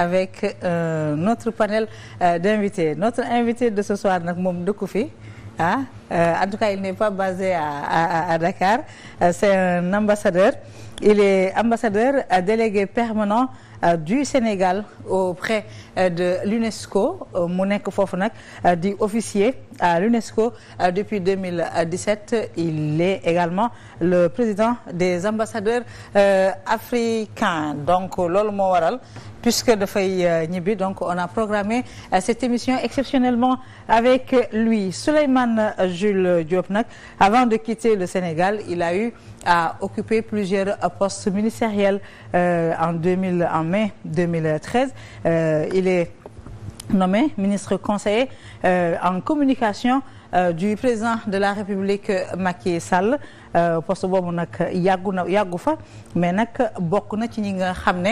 avec euh, notre panel euh, d'invités notre invité de ce soir nag moom dëkku fi ah euh, en tout cas il n'est pas basé à à, à Dakar euh, c'est un ambassadeur il est ambassadeur euh, délégué permanent Euh, du Sénégal auprès euh, de l'UNESCO euh, mu nekk foofu nag di officier à l'UNESCO depuis 2017 il est également le président des ambassadeurs africains donc loolu moo waral de dafay ñibbi donc on a programmé cette émission exceptionnellement avec lui Souleymane Jules Diop nag avant de quitter le Sénégal il a eu a occupé plusieurs postes ministériels euh, en 2000 en mai 2013 euh, il est nommé ministre conseiller euh, en communication du président de la République Macky Sall poste boobu nag yàggu na yàggu fa mais nag bokk na ci ñi nga xam ne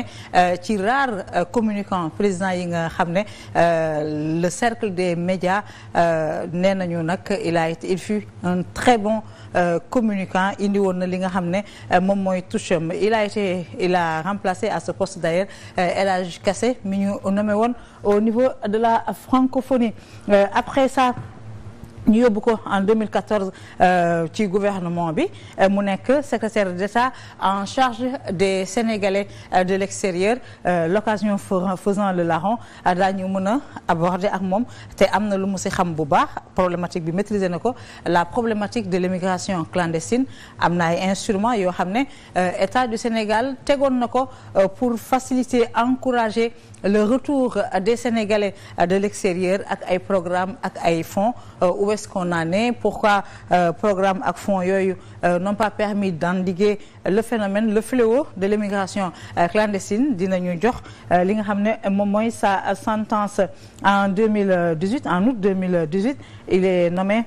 ci rare communicant président yi nga xam ne le cercle des médias nee nañu nag il il fut un très bon Euh, communicant indi woon na li nga xam ne euh, moom mooy touche am il a été il a remplacé à ce poste d'ailleurs euh, El Hadj Kassé mi ñu nommé woon au niveau de la francophonie après ça ñu yóbbu ko en 2014 euh, ci gouvernement bi euh, mu nekk secrétaire d'État en charge de Sénégalais euh, de l'extérieur l'occasion faisant le larron daañu mën a aborder ak moom te am na lu mu si xam bu baax problématique bi maîtriser na ko la problématique de l'immigration clandestine am na ay instruments yoo xam ne État du Sénégal tegoon na ko pour faciliter encourager le retour des Sénégalais de l'extérieur ak ay programme ak ay fonds euh, où est-ce qu'on en est pourquoi euh, programme ak fonds yooyu euh, n'ont pas permis d'endiguer le phénomène le fléau de l'immigration clandestine dinañu jox li nga xam ne moom mooy sa sentence en 2018 en août 2018 il est nommé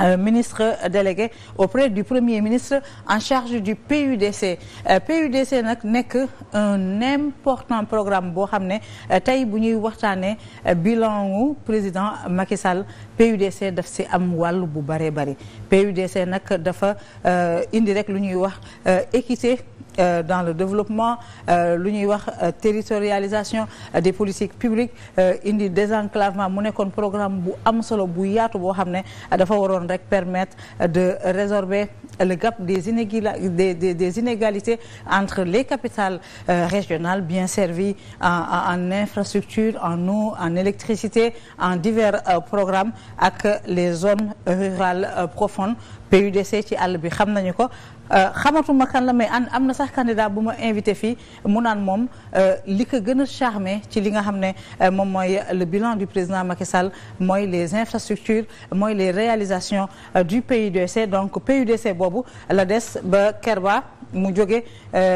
Euh, ministre délégué auprès du premier ministre en charge du PUDC euh, PUDC nag nekk un important programme boo xam ne euh, tey bu ñuy waxtaanee euh, bilan wu président Macky Sall PUDC daf si am wàll bu bëree bëri PUDC nag dafa euh, indi rek lu ñuy wax équité Euh, dans le développement euh, lu ñuy wax euh, territorialisation des politiques publiques euh, indi désenclavement mu nekkoon programme bu am solo bu yaatu boo xam ne dafa waroon rek permettre de résorber le gap des inégalités des, des, des entre les capitales euh, régionales bien servies en, en infrastructure en eau en électricité en divers programmes ak les zones rurales profondes PUDC ci àll bi xam nañu ko Euh, xamatuma kan la mais an am na sax candidat bu ma invité fii mu naan moom euh, li ko gën a ci li nga xam ne euh, moom mooy le bilan du président Macky Sall mooy les infrastructures mooy les réalisations du PUDC donc PUDC boobu la des ba Kerba mu jóge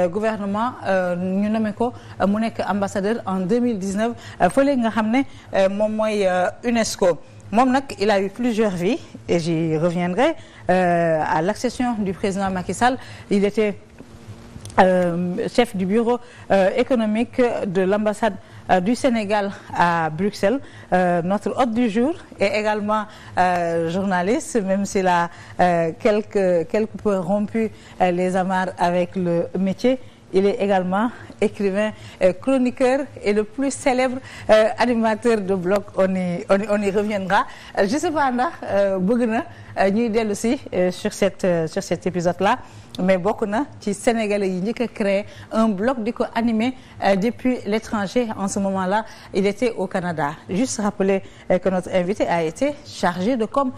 gouvernement ñu nommé ko mu nekk ambassadeur en 2019 fële nga xam ne moom mooy UNESCO moom nag il a eu plusieurs vies et j'y reviendrai Euh, à l'accession du président Macky Sall il était euh, chef du bureau euh, économique de l'ambassade du Sénégal à Bruxelles euh, notre hôte du jour est également euh, journaliste même s'il a euh, quelque quelque peu rompu les amarres avec le métier il est également écrivain chroniqueur et le plus célèbre animateur de blog on y on y, on y reviendra je sais pas ndax bëgg na Euh, ñuy dellu si euh, sur cette euh, sur cet épisode là mais bokk na ci sénégalais yi njëkk a créé un bloc di ko animé depuis l'étranger en ce moment là il était au Canada juste rappeler que notre invité a été chargé de com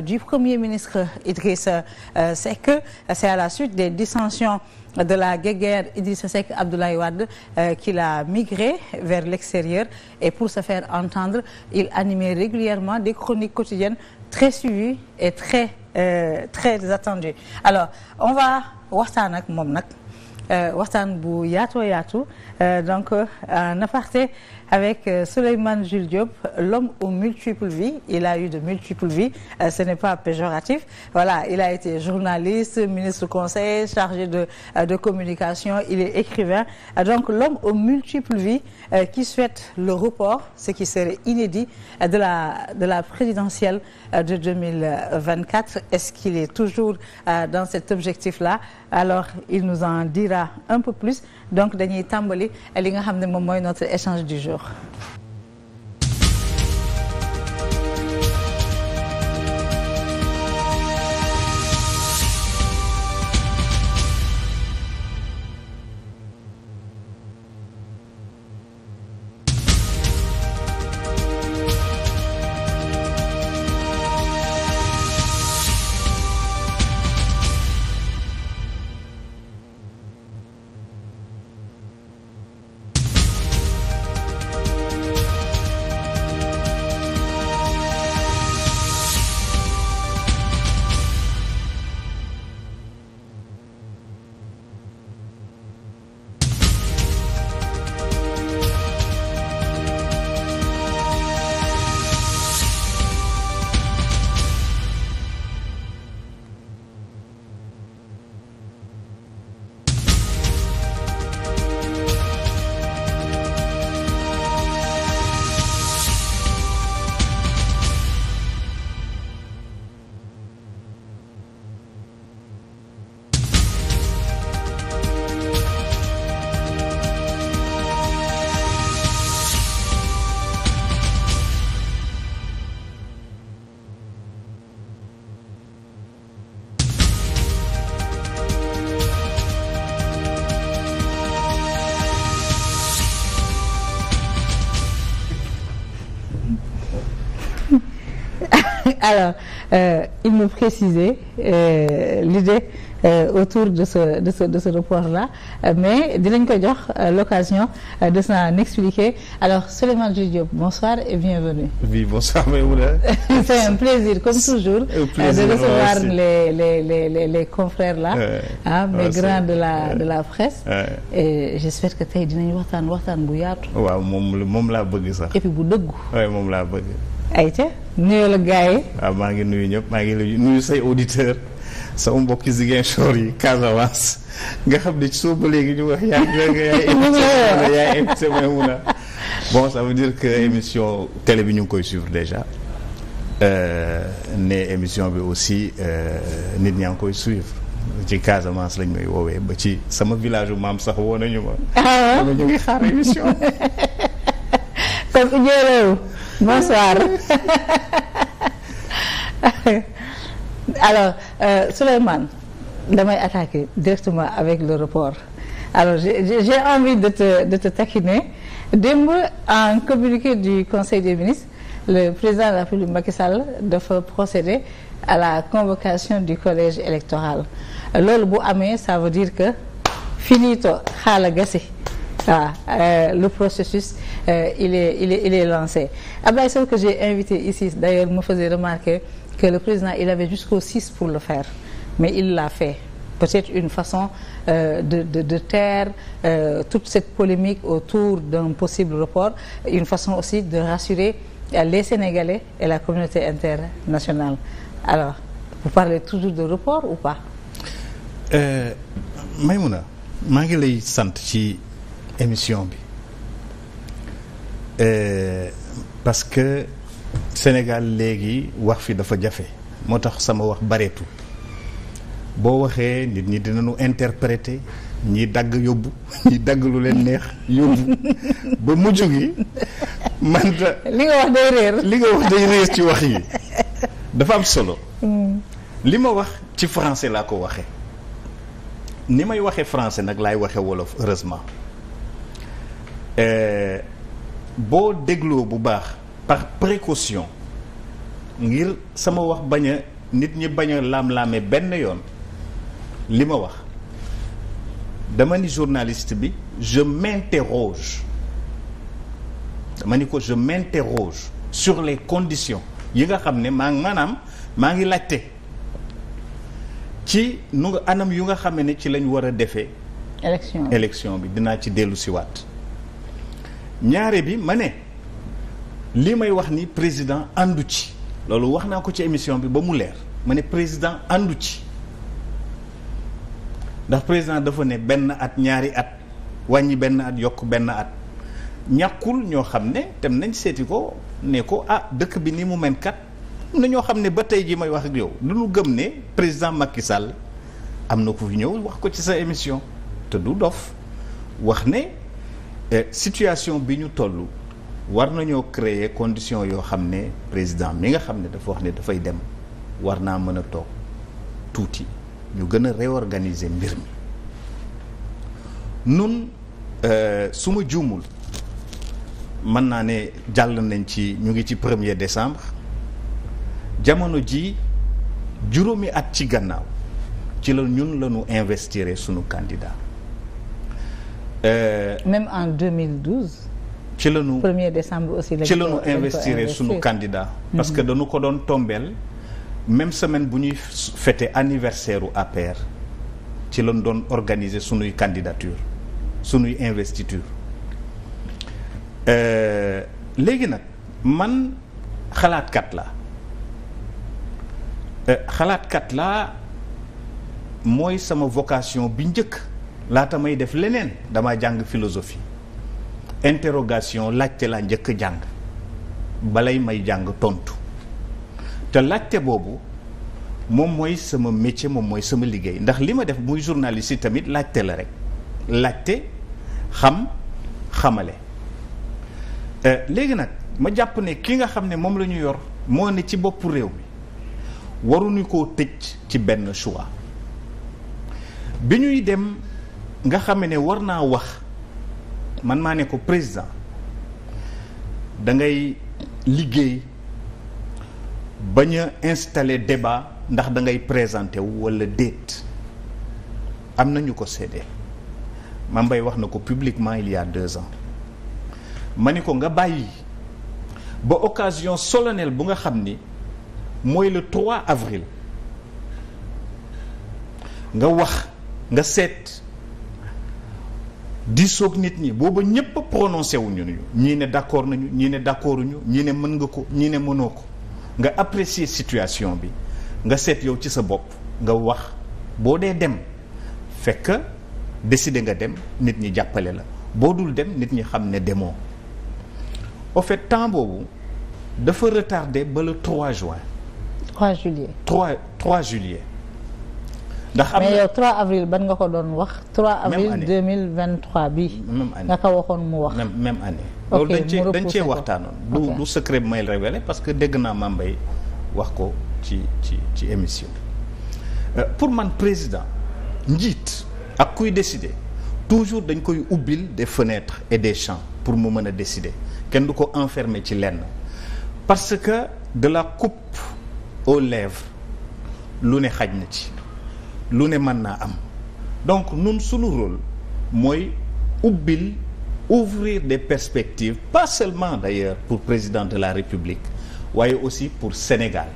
du premier ministre Idrissa Seck c'est à la suite des dissensions de la guéguerre Idrissa Seck Abdoulaye Wade euh, qu'il a migré vers l'extérieur et pour se faire entendre il animait régulièrement des chroniques quotidiennes très suivi et très euh, très attendu alors on va waxtaan ak moom nag euh, waxtaan bu yaatoo yaatu euh, donc en aparté avec euh, Souleymane Jules Diop l'homme aux multiples vies il a eu de multiples vies euh, ce n'est pas voilà il a été journaliste ministre conseil de euh, de communication il est écrivain donc l'homme aux multiples vies qui souhaite le report ce qui serait la de la présidentielle de 2024 est-ce qu'il est toujours dans cet objectif-là alors il nous en dira donc dañuy tàmbali li nga xam ne moom mooy notre échange du jour alors euh, il me précisait euh, l'idée euh, autour de ce de ce de ce report là euh, mais dinañ ko jox euh, l'occasion de s'en expliquer alors Souleymane Jules Diop bonsoir et bienvenue. oui bonsoir Maïmouna. c'est un plaisir comme toujours. de recevoir les les les les les confrères là. ah mes de la de la presse. et j'espère que tey dinañ waxtaan waxtaan bu yaatu. waaw moom moom laa bëgg sax. et puis bu dëggu. moom laa bëgg. ayca nuyoo la gars waaw maa ngi nuyu ñëpp maa ngi nuyu say auditeur sama mbokki Ziguinchor yi Casamance nga xam ne soo ba léegi ñu wax yaa ngi yaa invité Maïmouna bon émission télé bi ñu ngi koy suivre déjà euh, ne émission bi aussi euh, nit ñaa ngi koy suivre. ci Casamance lañ may woowee ba ci sama village u maam sax woo nañu ma. Ah. ñu ngi xaar émission. Thème Udielou bonsoir alors euh, Souleymane damay attaquer directement avec le report alors j'ai envie de te de te démb en communiqué du conseil des ministres le président de la République Macky Sall dafa procéder à la convocation du collège électoral loolu bu amee ça veut dire que finito xaala gasi ah euh, le processus euh, il est il est il est lancé Abdoulaye Sow que j'ai invité ici d'ailleurs me faisait remarquer que le président il avait jusqu'au 6 pour le faire mais il l'a fait peut-être une façon euh, de de de taire euh, toute cette polémique autour d'un possible report une façon aussi de rassurer euh, les Sénégalais et la communauté internationale alors vous parlez toujours de report ou pas euh, Maïmouna maa ngi lay sant émission bi euh, parce que Sénégal léegi wax fi dafa jafe moo tax sama wax bareetu boo waxee nit ñi dinañu interpréter ñi dagg yóbbu ñi dagg lu leen neex yóbbu ba mujj gi manta li nga wax day réer li nga wax day réer ci wax yi dafa am solo hmm. li ma wax ci français laa ko waxee ni may waxee français nag laay waxee wolof heureusement Euh, boo dégloo bu baax par précaution ngir sama wax bañ a nit ñi bañ a laam-laame benn yoon li ma wax dama ni journaliste bi je m'interroge dama ni ko je m'interroge sur les conditions yi nga xam ne maa maanaam maa ngi laajte ci nu nga anam yu nga xam ne ci lañ war a defee élection élection bi dinaa ci dellu siwaat ñaare bi ma ne li may wax ni président àndu ci loolu wax naa ko ci émission bi ba mu leer ma ne président àndu ci ndax président dafa ne benn at ñaari at wàññi benn at yokk benn at ñàkkul ñoo xam ne tam nañ seeti ko ne ko ah dëkk bi ni mu mel kat na ñoo xam ne ba tey ji may wax ak yow lu ñu gëm ne président Macky Sall am na ko fi ñëw wax ko ci sa émission te du dof wax ne Eh, situation bi ñu tollu war nañoo créer condition yoo xam ne président mi nga xam ne dafa wax ne dafay dem war naa mën a toog tuuti ñu gën a réorganiser mbir mi nun eh, su ma juumul mën naa ne jàll nañ ci ñu ngi ci premier décembre jamono ji juróomi at ci gannaaw ci la ñun la investire sunu candidat Euh, même en 2012. ci la ñu 1er décembre aussi la ci investir sunu candidat. parce que mhm. dañu ko doon tombeel même semaine bu ñuy fêter anniversaire u APR ci la ñu doon organiser sunuy candidature sunuy investiture euh, léegi nag man xalaatkat la euh, xalaatkat la mooy sama vocation bi njëkk. laata may def leneen dama jàng philosophie interrogation laajte laa njëkk jàng balay may jàng tontu te laajte boobu moom mooy sama métier moom mooy sama liggéey ndax li ma def muy journaliste yi tamit laajte la rek laajte xam xamale euh, léegi nag ma jàpp ne ki nga xam ne moom la ñu yor moo ne ci boppu réew mi waruñu koo tëj ci benn choix bi ñuy dem nga xam ne war naa wax man maa ne ko président da ngay liggéey bañ a installer débat ndax da ngay présenter wu wala déet am na ñu ko séddee Mame bay wax na ko publiquement il y a ans ma ni ko nga bàyyi ba occasion solennelle bu nga xam ni mooy le 3 avril nga wax nga seet. di soog nit ñi booba ñépp prononcé wu ñu ñii ne d'accord nañu ñii ne d'accorduñu ñii ne mën nga ko ñii ne mënoo ko nga apprécier situation bi nga seet yow ci sa bopp nga wax boo dee dem fekk décider nga dem nit ñi jàppale la boo dul dem nit ñi xam ne demoo au fait temps boobu dafa retardé ba le trois juin 3 juillet 3 3 juillet ndax am mais yow 3 avril ban nga ko doon wax. 3 avril 2023 bi. même année nga ko waxoon mu wax. même même année. loolu dañ cee dañ cee waxtaanoon. du du secret bi may révéler parce que dégg naa Mame Mbaye wax ko ci ci ci émission bi. Euh, pour man président njiit ak kuy décider toujours dañ koy ubbil des fenêtres et des champs pour mu mën a décider kenn du ko enfermer ci lenn parce que de la coupe aux lèvres lu ne xaj na ci. lu ne mën naa am donc nun suñu rôle mooy ubbil ouvrir des perspectives pas seulement d'ailleurs pour président de la République waaye aussi pour Sénégal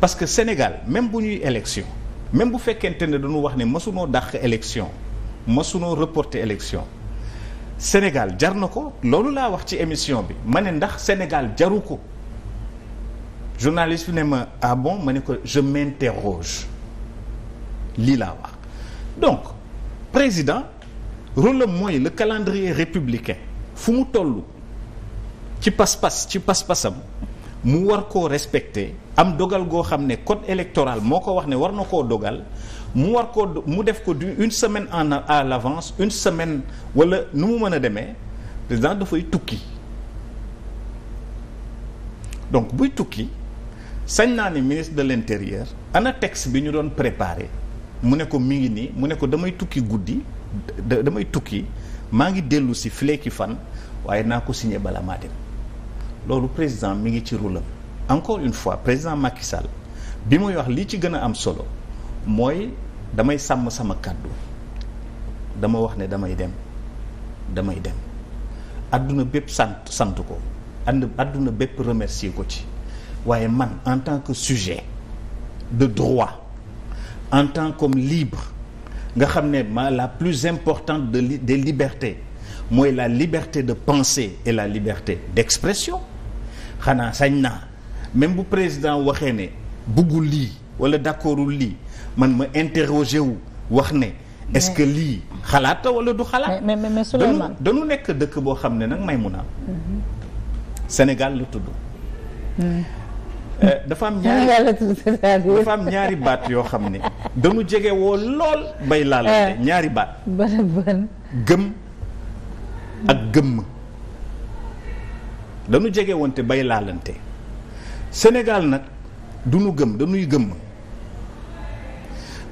parce que Sénégal même bu ñuy élection même bu fekkente ne dañu wax ne masunoo dàq élection masunoo reporter élection Sénégal jar na ko loolu laa wax ci émission bi ma ne ndax Sénégal jaru ko journaliste fi ne ma ah bon ma ne ko je m'interroge lii laa wax donc président rôle am mooy le calendrier républicain fu mu toll ci pas-pas ci pas-pasam mu war koo respecter am dogal goo xam ne code électoral moo ko wax ne war na koo dogal mu war koo mu def ko du une semaine en à l'avance une semaine wala nu mu mën a demee président dafay tukki donc buy tukki sañ naa ne ministre de l'intérieur ana texte bi ñu doon préparer mu ne ko mi ngi nii mu ne ko damay tukki guddi damay tukki maa ngi dellu si fileeki fan waaye naa ko signe bala maa dem loolu président mi ngi ci rôlam encore une fois président Macky Sall bi muy wax li ci gën a am solo mooy damay sàmm sama kàddu dama wax ne damay dem damay dem àdduna bépp sant sant ko ànd àdduna bépp remercier ko ci waaye man en tant que sujet de droit en tant qu'homme libre nga xam ne ma la plus importante de des libertés mooy la liberté de penser et la liberté d'expression xanaa sañ naa même bu président waxee ne buggul lii wala d'accordul lii man ma interroger wu wax ne est-ce que lii xalaata wala du xalaat mais mais mais Souleymane dañu nekk dëkk boo xam ne nag may mun a Sénégal la tudd mhm. Euh, dafa am ñaari dafa am ñaari baat yoo xam ni dañu jege woon lool bay laalante ah. ñaari baat ban ban gëm ak gëmm dañu jege wonte bay laalante Sénégal nag du nu gëm dañuy gëmm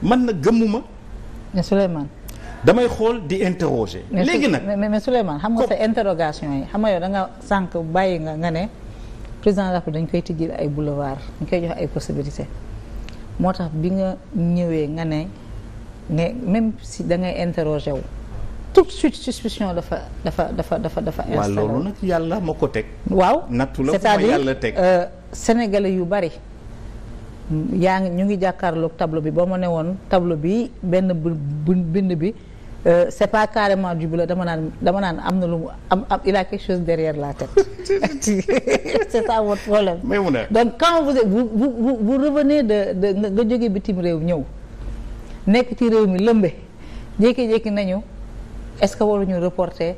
man na gëmmuma mais Souleymane damay xool di interroger léegi nag mais mais Souleymane xam nga sa interrogation yi xam nga yow da nga sànq bàyyi nga nga ne président de la dañ koy tijjil ay boulevard ñu koy jox ay possibilité moo tax bi nga ñëwee nga ne ne même si da ngay wu tout de suite suspicion dafa dafa dafa dafa dafa installé waaw yàlla moo ko teg waaw nattu la c'est-à-dire yàlla teg euh, sénégalais yu bari yaa ngi ñu ngi jàkkaarloog tableau bi ba ma ne woon tableau bi benn bind bi Euh, c' est pas carrément du bleu dama naan dama naan am na lu mu am am il a quelque chose derrière la tête c' est ça votre problème. donc quand vous vous vous de nga jógee bitim réew ñëw nekk ci réew mi lëmbe jékki-jékki nañu est ce que ñu reporter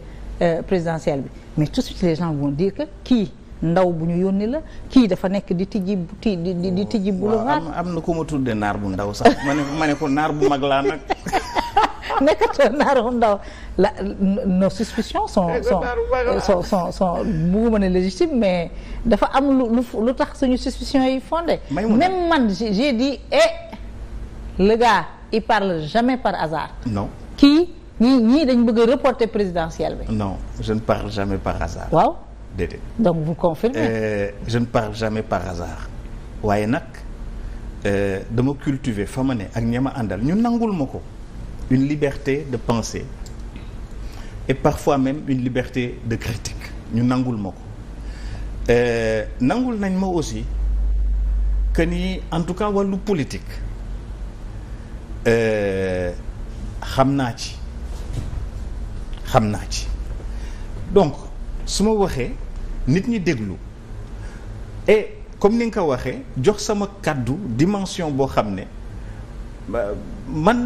euh, présidentielle bi mais tout de suite les gens vont kii. ndaw bu ñu yónni la kii dafa nekk di tijji ti di di am na ko ma tudde naar bu ndaw sax ma ma ne ko naar bu mag laa nag nekkatoo naaru ndaw la nos suspicions sont sont sont sont sont bugguma ne légitime mais dafa am lu lu tax suñu suspicion yi fondé même man j'ai dit eh le gars il parle jamais par hasard non kii ñii ñii dañ bëgg a reporter présidentielle bi non je ne parle jamais par hasard waaw déedéet donc vous confirmez euh, ne parle jamais par hasard waaye nag euh, dama cultiver fa ma ne ak ña ma àndal ñu nangul ma ko une liberté de penser et parfois même une liberté de critique ñu nangul ma ko euh, nangul nañ ma aussi que ni en tout cas wàllu politique euh, xam naa ci xam naa ci donc su ma waxee nit ñi déglu et comme ni nga ko waxee jox sama kàddu dimension boo xam ne man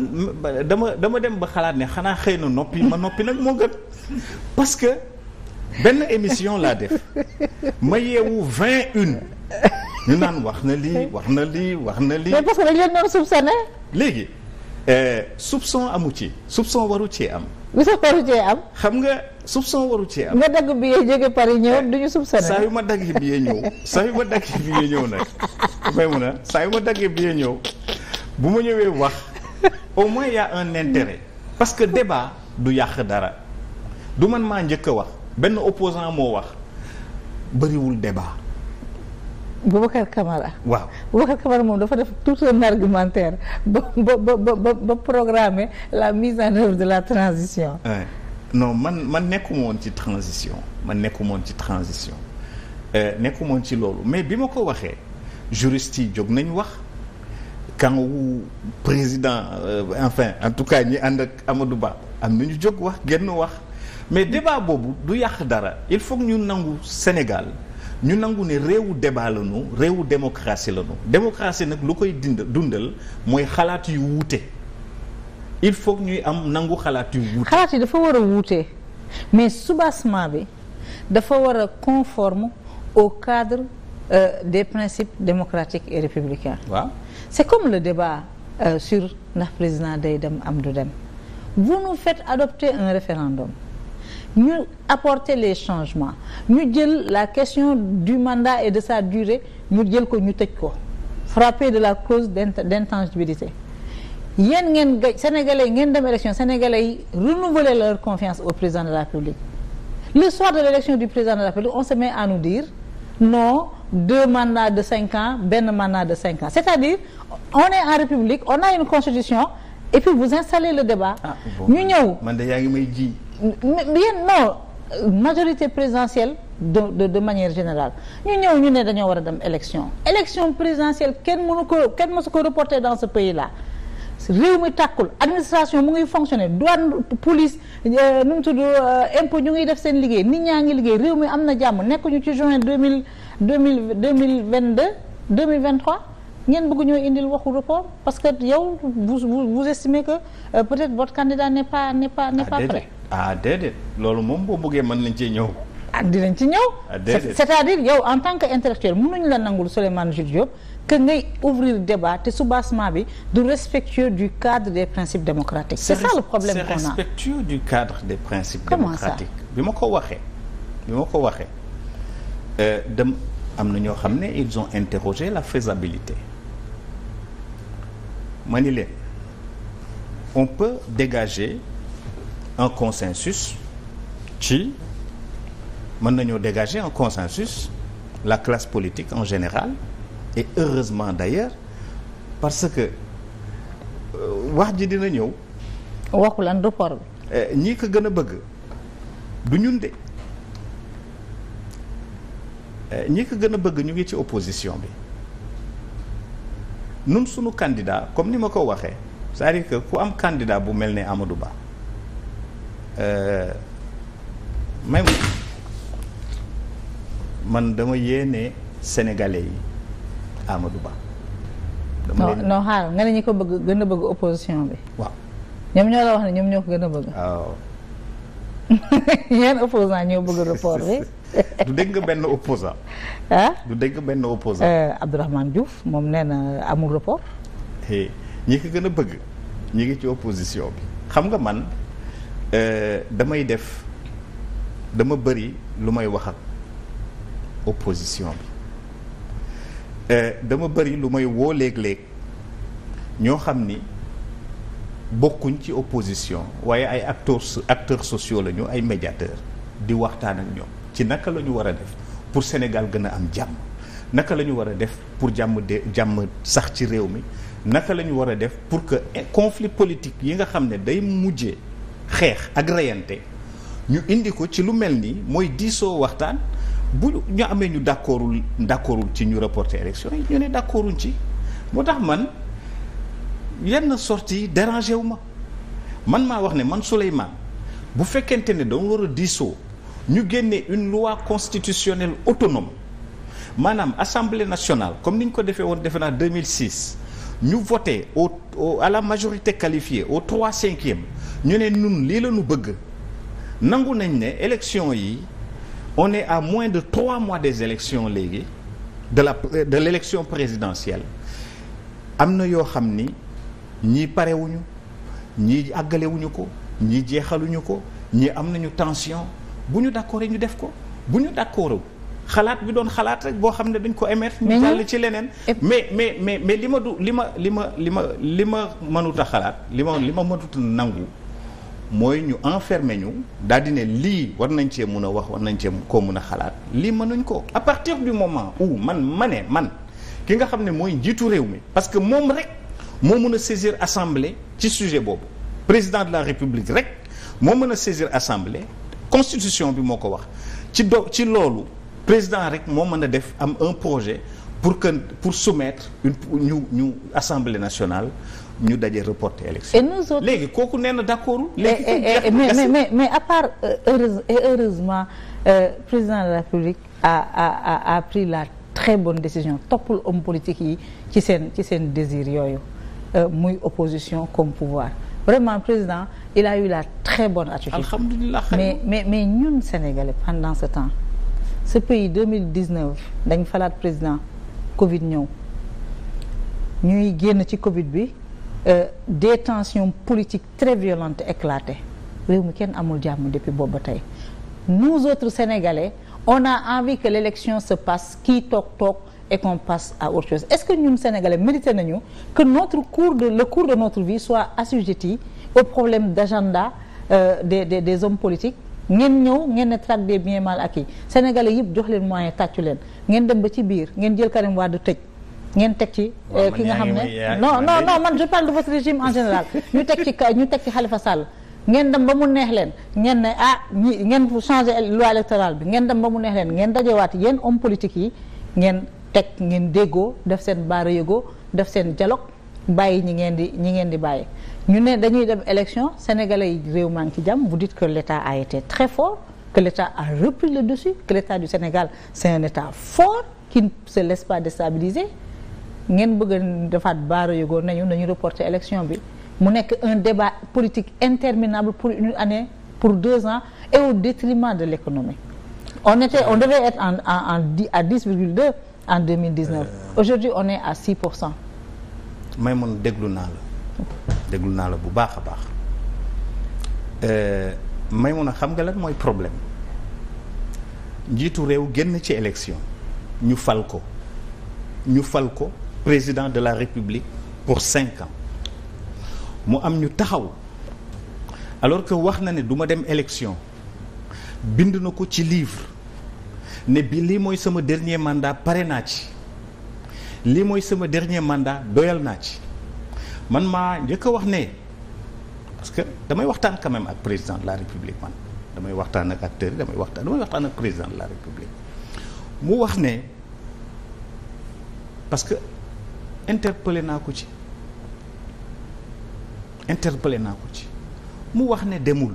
dama dama dem ba xalaat ne xanaa xëy na noppi ma noppi nag moo gën parce que benn émission laa def ma yeewu vingt une ñu naan wax na lii wax na lii wax na li mais parce que dañ leen doon soupçonné. léegi euh, soupçon amu ci soupçon waru ci am. lu sax waru am. xam nga soupçon waru cee am. dagg bi yee jóge Paris ñëw du ñu soupçonné. saa yu ma daggee bi yee ñëw saa yu ma daggee bi yee ñëw nag may saa yu ma daggee bi yee ñëw. bu ma ñëwee wax au moins y a un intérêt parce que débat du yàq dara du man maa njëkk a wax benn opposant moo wax bëriwul débat Boubacar Camara waaw Boubacar Camara moom dafa def tout un argumentaire ba ba ba ba ba la mise en œuvre de la transition ouais. non man man nekku woon ci transition man nekku woon ci transition euh, nekku woon ci loolu mais bi ma ko waxee juriste yi jóg nañ wax kan wu président euh, enfin en tout cas ñi ànd ak Amadou Ba am na ñu jóg wax genn wax mais débat boobu du yàq dara il faut ñu nangu Sénégal ñu nangu ne réewu débat la réewu démocratie la ñu démocratie nag lu koy dind dundal mooy xalaat yu wuute il faut ñuy am nangu xalaat yu wuute. xalaat yi dafa war a wuute mais soubassement bi dafa war a conforme au cadre euh, des principes démocratiques et républicains. c'est comme le débat euh, sur ndax président day dem am du dem vous nous faites adopter un référendum ñu apporter les changements ñu jël la question du mandat et de sa durée ñu jël ko ñu tëj ko frappé de la cause d'intangibilité yéen ngeen gaj sénégalais ngeen dem élection sénégalais yi renouveler leur confiance au président de la République le soir de l'élection du président de la République on se met à nous dire deux mandats de cinq ans benn mandat de cinq ans c'est-à-dire on est en république on a une constitution et puis vous installez le débat. Ah, ñu ñëw man ji. bien non majorité présidentielle de de de manière générale ñu ñëw ñu ne dañoo war a dem élection. élection présidentielle kenn mënu ko kenn su ko reporter dans ce pays la réew mi tàkkul administration mu ngi fonctionner douane police euh, nu mu tudd euh, impôt ñu ngi def seen liggéey nit ñaa ngi liggéey réew mi am na jàmm nekkuñu ci juin deux mille deux mille deux mille vingt deux deux mille vingt trois ñeen bëgg ñoo indil waxu report parce que yow vous vous estimez que euh, peut-être votre candidat n'est pas n'est pas n'est ah, pas prêt. ah déedéet loolu moom boo bëggee mën nañ cee ñëw. ah dinañ ci ñëw. Ah, c'est-à-dire yow en tant que intellectuel mënuñ la nangul Souleymane Jules Diop que ngay ouvrir débat te soubassement bi du respectueux du cadre des principes démocratiques. c'est ça le problème qu'on a c'est respectueux du comment ça bi ma ko waxee bi ma ko waxee. Euh, dem am na ñoo xam ne ils ont interrogé la faisabilité ma ni leen on peut dégager un consensus ci mën nañoo dégager un consensus la classe politique en général et heureusement d'ailleurs parce que euh, wax ji dina ñëw. waxu lan report bi. Euh, ñi ko gën a bëgg du ñun de. Euh, ñi ko gën a bëgg ñu ngi ci opposition bi nun suñu candidat comme ni ma ko waxee cest à ku am candidat bu mel ne Amadou Ba euh, may man dama yéene sénégalais yi Amadou Ba. dama non non xaaral nga ne ñi ko bëgg gën a bëgg opposition bi. waaw ñoom ñoo la wax ne ñoom ñoo ko gën a bëgg. waaw. ñeen opposant ñoo bëgg report bi. du dégg nga benn opposant ah du dégg benn opposant euh, Abdourahmane Diouf moom nee na amul report ñi ko gën a bëgg ñi ngi ci opposition bi xam nga man euh, damay def dama bëri lu may wax ak opposition bi euh, dama bëri lu may woo léeg-léeg ñoo xam ni bokkuñ ci opposition waaye ay acteurs acteurs sociaux lañu ay médiateurs di waxtaan ak ñoom ci naka la ñu war a def pour Sénégal gën a am jàmm naka la ñu war a def pour jàmm de jàmm sax ci réew mi naka la ñu war a def pour que conflit politique yi nga xam ne day mujje xeex ak reyante ñu indi ko ci lu mel nii mooy diisoo waxtaan bu ñu amee ñu d'accordul d'accordul ci ñu reporter élection yi ñu ne d'accorduñ ci moo tax man yenn sortie dérangé wu ma man maa wax ne man Souleymane bu fekkente ne doon war a diisoo ñu génne une loi constitutionnelle autonome maanaam assemblée nationale comme ni ñu ko defee woon defe naa 2006 ñu voté au, au à la majorité qualifier au trois cinquième ñu ne ñun lii la ñu bëgg nangu nañ ne élection yi on ne à moins de trois mois des élections léegi de la de l'élection présidentielle am na yoo xam ni ñii parewuñu ñii àggalewuñu ko ñii jeexaluñu ko ñii am nañu tension bu ñu d'accord ñu def ko bu ñu d'accord xalaat bi doon xalaat rek boo xam ne dañ ko émettre ñu jàll ci leneen mais mais mais mais li ma du li ma li ma li ma li ma mënut a xalaat li ma li ma mënut a nangu mooy ñu enfermer ñu daal di ne lii war nañ cee mun a wax war nañ cee koo mun a xalaat lii mënuñ ko à partir du moment où man ma ne man ki nga xam ne mooy njiitu réew mi parce que moom rek moo mun a saisir assemblée ci sujet boobu président de la république rek moo mën a saisir assemblée constitution bi moo ko wax ci do ci loolu président rek moo mën a def am un projet pour que pour soumettre une ñu ñu assemblée nationale ñu daje reporter élection. et nous autres léegi kooku nee na d' accord. léegi mais mais mais mais à part euh, heureuse et heureusement euh, président de la République a a a a pris la très bonne décision toppul homme politique yi ci seen ci seen désir yooyu euh, muy opposition comme pouvoir vraiment président. il a eu la très bonne attitude. alhamdulilah mais mais mais ñun sénégalais pendant ce temps ce pays 2019 dañ falaat président Covid ñëw ñuy génn ci Covid bi euh, des tensions politiques très violentes éclatées réew mi kenn amul jàmm depuis boobu tey nous autres sénégalais on a envie que l'élection se passe kii toog toog. et qu'on passe à autre chose. Est-ce que ñun Sénégalais mérité nañu que notre cours de le cours de notre vie soit assujetti au problème d'agenda euh, des de des hommes politiques ngeen ñëw ngeen ne traque des biens mal acquis sénégalais yëpp jox leen moyen tàccu leen ngeen dem ba ci biir ngeen jël Karim Wade tëj ngeen teg ci euh, ki nga xam ne non non non man je parle en général ñu teg ci ñu teg ci Khalifa Sall ngeen dem ba mu neex leen ngeen ne ah ñi ngeen changer loi électorale bi ngeen dem ba mu neex leen ngeen dajewaat yéen homme politique yi ngeen teg ngeen déggoo def seen baara yëgoo def seen dialogue bàyyi ñi ngeen di ñi ngeen di bàyyi ñu ne dañuy dem élection sénégalais yi réew maa ngi ci jàmm vous dites que l'État a été très fort que l'État a repris le dessus que l'État du Sénégal c'est un État fort qui ne se laisse pas déstabiliser ngeen bëgg a defaat baara yëgoon nañu nañu reporter élection bi mu nekk un débat politique interminable pour une année pour deux ans et au détriment de l'économie on était on devait être en en en à 10,2 en 2019 euh. aujourd'hui on est à 6 pour cent. may mun déglu naa la. déglu naa la bu baax a baax euh, may mun a xam nga lan mooy problème njiitu réew génn ci élection ñu fal ko ñu fal ko président de la république pour cinq ans mu am ñu taxaw alors que wax na ne duma dem élection bind na ko ci livre ne bi lii mooy sama dernier mandat pare naa ci lii mooy sama dernier mandat doyal naa ci man maa njëkk a wax ne parce que damay waxtaan quand même ak président de la république man damay waxtaan ak acteurs yi damay waxtaan damay waxtaan ak président de la république mu wax ne parce que interpellé naa ko ci interpellé naa ko ci mu wax ne demul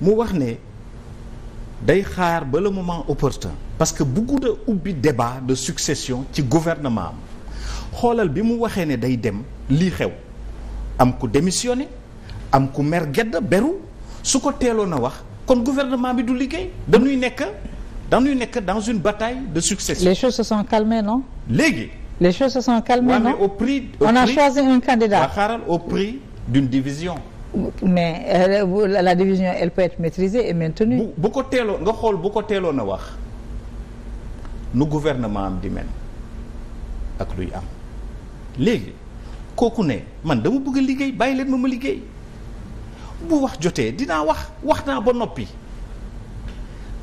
mu wax ne day xaar ba le moment opportun parce que bëggu ubbi débat de succession ci gouvernement am xoolal bi mu waxee ne day dem lii xew am ku démissionné am ku mer gedd beru su ko teeloon na wax kon gouvernement bi du liggéey dañuy nekk dañuy nekk dans une bataille de succession. les choses se sont calmées léegi. les choses se sont calmées ouais, non mais au prix. Au on prix, a xaaral au prix d'une division. mais euh, la division elle peut être maîtrisée et maintenue. bu ko teeloo nga xool bu ko teeloon na wax nu gouvernement am di mel ak luy am. léegi kooku ne man dama bëgg a liggéey bàyyi leen ma ma liggéey bu wax jotee dinaa wax wax naa ba noppi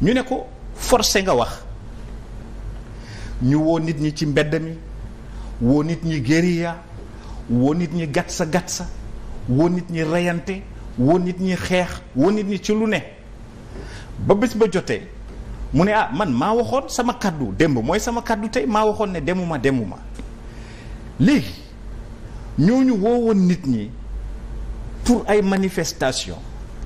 ñu ne ko forcé nga wax ñu woo nit ñi ci mbedd mi woo nit ñi guérilla woo nit ñi gatsa gatsa woo nit ñi reyante woo nit ñi xeex woo nit ñi ci lu ne ba bés ba jotee mu ne ah man maa waxoon sama kàddu démb mooy sama kàddu tey maa waxoon ne demuma demuma léegi woo woon nit ñi pour ay manifestation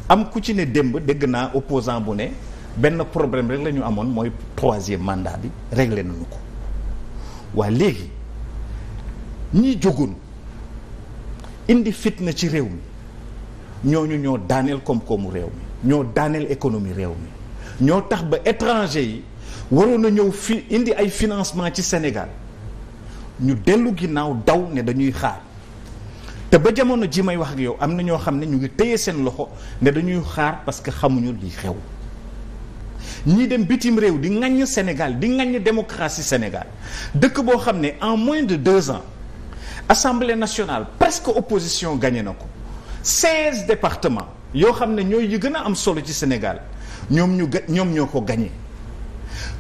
am ku ci ne démb dégg naa opposant bu ne benn problème rek lañu amoon mooy troisième mandat bi réglé nañu ko waa léegi ñi jógoon indi fitna ci réew mi ñooñu ñoo daaneel koom-koomu réew mi ñoo daaneel économie réew mi ñoo tax ba étranger yi waroon na ñëw fi indi ay financement ci Sénégal ñu dellu ginnaaw daw ne dañuy xaar te ba jamono ji may wax ak yow am na ñoo xam ne ñu ngi téye seen loxo ne dañuy xaar parce que xamuñu li xew ñii dem bitim réew di ŋaññ Sénégal di ŋaññ démocratie Sénégal dëkk boo xam ne en moins de deux ans assemblée nationale presque opposition gagné na ko seize départements yoo xam ne ñooy yi gën a am solo ci Sénégal ñoom ñu ñoom ñoo ko gagné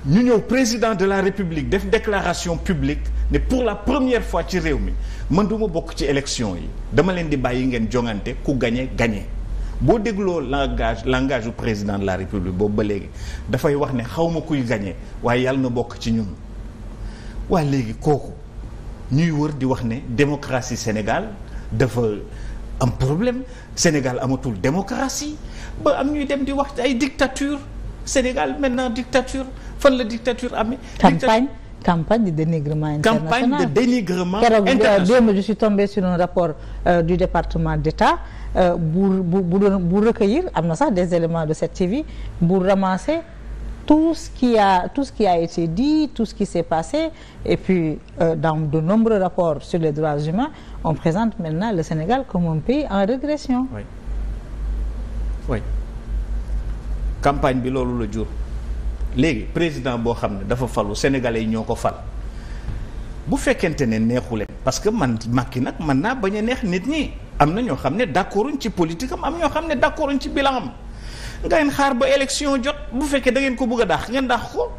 ñu ñëw président de la République def déclaration publique ne pour la première fois ci réew mi man duma bokk ci élection yi dama leen di bàyyi ngeen jongante ku gañe gañe boo dégloo langage langage du président de la république boobu ba léegi dafay wax ne xawma kuy gañe waaye yàlla na bokk ci ñun waa léegi kooku ñuy wër di wax ne démocratie Sénégal dafa am problème Sénégal amatul démocratie ba am ñuy dem di wax ay dictature Sénégal maintenant dictature fan la dictature amee campagne campagne de dénigrement international campagne de dénigrement euh, international keroog démb je suis tombé sur un rapport euh, du département d'État euh, bu bu recueillir am na sax des éléments de cette TV bu ramasser tout ce qui a tout ce qui a été dit tout ce qui s'est passé et puis euh, dans de nombreux rapports sur les droits humains on présente maintenant le Sénégal comme un pays en régression. campagne bi loolu la léegi président boo xam ne dafa falu sénégalais yi ñoo ko fal bu fekkente ne neexu leen parce que man Macky nag mën naa bañ a neex nit ñi am na ñoo xam ne d'accorduñ ci politique am am ñoo xam ne d'accorduñ ci bilan am ngeen xaar ba élection jot bu fekkee da ngeen ko bëgg a daax ngeen daax ko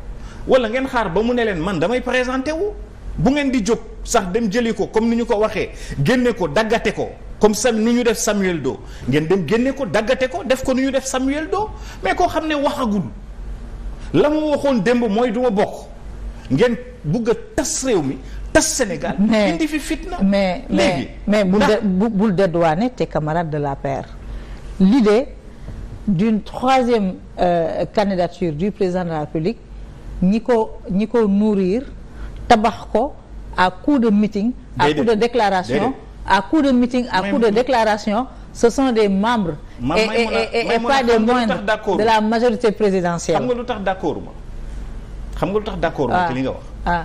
wala ngeen xaar ba mu ne leen man damay présenté wu bu ngeen di jóg sax dem jëli ko comme ni ñu ko waxee génne ko daggate ko comme ça nu ñu def Samuel Do ngeen dem génne ko daggate ko def ko nu ñu def Samuel Do mais koo xam ne waxagul la ma waxoon démb mooy du bokk ngeen bugg a tas réew mi tas Sénégal. indi fi fitna mais mais mais bul de bul dédouaner tes camarades de l'APR. de d'une troisième euh, candidature du président de la République ñi ko ñi ko nourrir tabax ko à coup de meeting. à coup de déclaration a coup de meeting à coup de déclaration. ce sont des membres. ma et, et, et, pas des moindres de la majorité présidentielle. xam nga lu tax d' accord xam nga lu tax d' accord ma. Ah. li nga wax. ah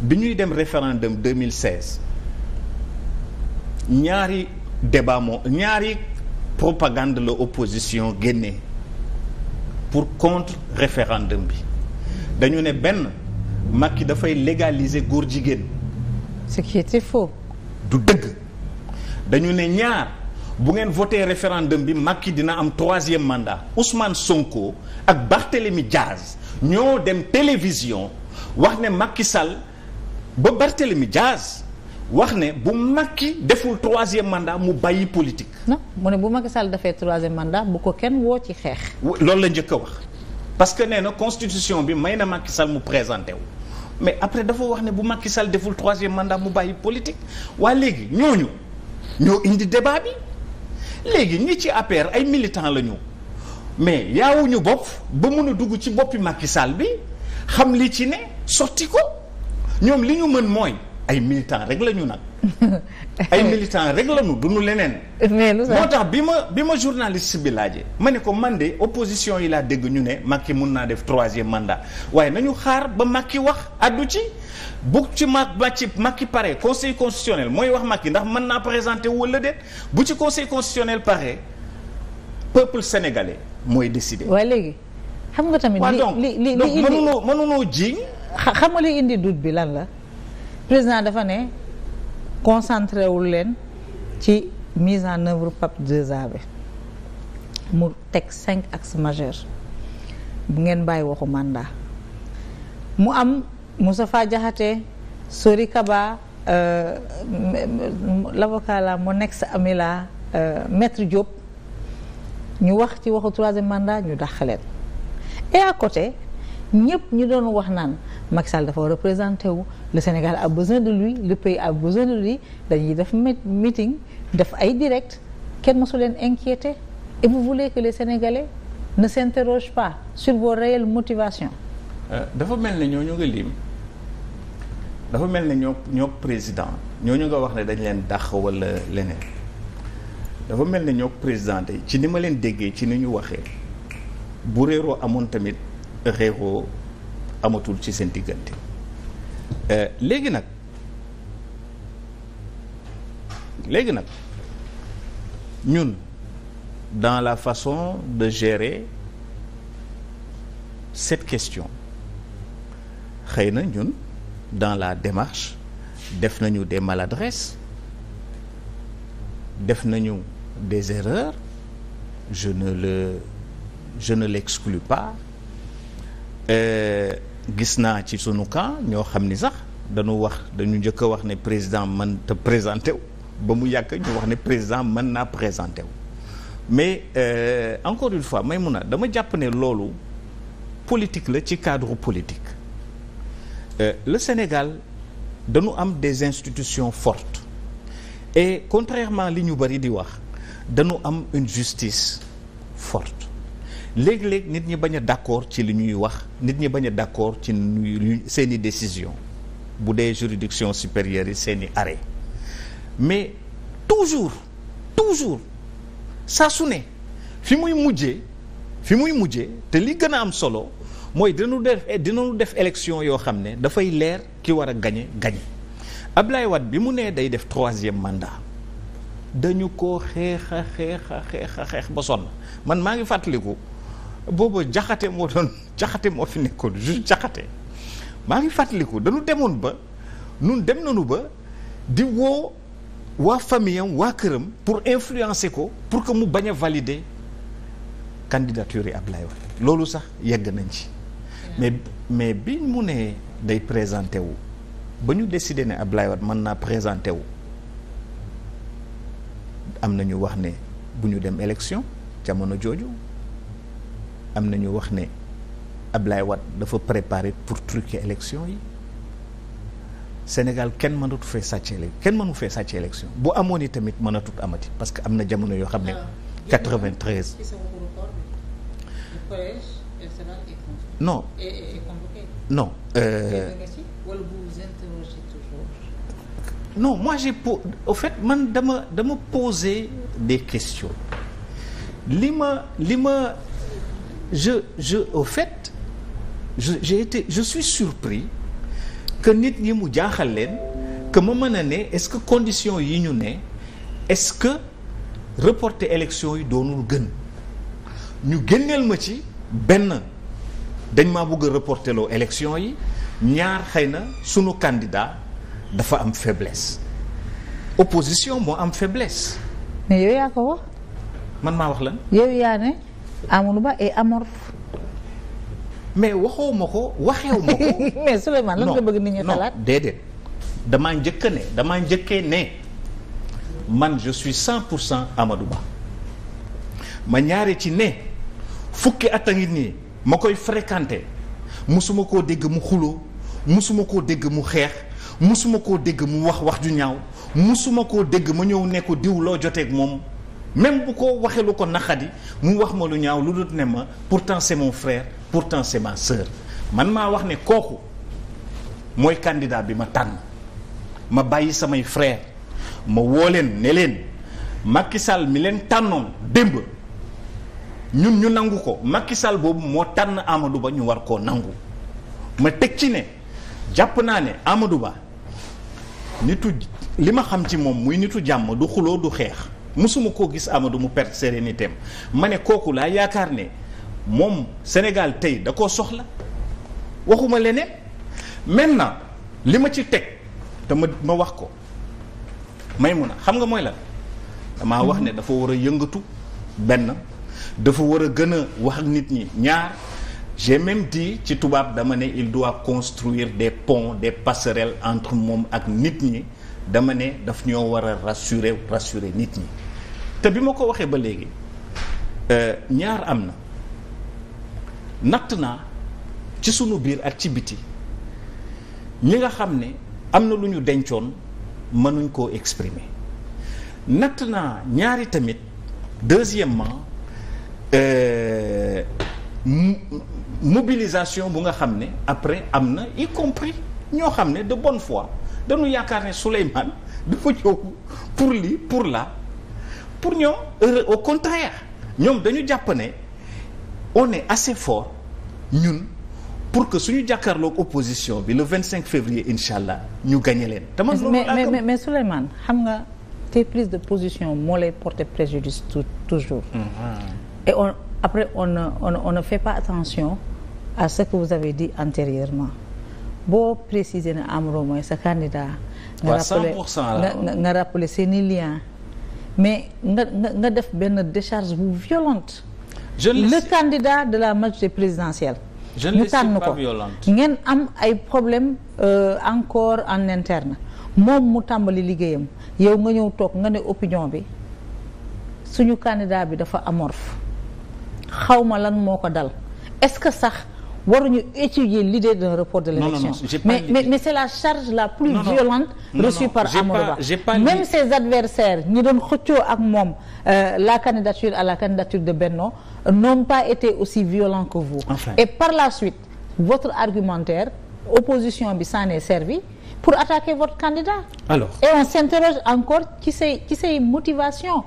bi ñuy dem référendum 2016 ñaari débat moo ñaari propagande la opposition génnee pour contre référendum bi dañu ne benn ki dafay légaliser góor jigéen. ce qui était faux. du dëgg. dañu ne ñaar bu ngeen voté référendum bi Macky dina am troisième mandat Ousmane Sonko ak Barthélémy Diaz ñoo dem télévision wax ne makki sal ba Barthélémy Diaz wax ne bu Macky deful troisième mandat mu bàyyi politique. non mu ne bu Macky Sall defee troisième mandat bu ko kenn woo ci xeex. loolu la njëkk a wax parce que nee na constitution bi may na Macky sal mu présenté wu. mais après dafa wax ne bu Macky sal deful troisième mandat mu bàyyi politique waa léegi ñooñu. ñoo indi débat bi léegi ñi ci APR ay militants la ñu mais yaawuñu bopp ba mun a dugg ci boppi Macky Sall bi xam li ci ne sotti ko ñoom li ñu mën mooy ay militants rek la ñu nag. ay militants rek la ñu du ñu leneen. mais lu moo tax bi ma bi ma journaliste bi laajee. ma ne ko man de opposition yi laa dégg ñu ne Macky mun naa def troisième mandat waaye nañu xaar ba Macky wax addu ci bu ci ma ci Macky pare conseil constitutionnel mooy wax Macky ndax mën naa présenter wala déet bu ci conseil constitutionnel pare peuple sénégalais mooy décider. waaw léegi xam nga tamit. li li li mënunoo mënunoo ji. xam nga li indi doute bi lan la. président dafa ne concentré wul leen ci mise en œuvre PAP 2A bi mu teg cinq ak majeurs bu ngeen bàyyi waxu mandat mu am Moustapha Diakhaté Sori Kaba euh, l'avocat la mon ex ami la euh, Diop ñu wax ci waxu troisième mandat ñu dàq leen et à côté ñëpp ñu doon wax naan Macky dafa représenté wu le Sénégal a besoin de lui le pays a besoin de lui dañuy def meeting def ay direct kenn mosu leen inquiété et vous voulez que les Sénégalais ne s'interrogent pas sur vos réelles motivations. Euh, dafa mel ñoo ñooñu nga lim dafa mel ne ñoo ñoo ñu ñooñu nga wax ne dañ leen dàq walla leneen dafa mel ne ñoo président tey ci ni ma leen déggee ci ni ñu waxee bu réeroo amoon tamit réeroo amatul ci seen diggante. Eh, léegi nag léegi nag ñun dans la façon de gérer cette question xëy na ñun dans la démarche def nañu des maladresses def nañu des erreurs je ne le je ne l'exclus pas euh, gis naa ci sunu kan ñoo xam ni sax dañu wax dañu njëkk a wax ne président mën te présenté wu ba mu yàgg ñu wax ne président mën naa présenté wu mais euh, encore une fois mun Maïmouna dama jàpp ne loolu politique la ci cadre politique euh, le Sénégal dañu am des institutions fortes et contrairement li ñu bëri di wax dañu am une justice forte léeg-léeg nit ñi bañ a d'accord ci li ñuy wax nit ñi bañ a d'accord ci seeni décision bu dee juridiction supérieure yi seeni arrêt mais toujours toujours saa su ne fi muy mujjee fi muy mujjee te li gën a am solo mooy dinañu def dinañu def élection yoo xam ne dafay leer ki war a gañe gañe Ablaye Wade bi mu nee day def troisième mandat dañu ko xeex a xeex a xeex a xeex ba sonn man maa ngi fàttaliku booba jaxate moo doon jaxate moo fi nekkoon juste jaxate maa ngi fàttaliku dañu demoon ba nun dem nanu ba di woo waa famille waa këram pour influencer ko pour que mu bañ a valider candidature yi Ablaye Wade loolu sax yegg nañ ci mais mais bi mu nee day présenté wu ba ñu décidé ne Ablaye Wade mën naa présenté wu am na ñu wax ne bu ñu dem élection jamono jooju am na ñu wax ne Ablaye Wade dafa préparer pour truquer élection yi Sénégal kenn mënatu fee sàcc kenn mënu fee sàcc élection bu amoon i tamit mënatut amati parce que am na jamono yoo xam ne 93 ah, non non euh, non moi j'ai po au fait man dama dama pose des questions li ma li ma je je au fait je j'ai été je suis surpris que nit ñi mu jaaxal leen que ma mën a ne est-ce que conditions yi ñu ne est-ce que reporter élection yi doonul gën ñu génneel ma ci benn dañ ma bëgg a reporter loo élection yi ñaar xëy na sunu candidat dafa am faiblesse opposition moo am faiblesse. mais yow yaa ko wax. man maa wax lan. yow yaa ne. Amadou Ba est amorphe. mais waxoo ma ko waxeewu ma ko. mais Souleymane lan nga bëgg nit ñi xalaat non déedéet damaa njëkk ne damaa njëkkee ne man je cent pour cent Amadou Ba ma ñaare ci ne fukki at a ngi nii ma koy fréquenté mosuma koo dégg mu xuloo mosuma koo dégg mu xeex mosuma koo dégg mu wax wax ju ñaaw mosuma koo dégg ma ñëw ne ko diw loo joteeg moom. même bu ko waxee lu ko naqadi mu wax ma lu ñaaw lu dut ne ma pourtant c'est mon frère pourtant c'est ma sœur man maa wax ne kooku mooy kandidaa bi ma tànn ma bàyyi samay frère ma woo leen ne leen Macky Sall mi leen tànnoon démb ñun ñu nangu ko Macky Sall boobu moo tànn Amadou Ba ñu war koo nangu ma teg ci ne jàpp naa ne Amadou Ba nitu li ma xam ci moom muy nitu jàmm du xuloo du xeex musuma koo gis Amadou mu perte sérénité am ma ne kooku laa yaakaar ne moom Sénégal tey da koo soxla waxuma leneen maintenant li ma ci teg te ma ma wax ko may mun a xam nga mooy la dama wax ne dafa war a yëngatu benn dafa war a gën a wax ak nit ñi ñaar j'ai même dit ci tubaab dama ne il doit construire des ponts des passerelles entre moom ak nit ñi dama ne daf ñoo war a rassurer rassurer nit ñi te bi ma ko waxee ba léegi euh, ñaar am na natt naa ci sunu biir ak ci biti ñi nga xam ne am na lu ñu dencoon mënuñ koo exprimer natt naa ñaari tamit deuxièmement euh, mobilisation bu nga xam ne après am na y compris ñoo xam ne de bonne fois dañu yaakaar ne Souleymane dafa ñëw pour lii pour là pour ñoom au contraire ñoom dañu jàpp ne on est assez fort ñun pour que suñu jàkkaarloog opposition bi le 25 février incha allah ñu gagné leen. te man mais mais mais, mais xam nga tes prises de position moo lay porter préjudice tout, toujours. Mm-hmm. on après on ne fait pas attention à ce que vous avez dit antérieurement boo préciser na Amadou mooy sa candidat. nga rappeler nga rappeler seeni mais nga nga nga def benn décharge bu violente. je ne le candidat de la majorité présidentielle. je ne tànn ko ngeen am ay problème euh, encore en interne moom mu tàmbali liggéeyam yow nga ñëw toog nga ne opinion bi suñu candidat bi dafa amorphe xawma lan moo ko dal est sax. waruñu étudier l'idée d'un report de l'élection mais mais c'est la charge la plus non, non. violente reçue par Amadou Ba même ses adversaires ñi doon xëccoo ak moom euh, la candidature à la candidature de Benno n'ont pas été aussi violents que vous et par la suite votre argumentaire opposition bi s'en est servi pour attaquer votre candidat alors et on s'interroge encore ci say ci say motivation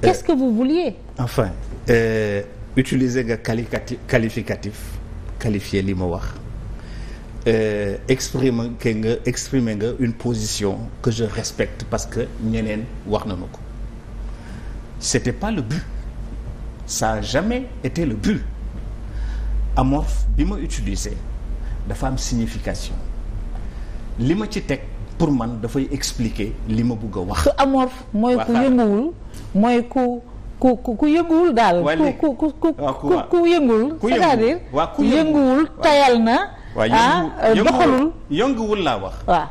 qu'est-ce euh, que vous vouliez enfin euh, utiliser nga qualificatif qualifier li ma wax euh, exprimer nga exprimer nga une position que je respecte parce que ñeneen wax nañu ko c'était pas le but ça a jamais été le but amorphe bi ma utiliser dafa am signification li ma ci teg pour man dafay expliquer li ma bëgg a wax amorphe mooy ku yënguwul mooy ku ku ku ku yënguwul daal. ku ku ku ku ku yënguwul. ku yënguwul tayal na. ah doxalul yënguwul laa wax. waaw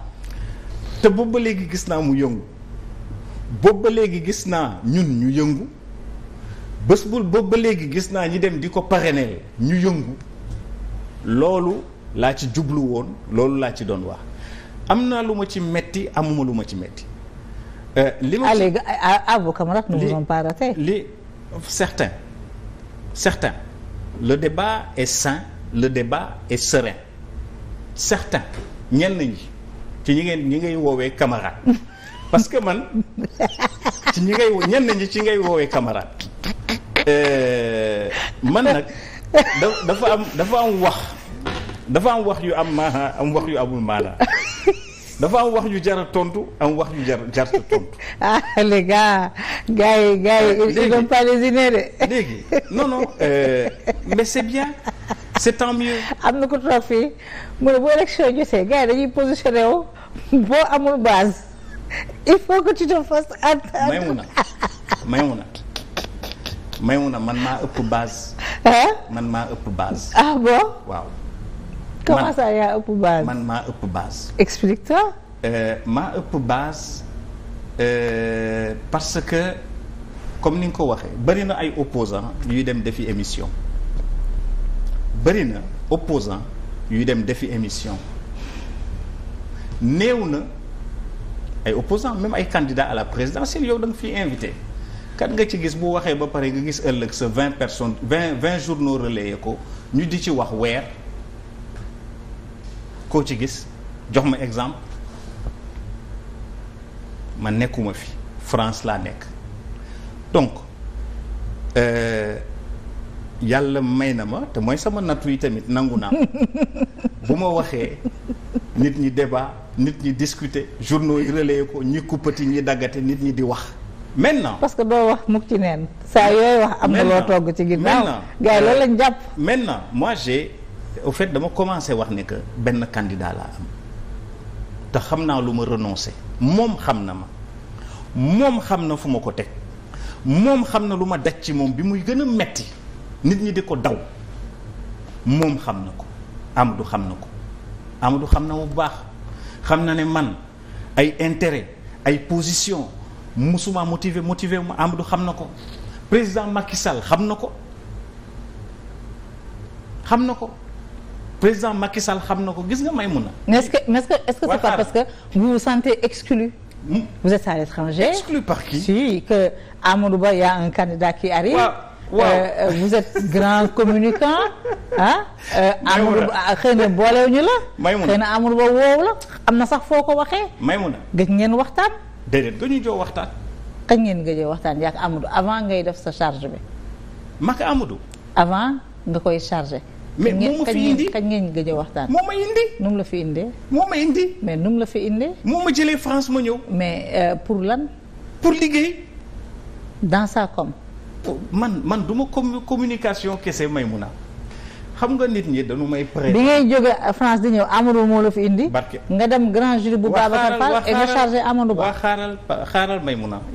te boobu léegi gis naa mu yëngu boobu léegi gis naa ñun ñu yëngu bés bul boobu léegi gis naa ñi dem di ko parrainer ñu yëngu loolu laa ci jublu woon loolu laa ci doon wax am naa lu ma ci metti amuma lu ma ci metti Euh, li ma ci à euh, euh, vos camarades ne vous ont pas raté. li certains certains le débat est sain le débat est serein certains ñenn ñi ci ñi ngeen ñi ngay woowee camarade parce que man ci ñi ngay wo ñenn ñi ci ngay woowee camarade man nag dafa am dafa am wax dafa am wax yu am maanaa am wax yu amul maanaa dafa am wax ju jar tontu am wax yu jar jarta tontu. ah les gars gars yi gars yi ils n'ont pas léegi non non euh, mais c'est bien c'est tant mieux. am na ko toog mu ne bu élection jotee gars dañuy positionné wu boo amul base il faut que tu te fasses attendre. Maymuna Maymuna Maymuna man maa ëpp base. ah man maa ëpp base. ah bon comment ça yaa ëpp base man maa ëpp base. explique ça. Euh, maa ëpp base euh, parce que comme ni nga ko waxee bëri na ay opposants yuy dem defi émission bëri na opposants yuy dem defi émission néew na ay opposants même ay candidats à la présidentielle yow da nga fi invité. kat nga ci gis bu waxee ba pare nga gis ëllëg sa vingt personnes vingt vingt journaux relayé ko ñu di ci wax weer. koo ci gis jox ma exemple ma nekkuma fi France laa nekk donc euh, yàlla may na ma te mooy sama nattu yi tamit nangu naa bu ma waxee nit ñi débat nit ñi discuter journaux yi relayé ko ñi kuppati ñi daggate nit ñi di wax maintenant parce que doo wax mukk ci neen saa yooyu wax am na loo togg ci ginnaaw gars yi lañ jàpp maintenant moi j'ai au fait dama commencé wax ne que benn candidat laa am te xam naa lu ma renoncé moom xam na ma moom xam na fu ma ko teg moom xam na lu ma daj ci moom bi muy gën a metti nit ñi di ko daw moom xam na ko Amadou xam na ko Amadou xam na bu baax xam na ne man ay intérêt ay position musuma motivé motivé ma Amadou xam na ko président Macky Sall xam na ko xam na ko président Macky Sall xam na ko gis nga Maïmouna. mais est-ce que est-ce que est-ce que c'est pas parce que vous vous sentez exclu. vous êtes à l'étranger. exclu par qui. si que Amadou Ba y un candidat qui arrive. Euh, euh, vous êtes grand communicant euh, Amadou Ba ah, xëy na boolewuñu la. Maïmouna xëy na Amadou Ba woowu la am na sax foo ko waxee. Maïmouna gëj ngeen waxtaan. déedéet gëñu joo ngeen gëjee waxtaan yaa Amadou avant ngay def sa charge bi. maka Amadou. avant nga koy chargé. mais moom ma fi indi kañ ngeen gëj waxtaan. moo ma indi. nu mu la fi indee. moo ma indi. mais nu la fi indee. moo ma jëlee France ma ñëw. mais euh, pour lan. pour liggéey. dans sa com. man man du ma communication kese Maymuna xam nga nit ñi dañu may prêter. bi ngay jóge France di ñëw Amadou moo la fi indi. barke nga dem grand jury bu Babacar Fall et nga chargé Amadou Ba. waaw xaaral xaaral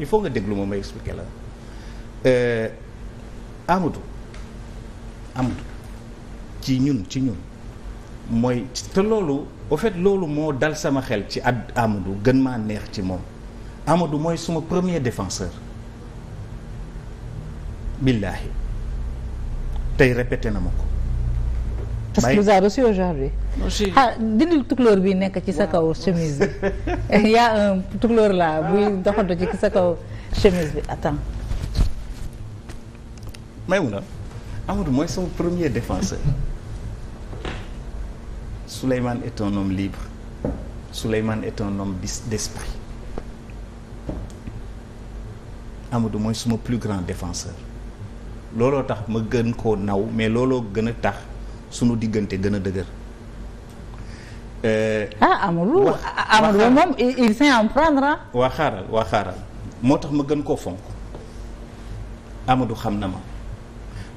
il faut nga déglu ma may expliquer ci ñun ci ñun mooy te loolu au fait loolu moo dal sama xel ci at Amadou gën maa neex ci moom Amadou mooy suma premier défenseur billaahi tey répété na ma ko. parce que vous avez reçu aujourd'hui ah dindil tukulóor bi nekk ci sa kaw chemise bi y a sa kaw chemise bi attends may mun a Amadou mooy sama premier défenseur Souleymane est un homme libre Souleymane est un homme d'esprit amadu mooy suma plus grand défenseur looloo tax ma gën koo naw mais looloo gën a tax sunu diggante gën a dëgër. Euh, ah Amadou wax ah, ah, Amadou moom il sait en waa xaaral waa xaaral moo tax ma gën koo fonk amadu xam na ma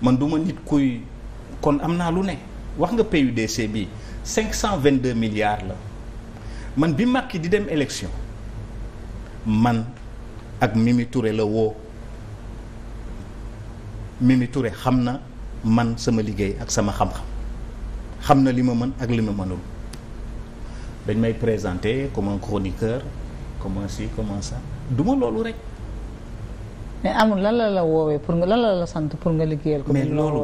man du ma nit kuy kon am naa lu ne wax nga PUDC bi cinq cent vingt deux milliards la man bi ki di dem élection man ak Mimi Touré la woo Mimi Touré xam na man sama liggéey ak sama xam-xam xam na li ma mën ak li ma mënul dañ may présenter comme un chroniqueur comme ci comme ça du ma loolu rek. mais amul lan la la woowee pour nga lan la la sant pour nga liggéeyal ko. mais loolu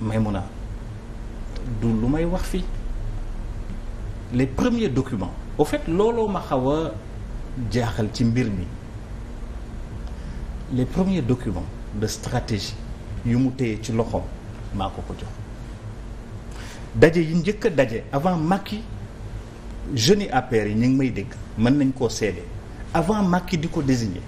may mun a du lu may wax fii les premiers documents au fait looloo ma xaw a jaaxal ci mbir mi les premiers documents de stratégie yu mu téye ci loxoom maa ko ko jox daje yi njëkk daje avant Macky jeunes yi APR yi ñu ngi may dégg mën nañ koo seede avant Macky di ko désigner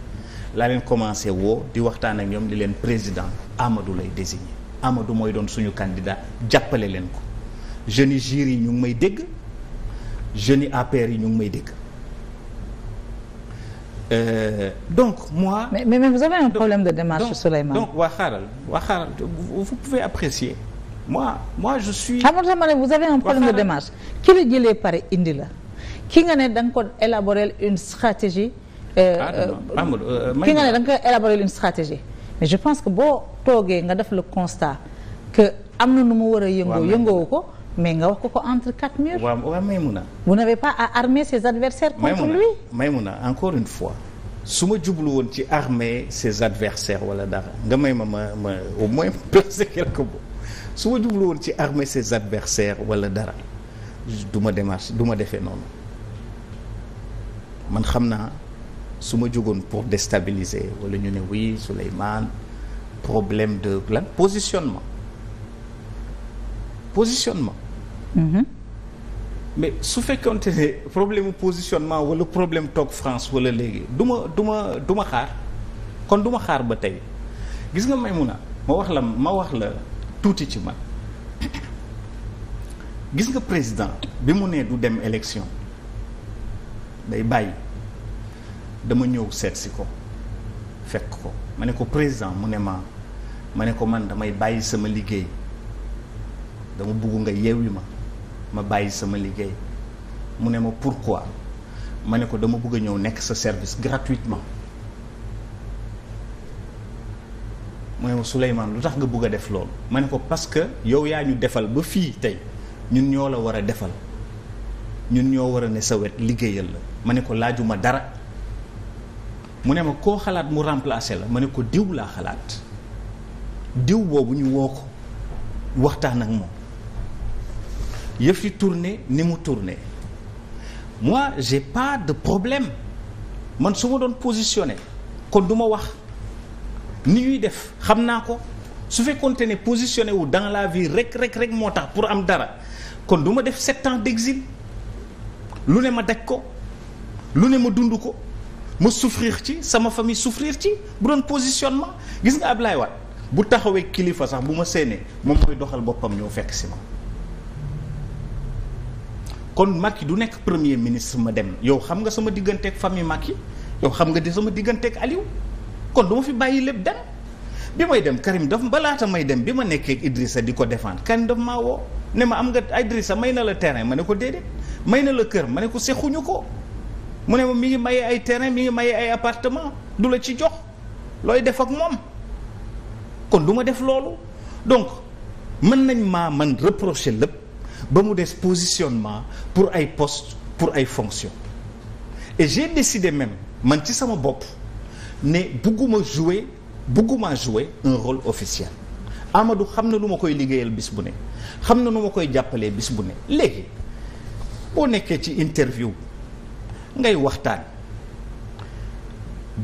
laa leen commencé woo di waxtaan ak ñoom di leen président Amadou lay désigner Amadou mooy doon suñu candidat jàppale leen ko jeunes yi JIR yi ñu ngi may dégg jeunes yi APR yi ñu ngi may dégg euh, donc moi. mais mais vous avez un problème de démarche Souleymane. donc waa xaaral waa xaaral vous pouvez apprécier moi moi je suis. Ah xam nga ki la jëlee pare indi la ki nga ne da ko élaborer une stratégie. Euh, ah non Amadou euh, ki nga ne da ko élaborer une stratégie. mais je pense que boo toogee nga def la constat que am na nu mu war a yëngoo yëngoowu ko mais nga wax ko ko entre quatre murs waaw waaw Maïmouna vous n'avez pas à armer ses adversaires contre lui Maïmouna encore une fois su ma jublu woon ci armer ses adversaires wala dara nga may ma ma ma au moins placer quelque mot su ma jublu woon ci armer ses adversaires wala dara du ma démarche du ma defee noonu man xam naa su ma jugoon pour déstabiliser wala ñu ne oui Souleymane problème de lan positionnement positionnement. Mm-hmm. mais su fekkonte ne problème mu positionnement wala problème toog France wala léegi du ma duma ma xaar kon duma xaar ba tey gis nga may Maymuna ma wax la ma wax la tuuti ci man gis nga président bi mu nee du dem élection day bàyyi. dama ñëw seet si ko fekk ko ma ne ko président mu ne ma ma ne ko man damay bàyyi sama liggéey dama bugg nga yeewi ma ma bàyyi sama liggéey mu ne ma pourquoi ma ne ko dama bëgg a ñëw nekk sa service gratuitement mu ne ma Souleymane lu tax nga bëgg a def loolu ma ne ko parce que yow yaa ñu defal ba fii tey ñun ñoo la war a defal ñun ñoo war a ne sa wet liggéeyal la ma ne ko laajuma dara mu ne ma koo xalaat mu remplacer la ma ne ko diw laa xalaat diw boobu ñu woo ko waxtaan ak moom yëf yi tourné ni mu tourné moi j'ai pas de problème man su ma doon positionné kon du ma wax ni ñuy def xam naa ko su fekkoonte ne positionné wu dans la vie rek rek rek moo tax pour am dara kon du ma def sept ans d'exil lu ne ma daj ko lu ne ma dund ko ma souffrir ci sama famille souffrir ci bu doon ma gis nga laay Wade bu taxawee kilifa sax bu ma séenee moom mooy doxal boppam ñëw fekk si ma kon Macky du nekk premier ministre ma dem yow xam nga sama digganteeg famille Macky yow xam nga di sama digganteeg aliw kon du ma fi bàyyi lépp dem bi may dem Karim daf balaata may dem bi ma nekkee Idrissa di ko defaan Karim daf maa woo ne ma am nga Idrissa may na la terrain ma ne ko déedéet may na la kër ma ne ko sexuñu ko mu ne ma mi ngi maye ay terrain mi ngi maye ay appartement du la ci jox looy def ak moom kon duma def loolu donc mën nañ maa man reprocher lépp ba mu des positionnement pour ay poste pour ay fonction et j'ai décidé même man ci sama bopp ne bugguma jouer bugguma jouer un rôle officiel Amadou xam na lu ma koy liggéeyal bis bu ne xam na lu ma koy jàppalee bis bu ne léegi boo nekkee ci interview ngay waxtaan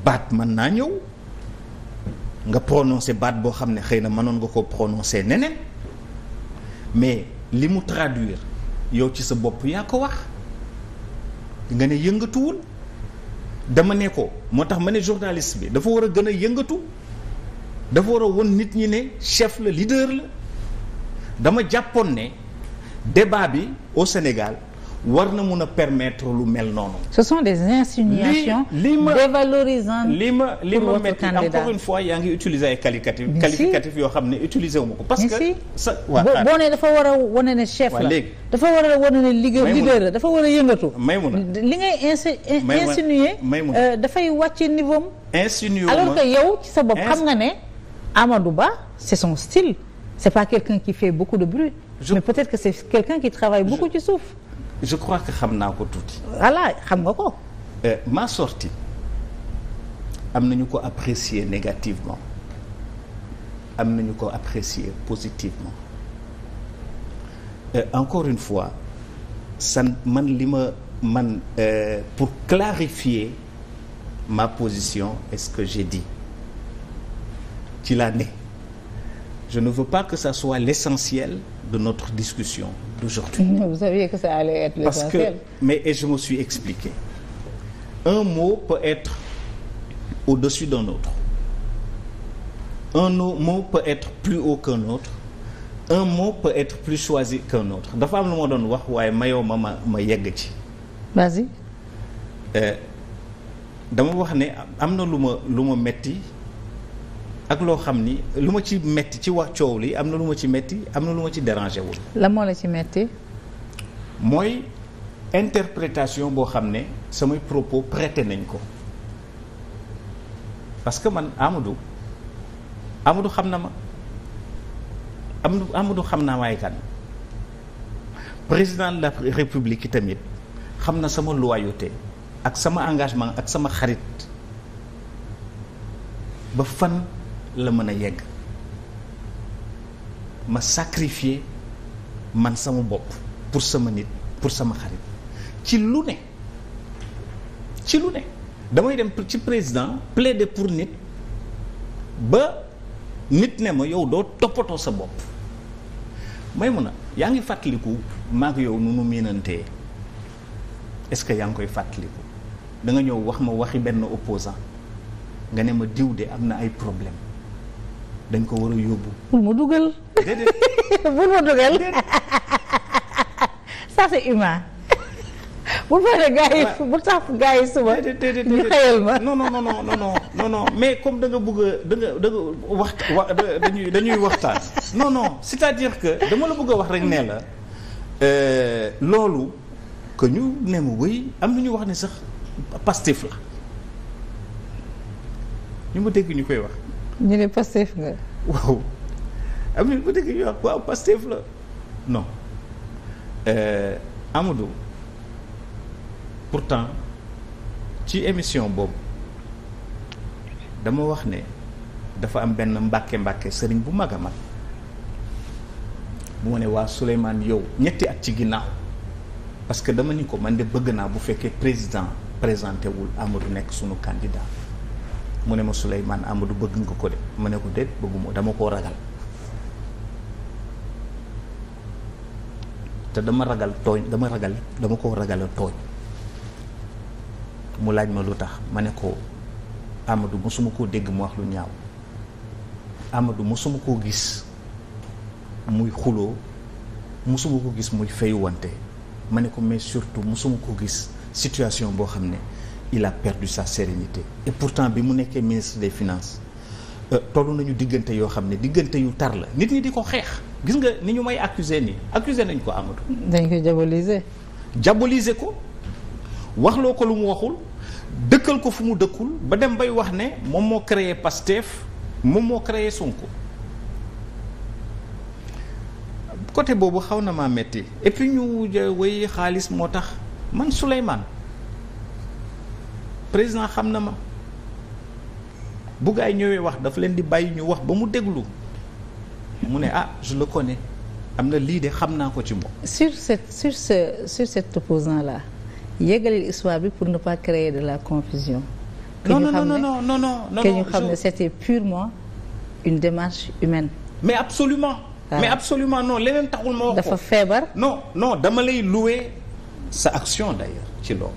baat mën naa ñëw nga prononcer baat boo xam ne xëy na manoon nga ko prononcer neneen mais li mu traduire yow ci sa bopp yaa ko wax nga ne yëngatuwul dama ne ko moo tax ma ne journaliste bi dafa war a gën a yëngatu dafa war a won nit ñi ne chef la leader la dama jàppoon ne débat bi au Sénégal war na mun a permettre lu mel noonu. ce sont des insinuations. li li ma dévalorisantes li ma li ma metti encore une fois yaa ngi utiliser ay qualificatif. qualificatif yoo xam ne utiliser wu ma ko. parce que sa dafa war a ne chef la. dafa war a wane ne dafa war a yëngatu. Maymuna li ngay insi euh, dafay wàcce niveau am. insinuer alors que yow ci sa bopp xam nga ne Amadou Ba c'est son style c'est pas quelqu'un qui fait beaucoup de bruit. mais peut-être que c'est quelqu'un qui travaille beaucoup ci suuf. je crois que xam naa ko tuuti. voilà xam nga ko. Euh, ma sortie am nañu ko apprécier négativement am nañu ko apprécier positivement euh, encore une fois san man li ma man euh, pour clarifier ma position est ce que j'ai dit ci laa ne je ne veux pas que ça soit l'essentiel de notre discussion d'aujourd'hui. Vous saviez que ça allait être l'essentiel. Mais et je me suis expliqué. Un mot peut être au-dessus d'un autre. Un mot peut être plus haut qu'un autre. Un mot peut être plus choisi qu'un autre. dafa am lu ma doon wax waaye mayoo ma ma ma yegg ci. Euh, dama wax ne am na lu ma lu ma metti ak loo xam ni lu ma ci metti ci wax coow lii am na lu ma ci metti am na lu ma ci dérangé wul. la moo la ci metti mooy interprétation boo xam ne samay propos prêté nañ ko parce que man amadu amadu xam na ma Amadou Amadou xam naa maay kan président de la république tamit xam na sama loyauté ak sama engagement ak sama xarit ba fan. la mën a yegg ma sacrifier man sama bopp pour sama nit pour sama xarit ci lu ne ci lu ne damay dem ci président plaider pour nit ba nit ne ma yow doo toppatoo sa bopp may mun a yaa ngi fàttaliku maag yow nu nu miinantee est-ce que yaa ngi koy fàttaliku da nga ñëw wax ma waxi benn opposant nga ne ma diw de am na ay problème dañ ko war a yóbbu. bul ma dugal. bul ma dugal. ça c'est humain. bu fekkee gars bu tax gars yi suba. ñu xëyal ma non non non mais comme da nga bëgg a da nga wax dañuy dañuy waxtaan. non c'est-à-dire que dama la bëgg a wax rek ne la euh, loolu que ñu ne ma wéy am na ñu wax ne sax Pastef la ñu ma dégg ñu koy wax. ñu ne Pastef nga. waaw am ah na bu dëgg ñu wax waaw Pastef la non euh, pourtant ci émission boobu dama wax ne dafa am benn mbàkke mbàkke sëriñ bu mag a mag bu ma ne waa Souleymane yow ñetti at ci ginnaaw parce que dama ni ko man de bëgg naa bu fekkee président présenté wul Amadou nekk sunu candidat. mu ne ma Souleymane Amadou bëgg nga ko de ma ne ko déet bëgguma dama koo ragal te dama ragal tooñ dama ragal dama ko ragal tooñ mu laaj ma lu tax ma ne ko Amadou mosuma koo dégg mu wax lu ñaaw Amadou mosuma koo gis muy xuloo mosuma ko gis muy fayuwante ma ne ko mais surtout mosuma ko gis situation boo xam ne il a perdu sa sérénité et pourtant bi mu nekkee ministre des finance euh, tollu nañu diggante yoo xam ne diggante yu tar la nit ñi di ko xeex gis nga ni ñu may accuser nii accuser nañ ko amatu dañ ko diaboliser. diaboliser ko waxloo ko lu mu waxul dëkkal ko fu mu dëkkul ba dem bay wax ne moom moo créé Pastef moom moo créer sunk côté boobu xaw na maa metti et ñu euh, way xaalis moo tax man Souleymane. président xam na ma bu gaa yi ñëwee wax dafa leen di bàyyi ñu wax ba mu déglu mu ne ah je le connais am na lii de xam naa ko ci moom. sur cette sur ce sur cet opposant là yëgalil histoire bi pour ne pas créer de la confusion. non non non non non non ñu xam ne c'était purement une démarche humaine. mais absolument ah. mais absolument non leneen taxul ma wax ko. dafa feebar. non non dama lay louer sa action d'ailleurs ci loolu.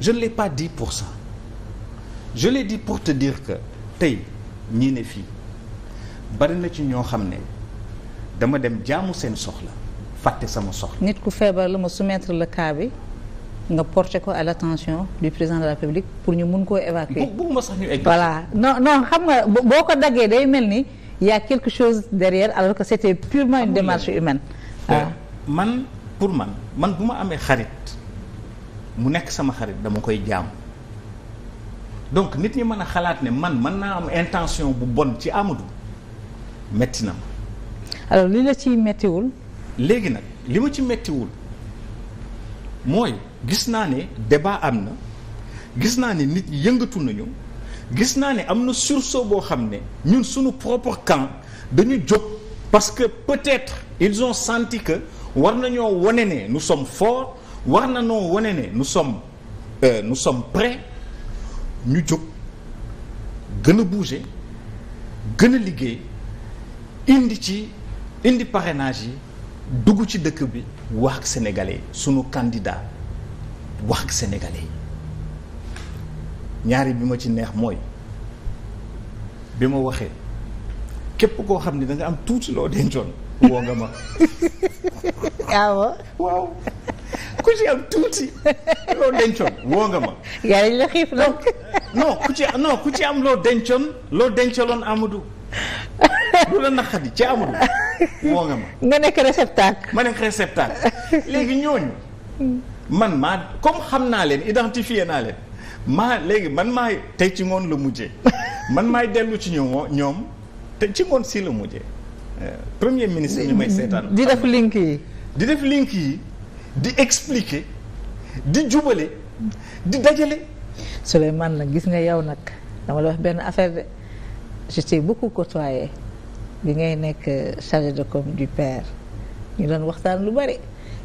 je ne l'ai pas dit pour ça je l'ai dit pour te dire que tey ñii ne fii bari na ci ñoo xam ne dama dem jaamu seen soxla fàtte sama soxla. nit ku feebar la ma soumettre la cas bi nga porté ko à l'attention du président de la République pour ñu mun koo évacuer. bëgguma sax ñu egg. voilà non non xam nga boo ko daggee day mel ni yaa a quelque chose derrière alors que c'était purement une démarche humaine. waaw man pour man man bu ma amee xarit. mu nekk sama xarit dama koy jaam donc nit ñi mën a xalaat ne man man naa am intention bu bon ci Amadou metti na ma. alors li la ci mettiwul. léegi nag li ma ci mettiwul mooy gis naa ne débat am na gis naa ne nit ñi yëngatu nañu gis naa ne am na sursaut boo xam ne ñun suñu propre camp dañu jóg parce que peut-être ils ont senti que war nañoo wone ne nous sommes forts. wax na noo wane ne nous sommes euh, nous sommes ñu jóg gën a bouger gën a liggéey indi ci indi parrainage yi dugg ci dëkk bi wax ak sénégalais yi sunu candidat wax ak sénégalais yi ñaari bi ma ci neex mooy bi ma waxee képp koo xam ne da am tuuti loo dencoon woo nga ma ah waaw ku ci am tuuti loo dencoon woo nga ma. yaa la xiif nag. non ku ci ku ci am loo dencoon loo dencaloon Amadou. lu la naqari ci Amadou woo nga ma. nga nekk réceptacle. ma nekk réceptacle léegi ñooñu. man maa comme xam naa leen identifié naa leen maa léegi man maay tey ci ngoon la mujjee man maay dellu ci ñoom ñoom te ci ngoon si la mujjee euh, premier ministre ñu may seetaan. di def link yi. di def link yi. di expliquer di jubale di dajale. Souleymane nag gis nga yow nag dama la wax benn affaire de je t'ai beaucoup côtoyé bi ngay nekk chargé de com du père ñu doon waxtaan lu bari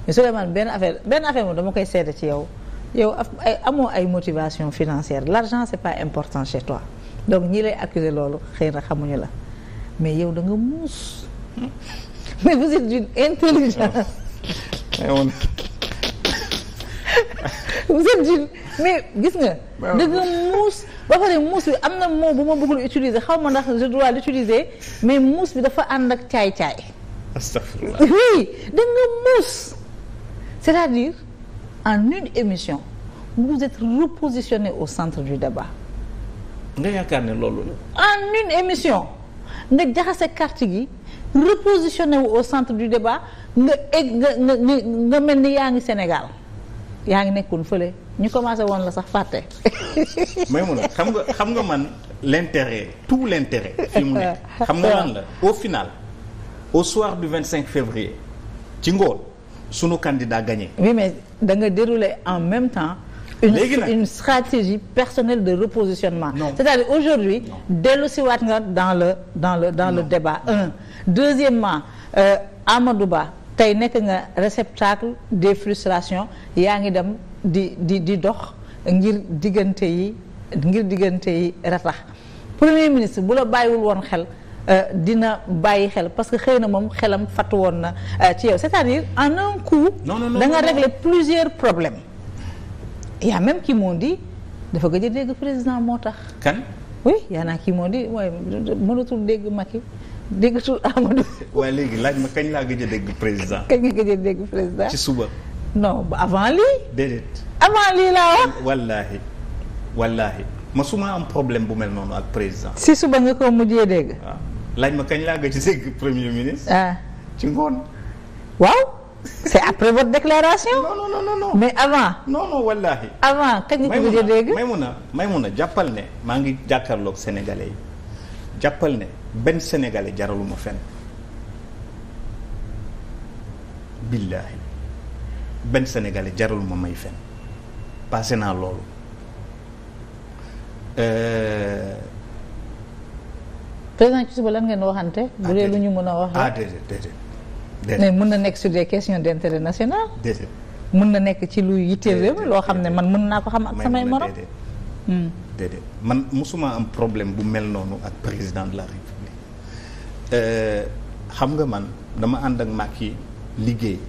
mais benn affaire benn affaire moom dama koy seede ci yow yow ay amoo ay motivation financière l'argent c'est pas important chez donc ñi lay accuser loolu xëy na xamuñu la mais yow da muus mais vous êtes d'une intelligence mais mais gis nga. Ah dëgg muus ba pare muus bi am na mot bu ma bëggul utiliser xaw ma ndax je dois l'utiliser mais muus bi dafa ànd ak caay-caay. astafurlah oui muus. c'est-à-dire en une émission vous êtes repositionné au centre du débat. nga yaakaar ne loolu la. en une émission nga jaxase carte gi. repositionné wu au centre du débat nga egg nga nga nga mel ni yaa ngi Sénégal yaa ngi nekkoon fële ñu commencé woon la sax fàtte. may mun a xam nga xam nga man l'intérêt tout l'intérêt fi mu nekk xam nga lan la au final au soir du 25 février ci ngoon sunu candidat gagné. oui mais da nga en même temps. une une stratégie personnelle de repositionnement. non c'est-à-dire aujourd'hui dellu si waat nga dans le dans le dans le débat un deuxièmement euh, Amadou Ba tey nekk nga réceptacle des frustrations yaa ngi dem di di di dox ngir diggante yi ngir diggante yi ratax premier ministre bu la bàyyiwul woon xel euh, dina bàyyi xel parce que xëy na moom xelam fatt woon na euh, ci yow c'est-à-dire en un coup da nga régler plusieurs problèmes y a même qui m'ont dit dafa gëj a dégg président moo tax. kan. oui y en a qui m'ont dit waaye mënatul dégg Macky déggatul Amadou. laaj ma kañ laa gëj dégg président. kañ nga gëj dégg président. ci suba. non ba avant lii. déedéet. avant lii laa wax. wallaahi ma su ma am problème bu mel noonu ak président. si suba nga ko mujjee dégg. laaj ma kañ laa gëj a premier ministre. ah ci ngoon waaw. c'est après votre déclaration. non non non non mais avant. non non wallaahi. avant kañ la ko gëj a dégg Maymuna Maymuna jàppal ne maa ngi jàkkaarloog sénégalais yi jàppal ne benn sénégalais jaraluma fenn. billaahi benn sénégalais jaraluma may fenn passé naa loolu euh, président ci suba lan ngeen waxante. bu dee ah, lu ñu mën a wax ah déedéet déedéet mais mën na nekk sur des questions d' intérêt national. mën na nekk ci lu yitteel réew mi loo xam ne man mën naa ko xam ak samay morom. déedéet hmm. man mosuma am problème bu mel noonu ak président de la république euh, xam nga man dama ànd ak Macky liggéey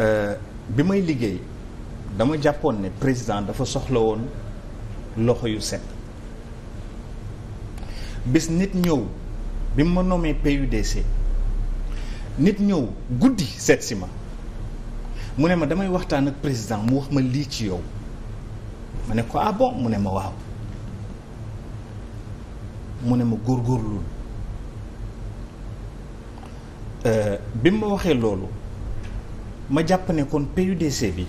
euh, bi may liggéey dama jàppoon ne président dafa soxla woon loxo yu set bis nit ñëw. bi mu ma nommé PUDC nit ñëw guddi seet si ma mu ne ma damay waxtaan ak président mu wax ma lii ci yow ma ne ko ah bon mu ne ma waaw mu ne ma góorgóorlu euh, bi mu ma waxee loolu ma jàpp ne kon PUDC bi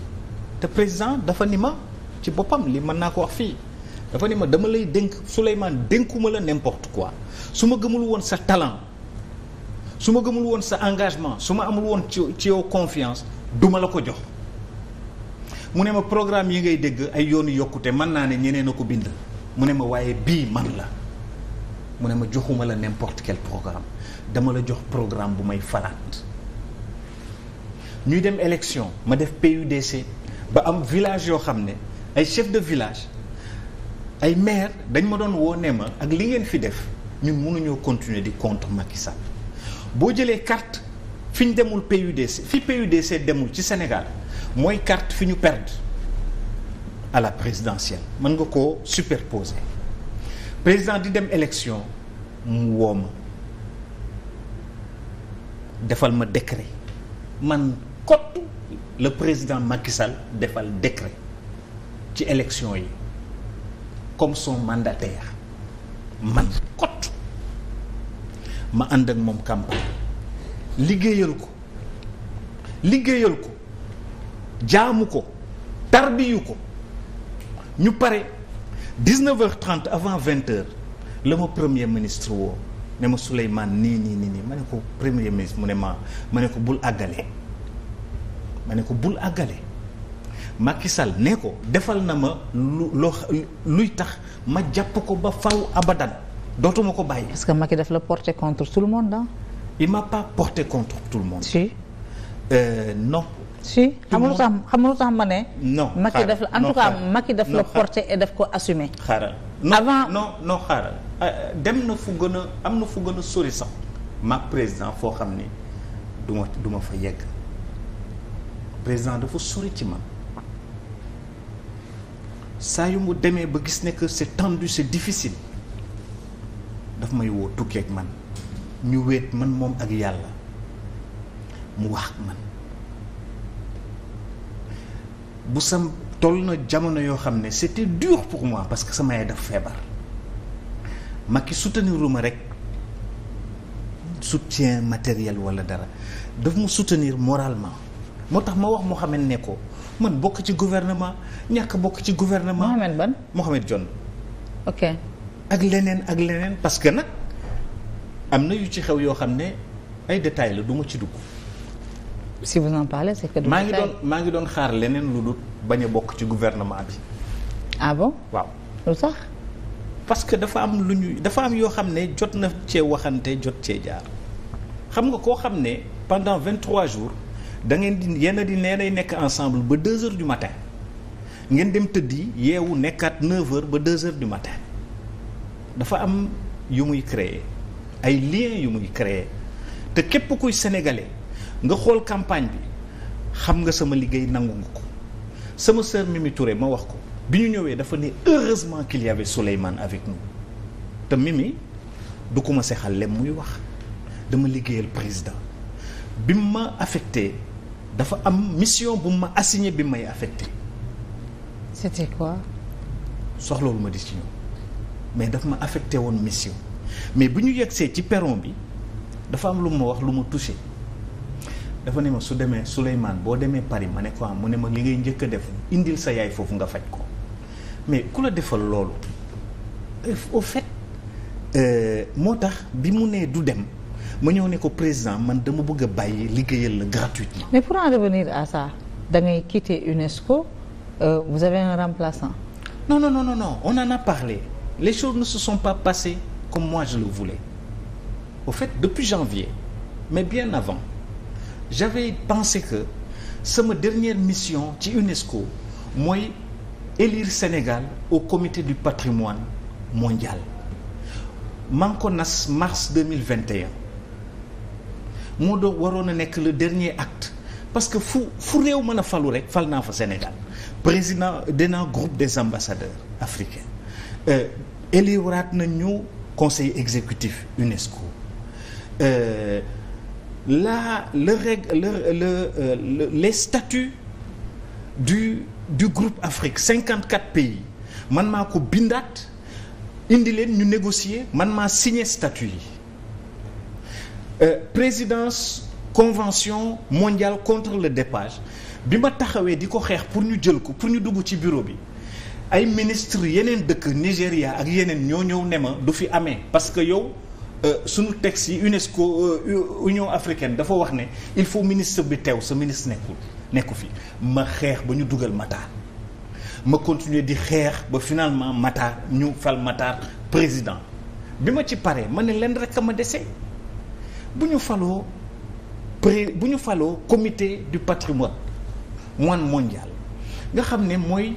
te président dafa ni ma ci boppam li mën naa ko wax fii dafa ni ma dama lay dénk Souleymane dénkuma la n'importe quoi su ma gëmul woon sa talent su ma gëmul woon sa engagement su ma amul woon ci ci yow confiance duma la ko jox mu ne ma programme yi ngay dégg ay yoonu yokkute man naa ne ñeneen a ko bind mu ne ma waaye bii man la mu ne ma joxuma la n'importe quel programme dama la jox programme bu may falaat ñuy dem élection ma def PUDC ba am village yoo xam ne ay chef de village ay maire dañ ma doon woo ma ak li ngeen fi def ñun mënuñoo continuer di contre Macky Sall boo jëlee carte fi ñu demul PUDC fi PUDC demul ci Sénégal mooy carte fi ñu perdre à la présidentielle mën nga koo superposer président di dem élection mu woo ma defal ma décret man kott le président Macky Sall defal décret ci élection yi comme son mandataire man kot ma ànd ak moom campagne liggéeyal ko liggéeyal ko jaamu ko tarbiyu ko ñu pare 19 heures 30 avant 20 heures la ma premier ministre woo ne ma Souleymane nii nii nii nii ma ne ko premier ministre mu ne ma ma ne ko bul àggale ma ne ko bul àggale Macky Sall ne ko defal na ma lu luy tax ma jàpp ko ba faw abadan dootuma ko bàyyi. parce que Macky daf la porter contre tout le monde ah. il m'a pas porté contre tout le monde. si. Euh, non. si xam nga lu tax xam nga lu ma ne. non Macky daf la en tout cas Macky daf la porter et ko assumer. xaaral non avant non euh, dem na fu gën a am na fu gën a sori sax ma président foo xam ni du ma ma fa yegg président dafa sori ci ma saa yu mu demee ba gis ne que c'est tendu c'est difficile daf may woo tukkee ak man ñu wéet man moom ak yàlla mu wax ak man bu sam toll na jamono yoo xam ne c'était dur pour moi parce que sama yaay daf feebar ma ki souteniruma rek soutien matériel wala dara daf ma soutenir moralement moo tax ma wax moo xam ne ko man bokk ci gouvernement ñàkk bokk ci gouvernement. Mohamed ban Mohamed John. ok ak leneen ak leneen parce que nag am na yu ci xew yoo xam ne ay détails la du ma ci dugg. si vous en parlez maa ngi doon maa ngi doon xaar leneen lu du bañ a bokk ci gouvernement bi. ah bon waaw lu sax. parce que dafa am lu ñu dafa am yoo xam ne jot na cee waxante jot cee jaar xam nga koo xam ne pendant vingt-trois jours. da ngeen di yenn di nee nay nekk ensemble ba deux heures du matin ngeen dem tëddi yeewu nekkaat neuf heures ba deux heures du matin dafa am yu muy créer ay liens yu muy créer te képp kuy sénégale nga xool campagne bi xam nga sama liggéey nangu nga ko sama sœur Mimi Touré ma wax ko bi ñu ñëwee dafa ne heureusement qu'il y avait Souleymane avec nous te Mimi du ko ma sexal lem muy wax dama liggéeyal président bi ma affecté dafa am mission bu ma assigné bi may affecté. c'était quoi. soxloolu ma di ci ñëw mais daf ma affecté woon mission mais bu ñu yegsee ci peron bi dafa am lu ma wax lu ma touché dafa ne ma su demee Souleymane boo demee Paris ma ne ko ah, mu ne ma li ngay njëkk a def indil sa yaay foofu nga faj ko mais ku la defal loolu au fait euh, moo tax bi mu nee du dem. ma ñëw ne ko président man dama bëgg a bàyyi liggéeyal la gratuitement. mais pour en revenir à ça da ngay quitter UNESCO euh, vous avez un remplaçant. non non non non non on en a parlé les choses ne se sont pas passées comme moi je le voulais au fait depuis janvier mais bien avant j'avais pensé que sama dernière mission ci UNESCO mooy élire Sénégal au comité du patrimoine mondial maa ngi ko nas mars 2021 moo doo waroon a nekk le dernier acte parce que fu fu réew mën a falu rek fal naa fa Sénégal président dinaa groupe des ambassadeurs africains euh, éliwraat na ñu conseil exécutif UNESCO euh, la le règle le, le, euh, le les statuts du du groupe Afrique 54 pays man maa ko bindaat indi leen ñu négocier man maa signé statut yi Euh, présidence convention mondiale contre le dépage bi ma taxawee di ko xeex pour ñu jël ko pour ñu dugg ci bureau bi ay ministre yeneen dëkk Nigéria ak yeneen ñoo ñëw ne ma du fi amee parce que yow euh, suñu texte yi UNESCO euh, Union africaine dafa wax ne il faut ministre bi teew sa ministre nekkul nekku fi ma xeex ba ñu dugal Matar ma continuer di xeex ba finalement Matar ñu fal Matar président bi ma ci paree ma ne leen rek a ma dese bu ñu faloo pré bu ñu faloo comité du patrimoine moine mondial nga xam ne mooy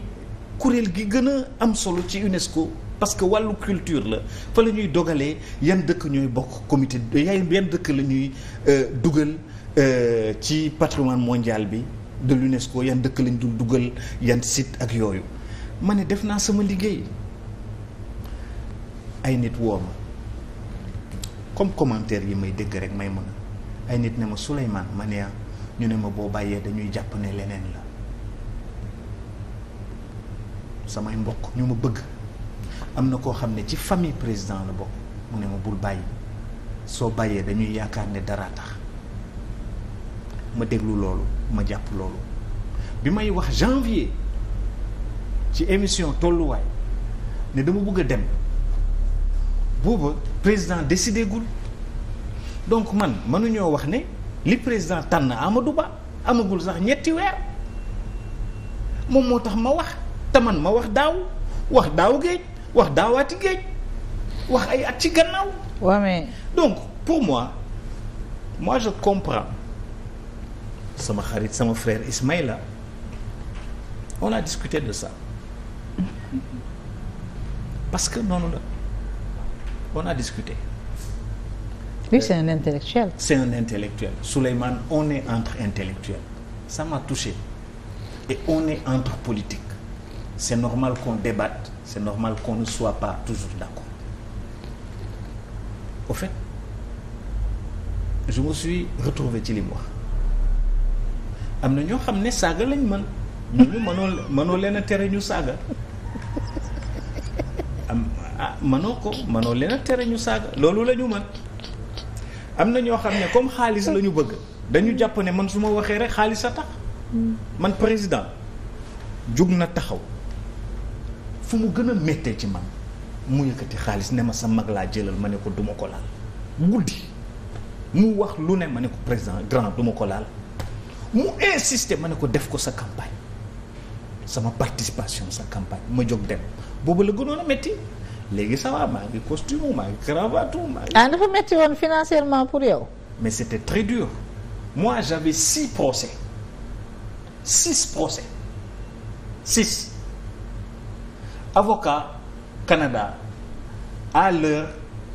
kuréel gi gën a am solo ci UNESCO parce que wàllu culture la fa la ñuy dogalee yan dëkk ñooy bokk comité yaay yan dëkk la ñuy euh, dugal euh, ci patrimoine mondial bi de l'UNESCO yan dëkk lañ dul dugal yan sit ak yooyu ma ne def naa sama liggéey ay nit woom comme commentaire yi may dégg rek may mën ay nit ne ma Souleymane ma ne ñu ne ma boo bàyyee dañuy jàpp ne leneen la samay mbokk ñu ma bëgg am na koo xam ne ci famille président la bokk mu ne ma bul bàyyi soo bàyyee dañuy yaakaar ne dara tax ma déglu loolu ma jàpp loolu bi may wax janvier ci émission tolluwaay ne dama bëgg a dem booba président décidé gul donc man mënuñoo wax ne li président tànn Amadou Ba amagul sax ñetti weer moom moo tax ma wax te man ma wax daaw wax daaw géej wax daaw daawaati géej wax ay at ci gannaaw. waaw mais donc pour moi moi je comprends sama xarit sama frère Ismaïla on a discuté de ça parce que noonu la. on a discuté. oui c'est un intellectuel. c'est un intellectuel Souleymane on est entre intellectuels sama m'a touché et on est entre politiques c'est normal qu'on débatte c'est normal qu'on ne soit pas toujours d'accord au fait je me suis retrouvé ci li am na ñoo xam ne saaga lañ mën ñu mënoo mënoo leen a tere ñu saaga. ah manoo ko manoo leen a tere ñu saaga loolu la ñu mën am na ñoo xam ne comme xaalis lañu bëgg dañu jàpp ne man su ma waxee rek xaalis a tax man président jug na taxaw fu mu gën a méttee ci man mu yëkkati xaalis ne ma sa mag laa jëlal ma ne ko duma ko laal guddi mu wax lu ne ma ne ko président grand duma ko laal mu insister ma ne ko def ko sa campagne sama participation sa campagne ma jóg dem boobu la gënoon a métti léegi ça va maa ngi costume maa ngi cravate maa ngi. Ah, dafa metti woon financièrement pour yow. mais c' était très dur moi j'avais six procès six procès Canada à l'heure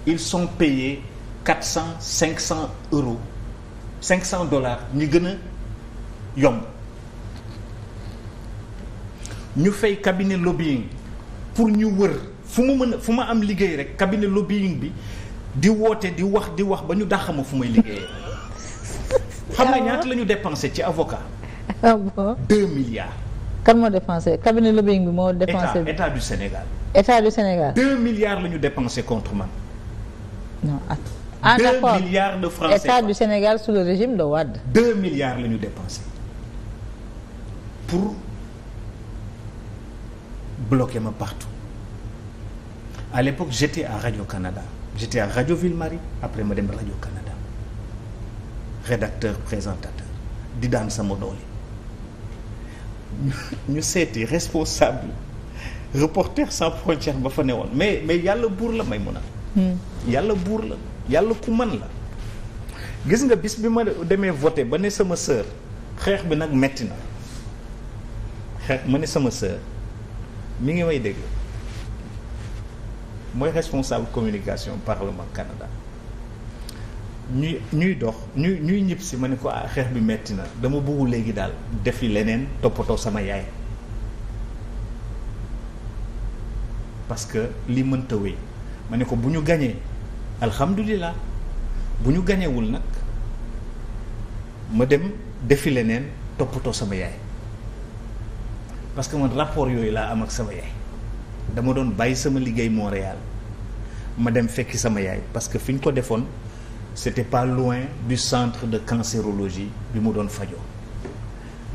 ils sont payés quatre cent cinq cent euros cinq cent dollars ñu gën a yomb ñu fay cabinet lobbying pour ñu wër. fu mu mën fu ma am liggéey rek cabinet lobbying bi di woote di wax di wax ba ñu dàq ma fu may liggéeyee. xam nga ah ñaata la ñu dépensé ci avocat. Ah deux milliards. kan moo dépensé cabinet lobbying bi moo. dépensé état état du Sénégal. état du Sénégal. deux milliards la ñu dépensé contre man. non ah d'accord de francs état du Sénégal sous le régime de Wade. la ñu dépensé pour ma partout. à l'époque j'étais à Radio-Canada j'étais à Radio Ville-Marie après ma dem Radio-Canada rédacteur présentateur di daan sama doole ñu seeti responsable reporter sans frontières ba fa ne woon mais mais yàlla buur la may mun a hmm. yàlla buur la yàlla ku man la gis nga bis bi ma demee voté ba ne sama sœur xeex bi nag metti na xeex ma ne sama sœur mi ngi may dégg mooy responsable communication Parlement Canada ñuy ñuy dox ñuy ñuy ñëpp si ma ne ko ah, xeex bi metti na dama bëgg léegi daal defi leneen toppatoo sama yaay parce que li mënta wéy ma ne ko bu ñu gañee alhamdulilah bu ñu gañewul nag ma dem defi leneen toppatoo sama yaay parce que man rapport yooyu laa am ak sama yaay dama doon bàyyi sama liggéey moo Montréal ma dem fekki sama yaay parce que fi ñu ko defoon c'était pas loin du centre de cancérologie bi mu doon fajoo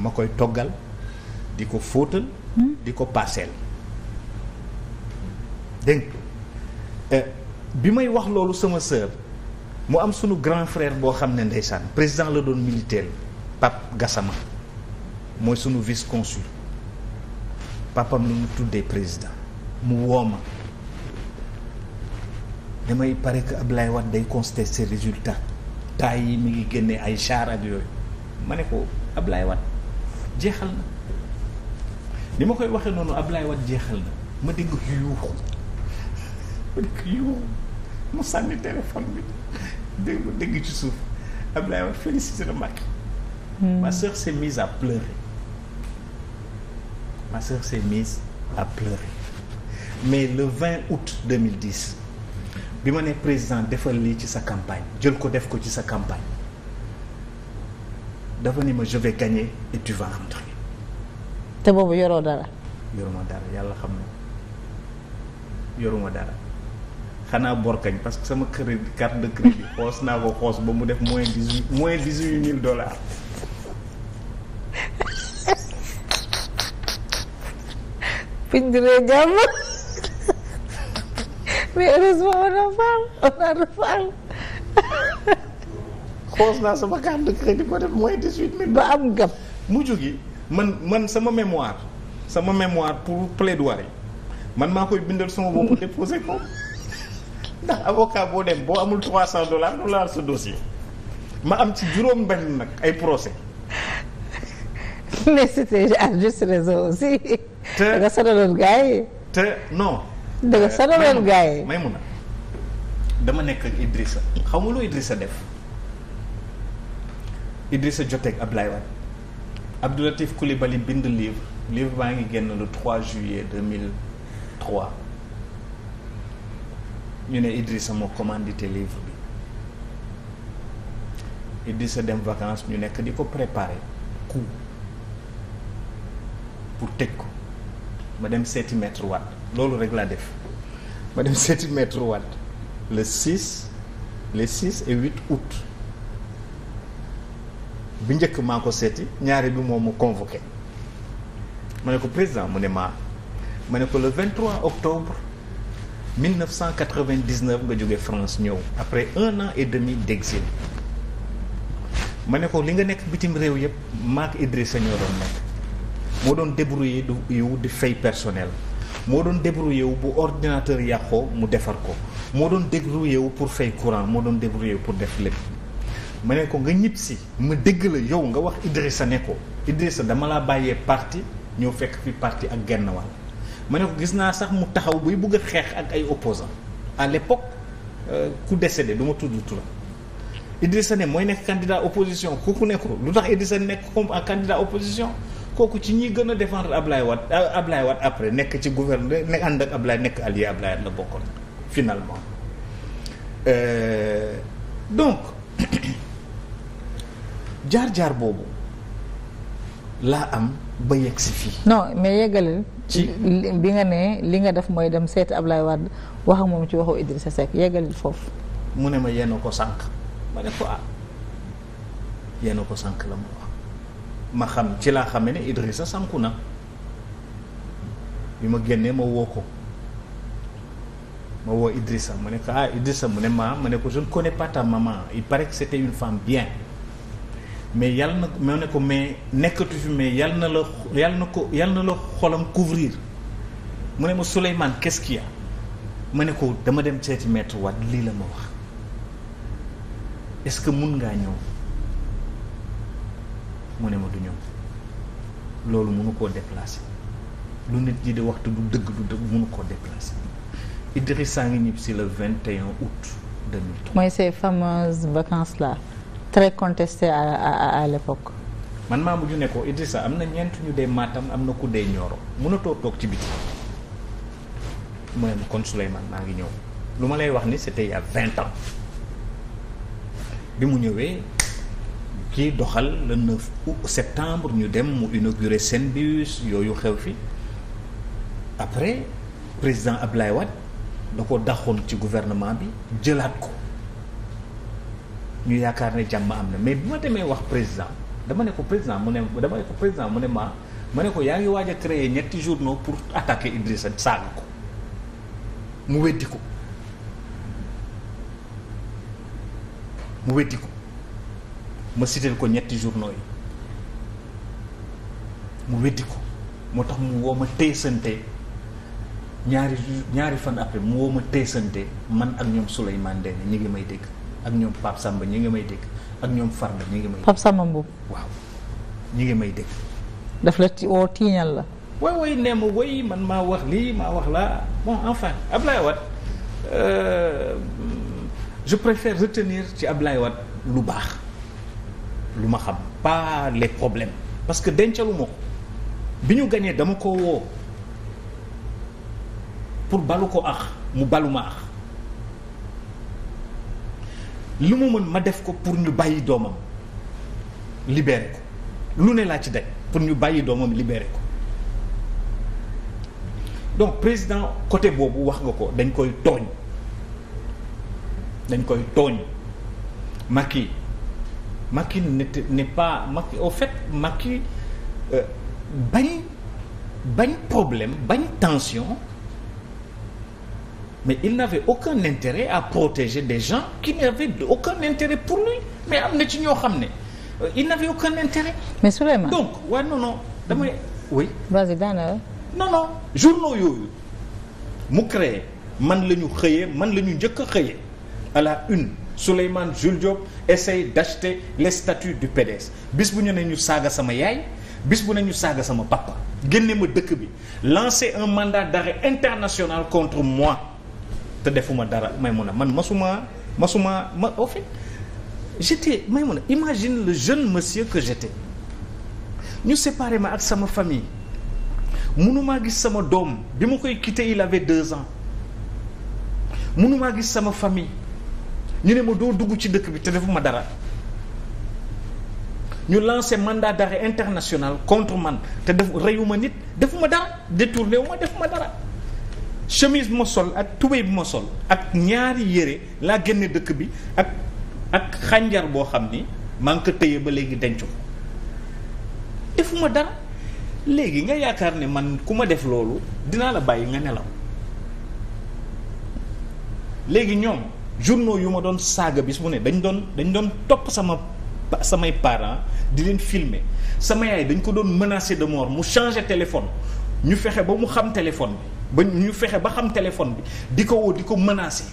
ma koy toggal di ko fóotal hmm? di ko paaseel dégg euh, bi may wax loolu sama sœur mu am sunu grand frère boo xam ne ndeysaan président la doon militaire pap Gassama mooy sunu vice consul papam lu mu tuddee président mu wooma damay pare que Abdoulaye Wade day constater ses résultats temps yi mi ngi génne ay char ak yooyu ma ne ko Abdoulaye wat jeexal na ni ma koy waxee noonu Abdoulaye wat jeexal na ma dégg yuuxu ma dégg yuuxu mu sànni téléphone bi dégg dégg ci suuf Abdoulaye Wade félicité na Macky hmm. ma soeur s'est mise à pleurer ma soeur s'est mise à mais le 20 bi ma ne président defal lii ci sa campagne jël ko def ko ci sa campagne dafa ni ma je vais gagner et tu vas rentrer. te boobu yoroo dara. yoruma dara yàlla xam na yoruma dara xanaa borkañ parce que sama crédit carte de crédit xoos naa ko xoos ba mu def moins dix huit moins dix huit mille dollars. fiñ jàmm. mais heureusement on xoos naa sama carte de crédit boo def moins dix-huit mille ba am gam mujj gi man man sama mémoire sama mémoire pour plaidoirie man maa koy bindal sama bopp déposé ko ndax avocat boo dem boo amul trois cent dollars du laal sa ma am ci juróom benn nag ay procès mais c'était à juste raison aussi te nga sonaloon gars yi te non dëgg sa domaine gars yi may mun a dama nekk ak Idrissa xaw ma lu Idrissa def Idrissa joteeg Ablaye Wade Abdoulatif Coulibaly bind livre livre baa ngi génn le 3 juillet 2003 ñu ne Idrissa moo commandité livre bi sa dem vacances ñu nekk di ko préparer coup pour tëj ko ma dem seeti maître Wade loolu rek laa def ma dem seeti maître Wade le 6 le 6 et 8 août bi njëkk maa ko seeti ñaari bi moom mu convoqué ma ne ko président mu ne maa ma ne ko le 23 octobre 1999 nga jóge France ñëw après un an et demi d'exil ma ne ko li nga nekk bitim réew yëpp maak Idrissa ñoo doon nekk moo doon débrouiller yu di fay personnel moo doon débrouillé wu bu ordinateur yàqoo mu defar ko moo doon débrouillé wu pour fay courant moo doon débrouillé wu pour def lépp ma ne ko nga ñib si ma dégg la yow nga wax Idrissa ne ko Idrissa dama laa bàyyee parti ñëw fekk fi parti ak genn wàll ma ne ko gis naa sax mu taxaw buy bugg a xeex ak ay opposants à l'époque euh, ku décédé du ma tudd turam Idrissa ne mooy nekk candidat opposition kooku ne ko lu tax Idrissa nekk comme candidat opposition kooku ci ñi gën a défendre Ablaye Wade euh, Ablaye Wade après nekk ci gouverneur ne ànd ak Ablaye nekk allié Ablaye la bokkoon finalement euh, donc jaar-jaar boobu laa am ba yegg si fii. non mais yeggalil. ci bi nga ne li nga def mooy dem seet ab lay Wade wax ak moom ci waxu Idrissa Seck yeggalil foofu. mu ne ma yenn ko sànq ma ne ko ah yenn ko sànq la ma ma xam ci laa xam ne Idrissa sànku na bi ma génnee ma woo ko ma woo Idrissa ma ne ko ah Idrissa mu ne ma ma ne ko je ne connais pas ta maman il paraît que c'était une femme bien mais yàlla na ma ne ko mais nekkatu fi mais yàlla na la yàlla na ko yàlla na la xolam couvrir mu ne ma Souleymane qu'est-ce qu'il y ma ne ko dama dem seeti maître lii la ma wax est-ce que mun ngaa ñëw mu ne ma du ñëw loolu mënu koo déplacer lu nit ñi di waxtu du dëgg du dëgg mënu koo déplacer Idrissa ngi ñibbi si le 21 août 2003. mooy ces fameuses vacances là très contestées à à à l'époque. man maa mujj ne ko Idrissa am na ñeent ñu dee Matam am na ku dee Nioro mënatoo toog ci biti mu ne ma kon maa ngi ñëw lu ma lay wax ni c'était il y vingt ans bi mu ñëwee. kii doxal le 9 septembre ñu dem mu inauguré Senbus yooyu xew fi après président ab Abdoulaye wat da ko daxoon ci gouvernement bi jëlaat ko ñu yaakaar ne jàmm am na mais bi ma demee wax président dama ne ko président mu ne dama ne ko président mu ne ma ma ne ko yaa ngi waaj a créer ñetti journaux pour attaquer Idrissa saaga ko mu weddi ko mu weddi ko ma sitel ko ñetti journaux yi mu weddi ko moo tax mu woo ma téesante ñaari ñaari fan après mu woo ma téesante man ak ñoom Souleymane Ndéné ñu ngi may dégg ak ñoom Pape Samba ñi ngi may dégg ak ñoom Farba ñi ngi may. Pape Samba Mbow. waaw ñi ngi may dégg. daf la ci woo tiiñal la. waaw waaye nee ma woy man maa wax lii maa wax laa bon enfin Ablaye wat euh, je préfère retenir ci Ablaye wat lu baax. lu ma xam pas les problèmes parce que dencalu ma ko bi ñu ganee dama ko woo pour balu ko ax mu balu ma ax lu ma mën ma def ko pour ñu bàyyi doomam libéré ko lu ne laa ci daj pour ñu bàyyi doomam libéré ko donc président côté boobu wax nga ko dañ koy tooñ dañ koy tooñ Macky Macky n'est pas makki au fait Macky euh, bañ bañ problème bañ tension mais il n'avait aucun intérêt à protéger des gens qui n'avaient aucun intérêt pour lui mais am na ci ñoo xam ne euh, il n'avait aucun intérêt mais Souleymane donc waaw ouais, non non damay oui vas-y daana non non journaux yooyu mu créé man la ñu xëyee man la ñu njëkk a xëyee à la une Souleymane Jules Diop essaye d'acheter les statuts du PDS bis bu ñu ne ñu saaga sama yaay bis bu na ñu saaga sama papa génne ma dëkk bi lancer un mandat d'arrêt international contre moi te defuma dara may mun a man masuma masuma ma au fait j'étais may mun a imagine le jeune monsieur que j'étais ñu séparé ma ak sama famille mënumaa gis sama doom bi ma koy quitté il avait deux ans mënumaa gis sama famille ñu ne ma doo dugg ci dëkk bi te ma dara ñu lancé mandat d'arrêt international contre man te def reyuma nit ma dara détourné wu ma defuma dara chemise bu ma sol ak tubéy bu ma sol ak ñaari yére laa génne dëkk bi ak ak xànjar boo xam ni maa ngi ko tëye ba léegi denc ko defuma dara léegi nga yaakaar ne man ku ma def loolu dinaa la bàyyi nga nelaw léegi ñoom journaux yu ma doon saaga su mu ne dañ doon dañ doon topp sama samay parent di leen filmer sama yaay dañ ko doon menacer de mort mu changer téléphone ñu fexe ba mu xam téléphone bi ñu fexe ba xam téléphone bi di ko woo di ko menacer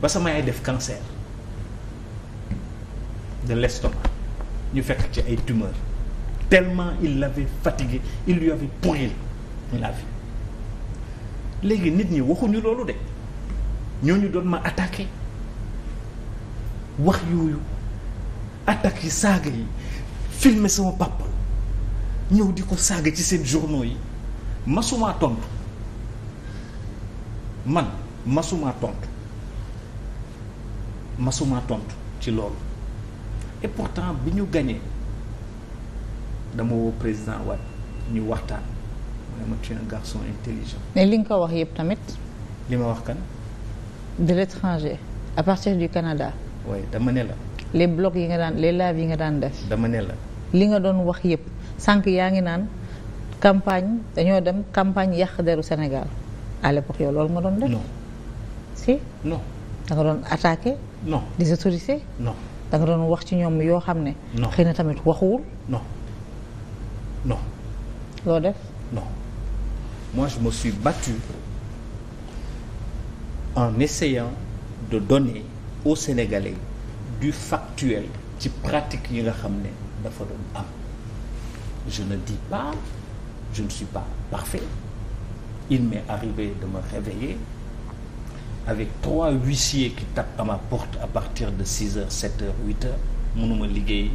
ba sama yaay def cancer de l'estomac ñu fekk ci ay tumeurs tellement il l'avait fatigué il lui avait pourri léegi nit ñi waxuñu loolu de. ñooñu doon ma attaqué wax yooyu attaque saaga yi filmer sama papa ñëw di ko saaga ci seen journaux yi masumaa tontu man masumaa tontu masumaa tontu ci loolu et bi ñu gañee dama woo président Wade ñu waxtaan mu ne ma tu garçon intelligent mais li nga ko wax yëpp tamit li ma wax kan de l'étranger à partir du Canada. oui dama ne la. les blocs yi nga daan les lives yi nga daan def. dama la. li nga doon wax yëpp sànq yaa ngi naan campagne dañoo dem campagne yàq deru senegal à l'époque yow loolu nga doon def. non si. non da nga doon attaqué. non des autorités. non da nga doon wax ci ñoom yoo xam ne. non xëy na tamit waxuwul. non non. loo def. non moi je battu. en essayant de donner aux Sénégalais du factuel ci pratique yi nga xam ne dafa doon am je ne dis pas je ne suis pas parfait il m'est arrivé de me réveiller avec trois huissiers qui tapent à ma porte à partir de six heures sept heures huit mënuma liggéey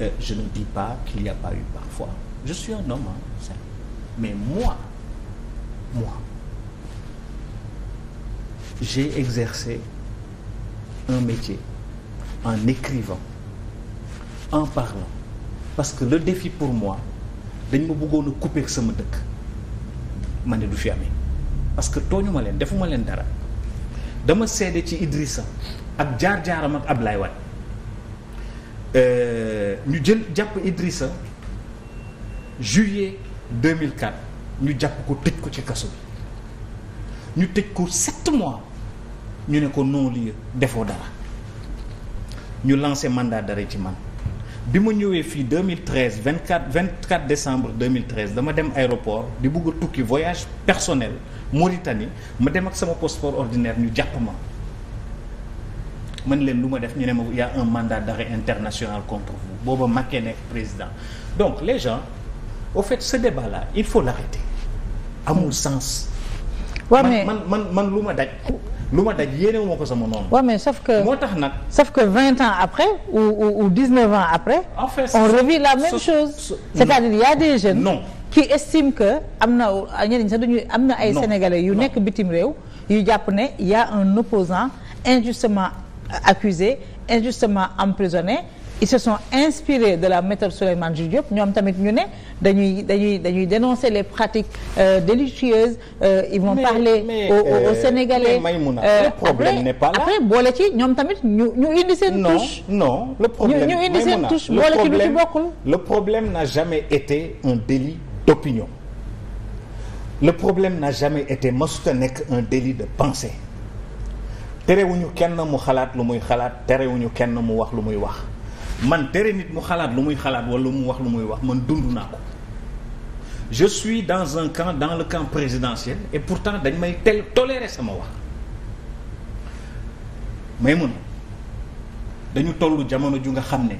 euh, je ne dis pas qu'il n'y a pas eu parfois je suis un homme mais moi moi j'ai exercé un métier en écrivant en parlant parce que le défi pour moi dañ ma bëggoon a couper sama dëkk ma ne du fi amee parce que tooñu ma leen defuma leen dara dama seede ci Idrissa ak jaar-jaaram ak Ablaye Wade euh, ñu jël jàpp Idrissa juillet 2004 ñu jàpp ko tëj ko ci kaso bi ñu tëj ko sept mois ñu ne ko non lieu defoo dara ñu lancé mandat d'arrêt ci man bi ma ñëwee fii vingt 2013 24 24 décembre 2013 dama dem aéroport di bugg a tukki voyage personnel Mauritanie ma dem ak sama passeport ordinaire ñu jàpp ma mën leen lu ma def ñu ne ma y a un mandat d'arrêt international contre vous booba Macky nekk président donc les gens au fait ce débat là il faut l'arrêter amul sens mais man man man lu ma daj. lu ma daj yéene moo ko sama noonu. waaw mais sauf que moo tax nag. sauf que vingt ans après ou ou ou dix neuf ans après. en fait on revit la même chose. c'est-à-dire il y a des jeunes. non qui estiment que am na ñeneen sax dañuy am na ay. sénégalais yu nekk bitim réew. yu jàpp ne y a un opposant injustement accusé injustement emprisonné. ils se sont inspirés de la méthode Souleymane Jules Diop ñoom tamit ñu ne dañuy dañuy dañuy dénoncer les pratiques euh, délictueuses euh, ils vont mais, parler mais, aux, aux, aux problème n'est pas là après boole ci ñoom tamit ñu ñu indi seen touche non le problème ñu indi seen bokkul le problème n'a jamais été un délit d'opinion le problème n'a jamais été masuta nekk un délit de pensée terewuñu kenn mu xalaat lu muy xalaat terewuñu kenn mu wax lu muy wax man tere nit mu xalaat lu muy xalaat wala mu wax lu muy wax man dund naa ko je suis dans un camp dans le camp présidentiel et pourtant dañ may tel tolérer sama wax may mun dañu toll jamono ju nga xam ne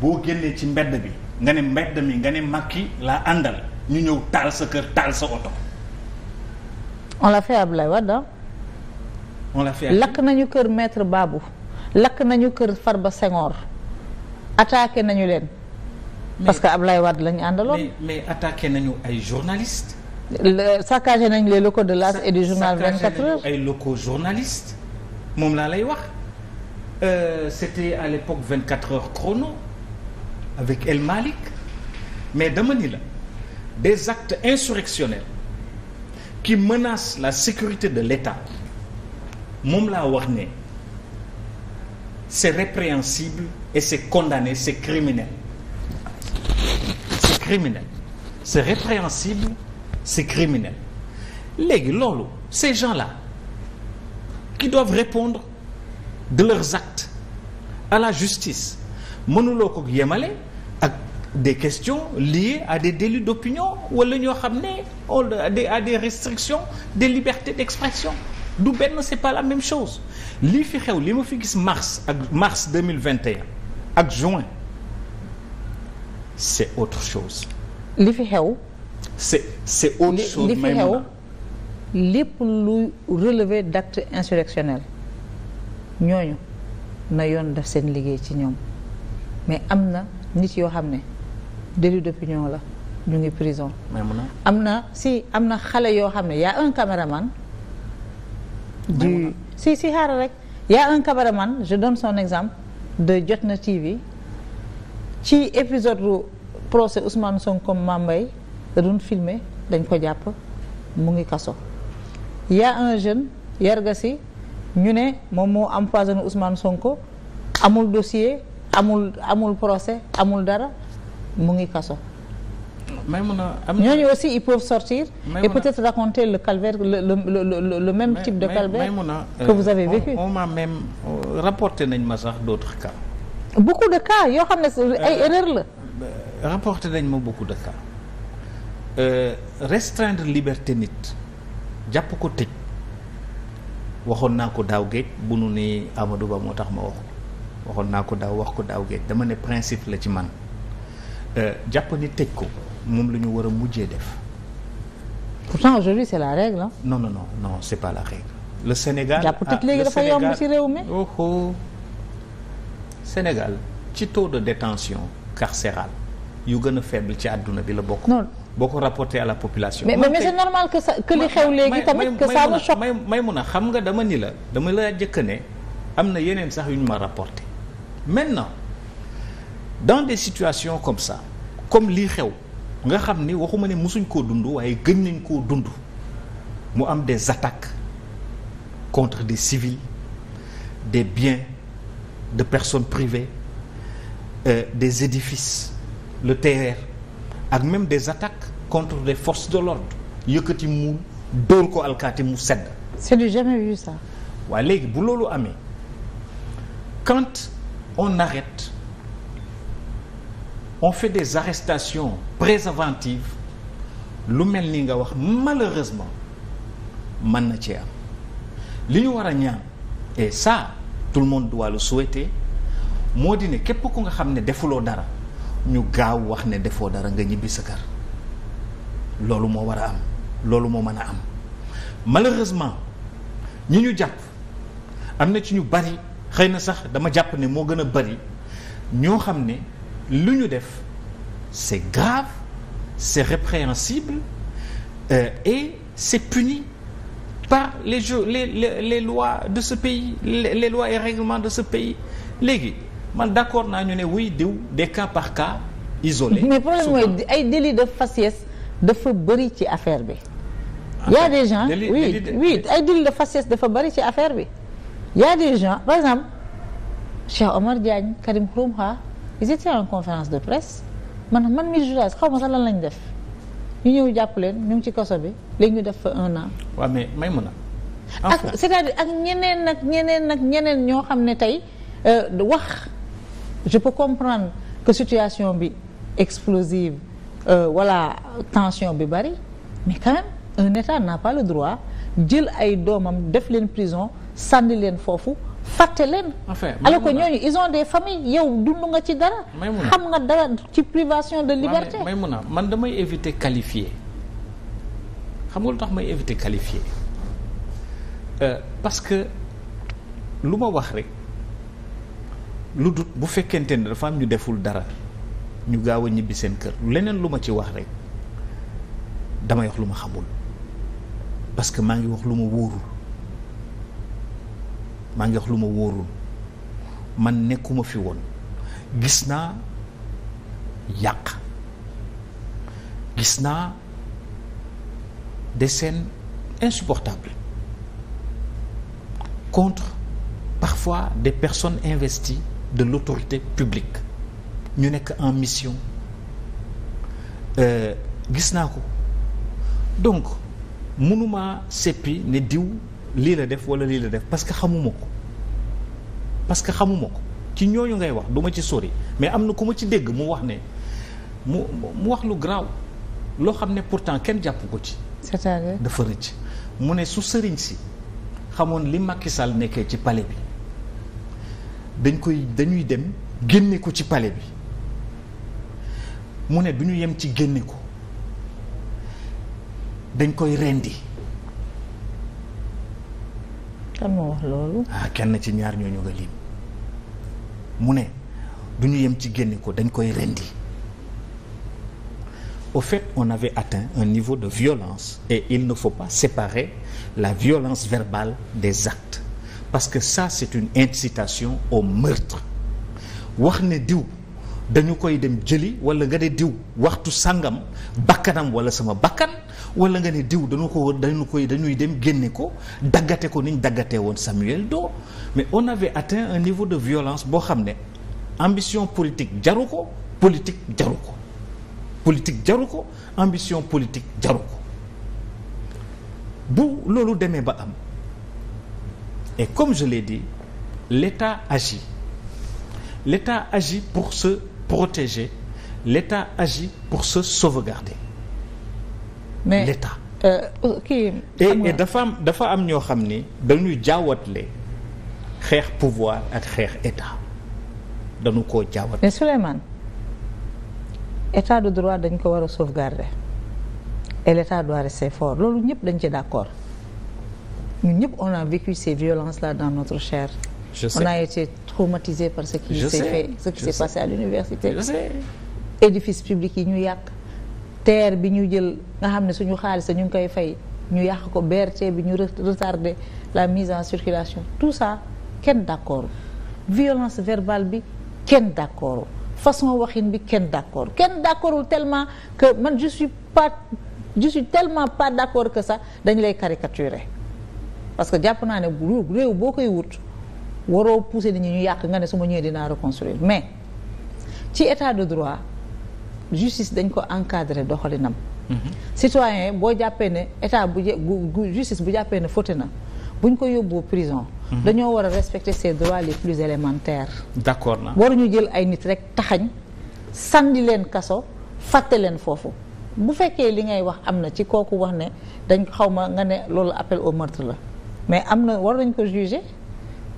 boo génnee ci mbedd bi nga ne mbedd mi nga ne Macky laa àndal ñu ñëw taal sa kër taal sa oto. on l'a fait Abdoulaye Wade. on l'a fait lakk nañu kër metre Babou. lakk nañu kër far ba Senghor attaqué nañu leen. parce que ab Wade la lañu àndaloo mais mais attaqué nañu ay journalistes. saccagé nañu les locaux de l'As et du journal 24 heures ay locaux journalistes moom laa lay wax. Euh, c'était à l'époque 24 heures chrono avec El Malik mais dama ni la des actes insurrectionnels qui menacent la sécurité de l'État moom laa wax ne. c'est répréhensible et c'est condamné, c'est criminel. C'est criminel. C'est répréhensible, c'est criminel. loolu ces gens-là qui doivent répondre de leurs actes à la justice mënuloo ko yemale ak des questions liées à des délits d'opinion wala ñoo xam ne à des restrictions des libertés d'expression du benn c'est pas la même chose li fi xew li ma fi gis mars ak mars deux mille vingt et ak juin c'est autre chose. li fi xew. c'est c'est autre chose. li lépp lu relevé d'acte insurrectionnel ñooñu na yoon def seen liggéey ci ñoom mais am na nit yoo xam ne délit d'opinion la ñu ngi prison. am na si am na xale yoo xam ne y a un caméraman. du si si xaaral rek y a un caméraman donne son exemple de Jotna TV ci épisode u procès Ousmane Sonko comme Mame Mbaye da doon filmer dañ ko jàpp mu ngi kaso y a un jeune yarga si ñu ne moom moo empoisonné Ousmane Sonko amul dossier amul amul procès amul dara mu ngi kaso Maïmouna am na ñooñu aussi ils peuvent sortir. Maïmouna, et peut-être raconter le calvaire le le le le, le même type de calvaire. Maïmouna, que vous avez euh, vécu on, on m'a même euh, rapporté nañ ma sax d'autres cas. beaucoup de cas yoo xam ne euh, ay erreur la. rapporté nañ ma beaucoup de cas euh, liberté nit jàpp ko tëj waxoon naa ko daaw géej bu nu ni Amadou Ba moo tax ma wax ko waxoon naa ko daaw wax ko daaw géej dama ne principe la ci man jàpp ni tëj ko. moom la ñu war a mujjee def. pourtant aujourd'hui c'est la règle hein? non non non c'est pas la règle. le Sénégal a ah, tëj léegi dafa yomb réew mi oh oh Sénégal ci taux de détention carcérale yu gën a faible ci àdduna bi la bokk. non boo ko rapporté à la population. mais mais, mais c'est normal que ça que li xew léegi tamit que ça me choque. may may mun a xam nga dama ni la dama la jëkk ne am na yeneen sax yu ñu ma rapporté maintenant dans de situation comme sa comme lii xew. nga xam ne waxuma ne mosuñ koo dund waaye gën nañ koo dund mu am des attaques contre des civils des biens de personnes privées euh, des édifices le terrain ak même des attaques contre des forces de l'ordre yëkkati mu dóor ko alkaati mu sedd c'est du jamais vu ça waaye léegi bu loolu amee quand on arrête on fait des arrestations préventives lu mel ni nga wax malheureusement mën na cee am li ñu war a ñaan et ça tout le monde doit le souhaiter moo di ne képp ku nga xam ne defuloo dara ñu gaaw wax ne defoo dara nga ñibbi sa kër loolu moo war a am loolu moo mën a am malheureusement ñi ñu jàpp am na ci ñu bari xëy na sax dama jàpp ne moo gën a bari ñoo xam ne. lu ñu def c'est grave c'est répréhensible euh, et c'est puni par les jeux les, les les lois de ce pays les, les lois et règlements de ce pays léegi man d'accord naa ñu ne wuy diw des cas par cas isolés. mais problème mooy ay délit de faciès dafa bëri ci affaire bi. y a des gens délit, ay délit de faciès dafa bëri ci affaire bi y des gens par exemple Cheikh Omar Diagne Karim Xrum Xax ils étaient en conférence de presse man man mille journalistes xaw ma sax la lañ def ñu ñëw jàpp leen ñu ngi ci kaso bi léegi ñu def fa un an. waaw mais may mun a. ak c'est-à-dire ak ñeneen nag ñeneen nag ñeneen ñoo xam ne tey euh, wax je peux comprendre ko situation bi explosive euh, voilà tension bi bari mais quand un état n'a pas le droit jël ay doomam def leen prison sànni leen foofu. fàtte leen. alors que ñooñu ils ont des familles yow dund nga ci dara. xam nga dara ci privation de liberté. may mun a man damay éviter qualifier xam nga lu tax may éviter qualifier euh, parce que lu ma wax rek lu dut bu fekkente ne dafa am ñu deful dara ñu gaaw a ñibbi seen kër leneen lu ma ci wax rek damay wax lu ma xamul parce que maa ngi wax lu ma wóorul. maa ngi wax lu ma wóorul man nekkuma fi woon gis naa yàq gis naa des scènes insupportables contre parfois de personnes investies de l'autorité publique ñu nekk en mission euh, gis naa ko donc mënuma seppi ne diw lii la def wala lii la def parce que xamuma ko parce que xamuma ko ci ñooñu ngay wax duma ci sori mais am na ku ma ci dégg mu wax ne mu mu wax lu garaaw loo xam ne pourtant kenn jàpp ko ci. cest dafa rëcc mu ne su sëriñ si xamoon li Macky Sall nekkee ci pale bi dañ koy dañuy dem génne ko ci pale bi mu ne du ñu yem ci génne ko dañ koy rendi moo wax loolu. Ah, kenn ci ñaar ñooñu nga lim mu ne du ñu yem ci génne ko dañ koy rendi au fait on avait atteint un niveau de violence et il ne faut pas séparer la violence verbale des actes parce que ça c'est une incitation au meurtre wax ne diw dañu koy dem jëli wala nga ne diw waxtu sàngam bakkanam wala sama bakkan wala nga ne diw dañu ko dañu koy dañuy dem génne ko daggate ko ni ñu daggatee woon Samuel Doe mais on avait atteint un niveau de violence boo xam ne ambition politique jaru ko politique jaru ko politique jaru ko ambition politique jaru ko bu loolu demee ba am et comme je l'ai dit l'État agit l'État agi pour se protéger l'État agit pour se sauvegarder mais l'État euh, kii. et dafa am dafa am ñoo xam ni dañuy jaawatle xeex pouvoir ak xeex État dañu ko jaawatle. mais Souleymane État de droit dañ ko war a sauvegarder et l'État doit rester fort loolu ñëpp dañ ci d'accord ñun ñëpp on a vécu ces violences là dans notre chair. on a été traumatisé par ce qui s'est fait ce qui s'est passé à l'université édifice public yi ñu yàq. terre bi ñu jël nga xam ne suñu xaalis ñu ngi koy fay ñu yàq ko BRT bi ñu retardé la mise en circulation tout ça kenn d'accord violence verbale bi kenn d'accord façon waxin bi kenn d'accord kenn d'accordul tellement que man je suis pas je suis tellement pas d'accord que ça dañ lay caricaturer parce que jàpp naa ne réew boo koy wut waroo pousser nit ñi ñu yàq nga ne su ma ñëwee dinaa reconstruire mais ci état de droit justice dañ ko encadrer doxalinam. Mhm. citoyen boo jàppee ne état bu bu justice bu jàppee ne fauté na buñ ko yóbbu prison. Mhm. dañoo war a respecter ses droits les plus élémentaires. d'accord na ñu jël ay nit rek taxañ sànni leen kaso fàtte leen foofu. bu fekkee li ngay wax am na ci kooku wax ne dañ xaw ma nga ne loolu appel au meurtre la mais am na war nañ ko juger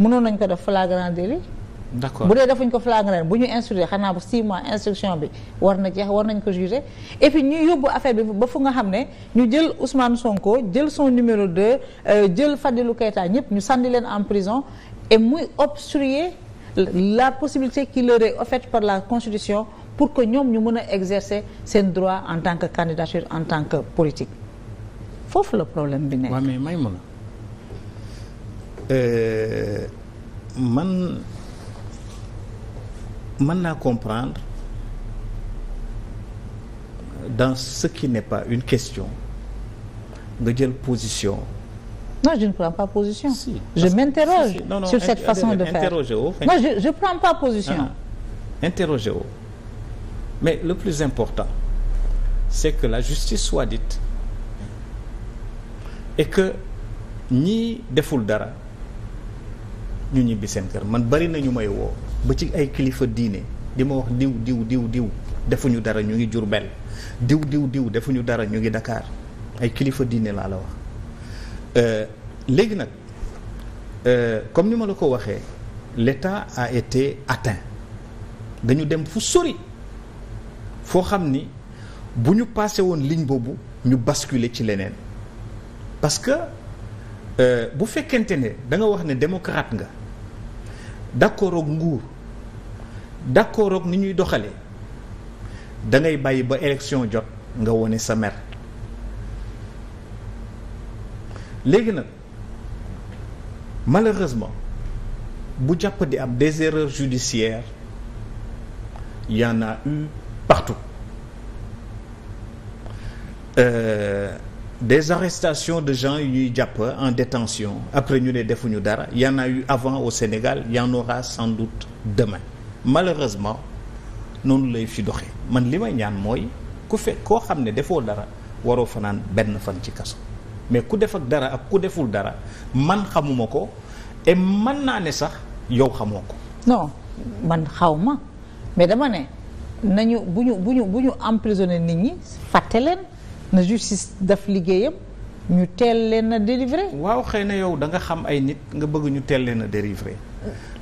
mënoon nañ ko def flagrant délit d'accord bu dee defuñ ko flagrant bu ñu instruire xanaa bu 6 mois instruction bi war na jeex war nañ ko juger et ñu ñuy yóbbu affaire bi ba fu nga xam ne ñu jël Ousmane Sonko jël soo numéro 2 euh, jël Fadilou Keita ñëpp ñu sànni leen en prison et muy obstruer la possibilité qui leur est offerte par la Constitution pour que ñoom ñu mën a exercer seen droit en tant que candidature en tant que politique foofu la problème bi nekk. waaw mais may mën mën naa comprendre dans ce qui n'est pas une question nga jël position. non je ne prends pas position. Si, je m'interroge si, si. non, non, sur cette façon de faire interroger je prends pas position. Ah, interroger mais le plus important c'est que la justice soit dite et que ñii deful dara ñu ñibbi seen man bari na ñu may woo. ba ci ay kilifa diine di ma wax diw diw diw diw defuñu dara ñu ngi Jurbel diw diw diw defuñu dara ñu ngi Dakar ay kilifa diine laa la wax euh, léegi nag euh, comme ni ma la ko waxee l'État a été atteint dañu dem fu sori foo xam ni bu ñu passé woon ligne boobu ñu basculer ci leneen parce que euh, bu fekkente ne da nga wax ne démocrate nga d'accord ak nguur d'accord ak ni ñuy doxalee da ngay bàyyi ba élection jot nga wone sa mer léegi nag malheureusement bu jàpp di am des erreurs judiciaires y en a eu des arrestations de gens yuy jàpp en détention après ñu ne defuñu dara y en a avant au Sénégal y en aura sans doute demain malheureusement noonu lay fi doxee man li may ñaan mooy ku fekk koo xam ne defoo dara waroo fanaan benn fan ci kaso mais ku def ak dara ak ku deful dara man xamuma ko et mën naa ne sax yow xamoo ko. non man xaw ma mais dama ne nañu bu ñu bu ñu bu ñu emprisonné nit ñi fàtte leen. na justice daf liggéeyam ñu teel leen a délivrer. waaw xëy na yow da nga xam ay nit nga bëgg ñu teel leen a délivrer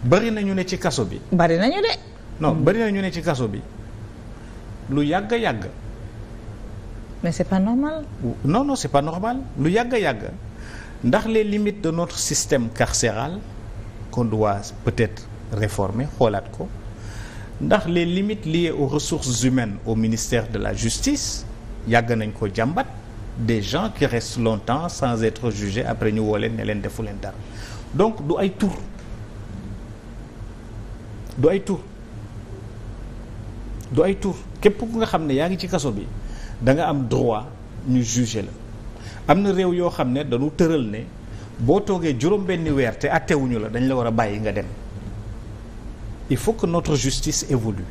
bari na ñu ne ci kaso bi. bari nañu de. non bari na ñu ne ci kaso bi lu yàgg a yàgg. mais c'est pas normal. non non c'est pas normal lu yàgg a yàgg ndax les limites de notre système carcéral qu'on doit peut-être réformer xoolaat ko ndax les limites liées aux ressources humaines au ministère de la justice. yàgg nañ ko jàmbat des gens qui restent longtemps sans être jugés après ñu woo leen ne leen defu leen dara donc du ay tur du ay tur du képp ku nga xam ne yaa ngi ci kaso bi da nga am droit ñu juger la am na réew yoo xam ne dañu tëral ne boo toogee juróom-benni weer te attewuñu la dañ la war a bàyyi nga dem il faut que notre justice évolue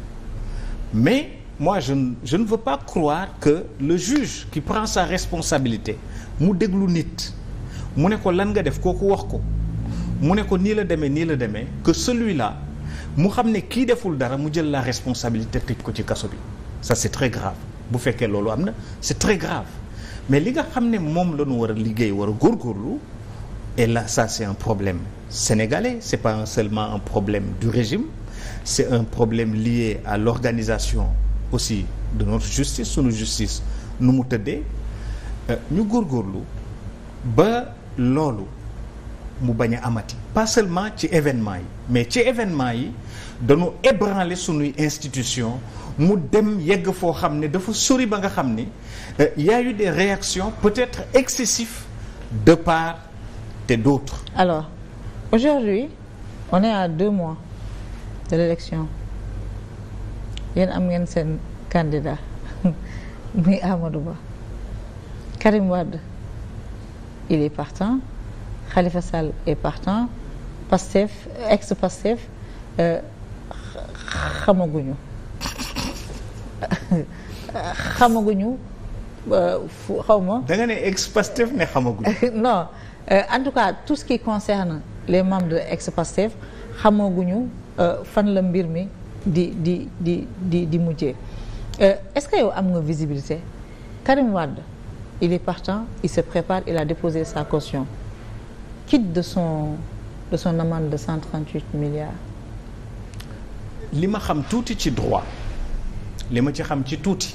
mais moi je ne je ne veux pas croire que le juge qui prend sa responsabilité mu déglu nit mu ne ko lan nga def kooku wax ko mu ne ko nii la demee nii la demee que celui-là mu xam ne kii deful dara mu jël la responsabilité tëj ko ci kaso bi ça c'est très grave bu fekkee loolu am na c'est très grave mais li nga xam ne moom la ñu war a liggéey war a góorgóorlu et la ça c'est un problème sénégalais c'est pas seulement un problème du régime c'est un problème lié à l'organisation aussi de notre justice sunu justice nu mu tëddee euh, ñu góor góorlu ba loolu mu bañ a amati pas seulement ci événement yi mais ci événement yi dañu ébranler suñuy institution mu dem yegg foo xam ne dafa sori ba nga xam ne euh, y eu des réactions peut-être excessives de part et d'autre. Alors aujourd'hui on est à deux mois de l'élection yéen am ngeen seen candidat muy Amadou Ba Karim Wade il est partant Khalifa Sall est partant Pastef ex Pastef euh, xamaguñu xamaguñu euh, fu xaw ma. da nga ne ex Pastef ne xamaguñu. non euh, en tout cas tout ce qui concerne les membres de ex Pastef xamaguñu fan la mbir mi. di di di di di mujjee euh, est-ce que yow am nga visibilité Karim Wade il est partant il se prépare il a déposé sa caution quitte de son de son amende de 138 milliards. li ma xam tuuti ci droit li ma ci xam ci tuuti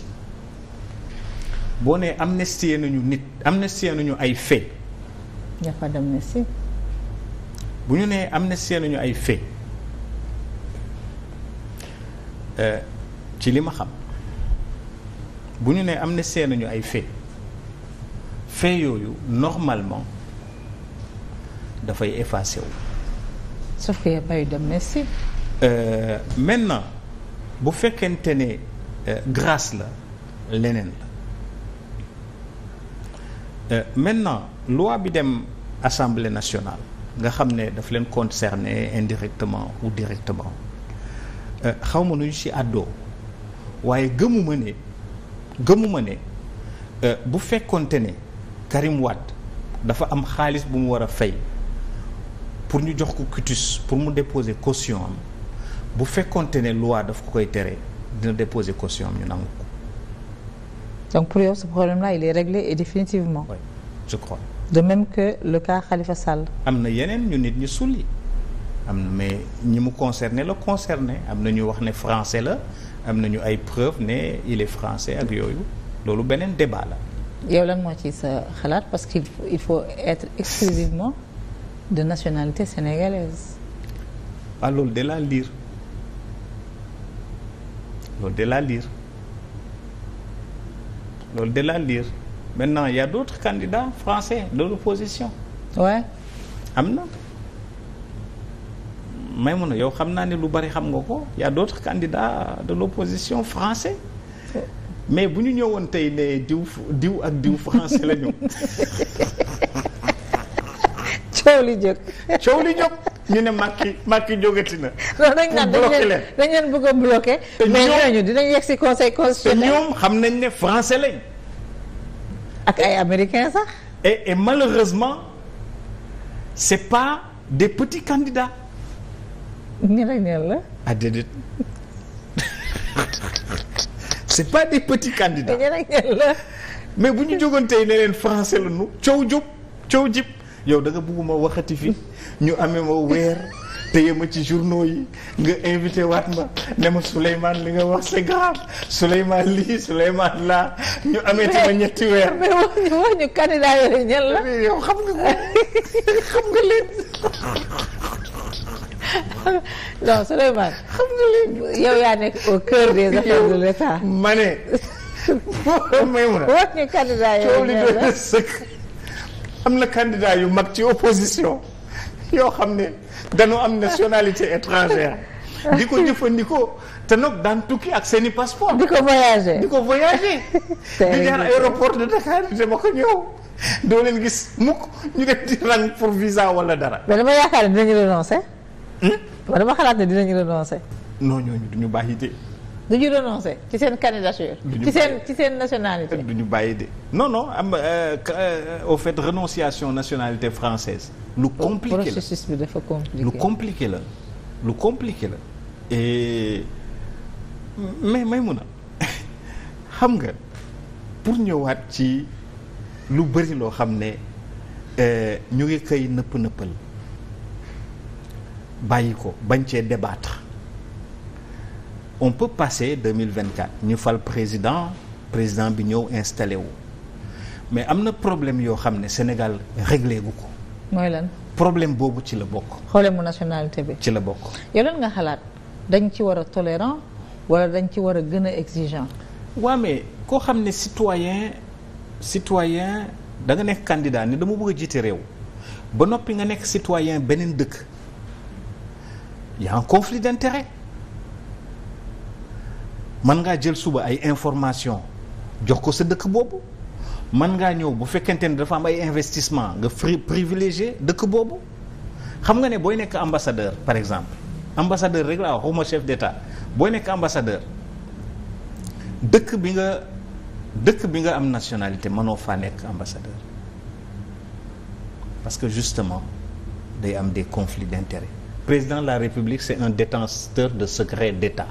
boo nee amnistie nañu nit amnistie nañu ay fait. y a pas d'amnistie. bu ñu nee amnistie nañu ay fait. Euh, ci li ma xam bu ñu nee am ne see nañu ay fait fait yooyu normalement dafay effacé wu. sauf qu'il n'y a pas eu d'amnistie. Euh, maintenant bu fekkente ne euh, grâce la leneen la maintenant loi bi dem assemblée nationale nga xam ne daf leen concerner indirectement ou directement. Euh, xaw ma nuñ si àddoo waaye gëmuma ne gëmuma ne euh, bu fekkonte ne Karim dafa am xaalis bu mu war a fay pour ñu jox ko cutus pour mu déposer caution am bu fekkonte ne loi daf ko koy tere dina déposer caution am ñu nangu ko. donc pour yow ce problème là il est réglé et définitivement. oui je crois. de même que le cas Khalifa Sall. am na yeneen ñu nit ñu sulli. am na mais ñi mu concerné la concerné am na ñu wax ne français la am na ñu ay preuve ne il est français ak yooyu loolu beneen débat la. yow lan moo ci sa xalaat parce qu'il faut, il faut être exclusivement de nationalité sénégalaise. ah loolu de la liir loolu de la liir loolu de laa liir maintenant il y a d'autres candidats français de l'opposition. ouais. am na. Maïmouna yow xam naa ne lu bari xam nga ko y a d'autres candidats de l'opposition français mais bu ñu ñëwoon tey ne diw diw ak diw français la ñu. coow li jóg coow li jóg ñu ne Macky Macky jógati na. pour bloquer leen dañ leen bëgg a mais ñooñu dinañ yegg si conseil constitutionnel. te ñoom xam nañ ne français lañ. ak ay américain sax. et et malheureusement c'est pas des petits candidats. ñan ak ñan la. ah déedéet c'est pas des petits candidats. mais bu ñu jógoon tey ne leen français la ñu coow jub coow jib yow danga bugguma waxati fi ñu amee ma weer téye ma ci journaux yi nga invité waat ma ne ma Souleymane li nga wax c'est grave lii Souleymane laa ñu amee ci ma ñetti weer. mais wax ñu wax ñu candidat yooyu ñan la. yow xam nga ko xam nga leen. non xam nga léegi yow yaa nekk au cœur de l'État. ma ne. Maimouna wax nga candidat yow li doon na sëkk am na candidat yu mag ci opposition yoo xam ne dañoo am nationalité étrangère. di ko jëfandikoo te nag daan tukki ak seen i passeport. di ko voyager di ko aéroport de Dakar te ko ñëw. doo leen gis mukk ñu def di rang pour visa wala dara. mais dama yaakaar ne dinañu ma hmm? dama xalaat ne dinañu renoncer. non ñooñu duñu bàyyi de. duñu renoncer ci seen candidature. ci seen ci seen nationalité. duñu bàyyi de non non am euh, euh, au fait renonciation nationalité française lu compliqué la processus bi lu compliqué la lu compliqué la. mais may mun a xam nga pour ñëwaat ci lu bëri loo xam ne euh, ñu ngi koy nëpp nëppal. bàyyi ko bañ cee débattre on peut passer 2024 ñu fal président président bi ñëw installé wu mais am na problème yoo xam ne Sénégal réglé gu ko. mooy lan problème boobu ci la bokk. problème mu nationalité bi. ci la bokk. yow lan nga xalaat dañ ci war a tolérant wala dañ ci war a gën a exigeant. waa ouais, mais koo xam ne citoyen citoyen da nga nekk candidat ne dama bëgg a jiite réew ba noppi nga nekk citoyen beneen dëkk. y a un conflit d'intérêt man ngaa jël suba ay information jox ko sa dëkk boobu man ngaa ñëw bu fekkente ne dafa am ay investissement nga privilégié dëkk boobu xam nga ne booy nekk ambassadeur par exemple ambassadeur rek laa wax waxuma chef d'état booy nekk ambassadeur dëkk bi nga dëkk bi nga am nationalité mënoo faa nekk ambassadeur parce que justement day am des conflits d'intérêt président de la république c'est un détenteur de secret d'État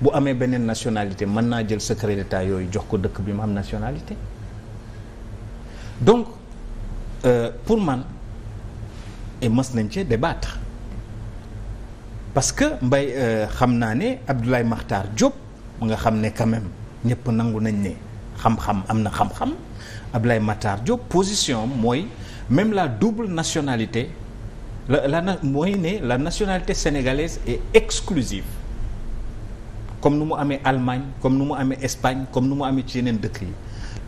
bu amee beneen nationalité mën naa jël secret d'État yooyu jox ko dëkk bi ma am nationalité donc euh, pour man et mës nañ ci débattre parce que mbay euh, xam naa ne Abdoulaye Makhtar Diop nga xam ne quand même ñëpp nangu nañ ne xam-xam am na xam-xam Abdoulaye Makhtar Diop position mooy même la double nationalité la la mooy ne la nationalité sénégalaise est exclusive comme nu mu amee Allemagne comme nu mu amee Espagne comme nu mu amee ci yeneen dëkk yi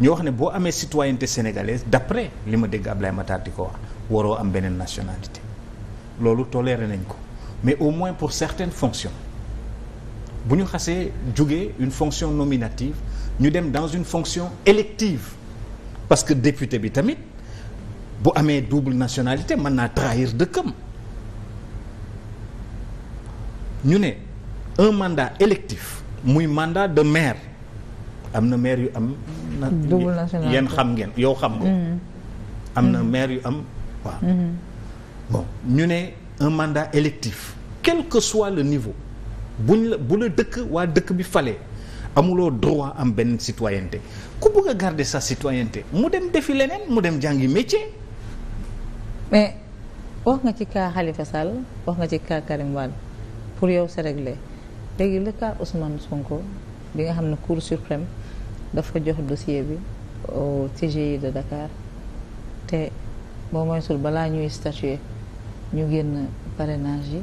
ñu wax ne boo amee citoyenneté sénégalaise d'après li ma dégg Ablaye Matar di ko wax waroo am beneen nationalité loolu toléré nañ ko mais au moins pour certaines fonctions bu ñu xasee jógee une fonction nominative ñu dem dans une fonction élective parce que député bi tamit bu amee double nationalité man naa trahir dëkkam ñu ne un mandat électif muy mandat de maire am na maire yu am. double nationalité yéen xam ngeen yow xam nga. Mm-hmm. am na mm-hmm. maire yu am waaw. Mm-hmm. bon ñu ne un mandat électif quel que soit le niveau buñ la bu la dëkk waa dëkk bi falee amuloo droit am benn citoyenneté ku bëgg a sa citoyenneté mu dem defi leneen mu dem jàngi métier. mais wax nga ci cas Khalifa Sall wax nga ci cas Karim pour yow c'est réglé léegi le cas Ousmane Sonko bi nga xam ne Cour suprême dafa jox dossier bi au TGI de Dakar te boo mooy sul balaa ñuy statuer ñu génn parrainage yi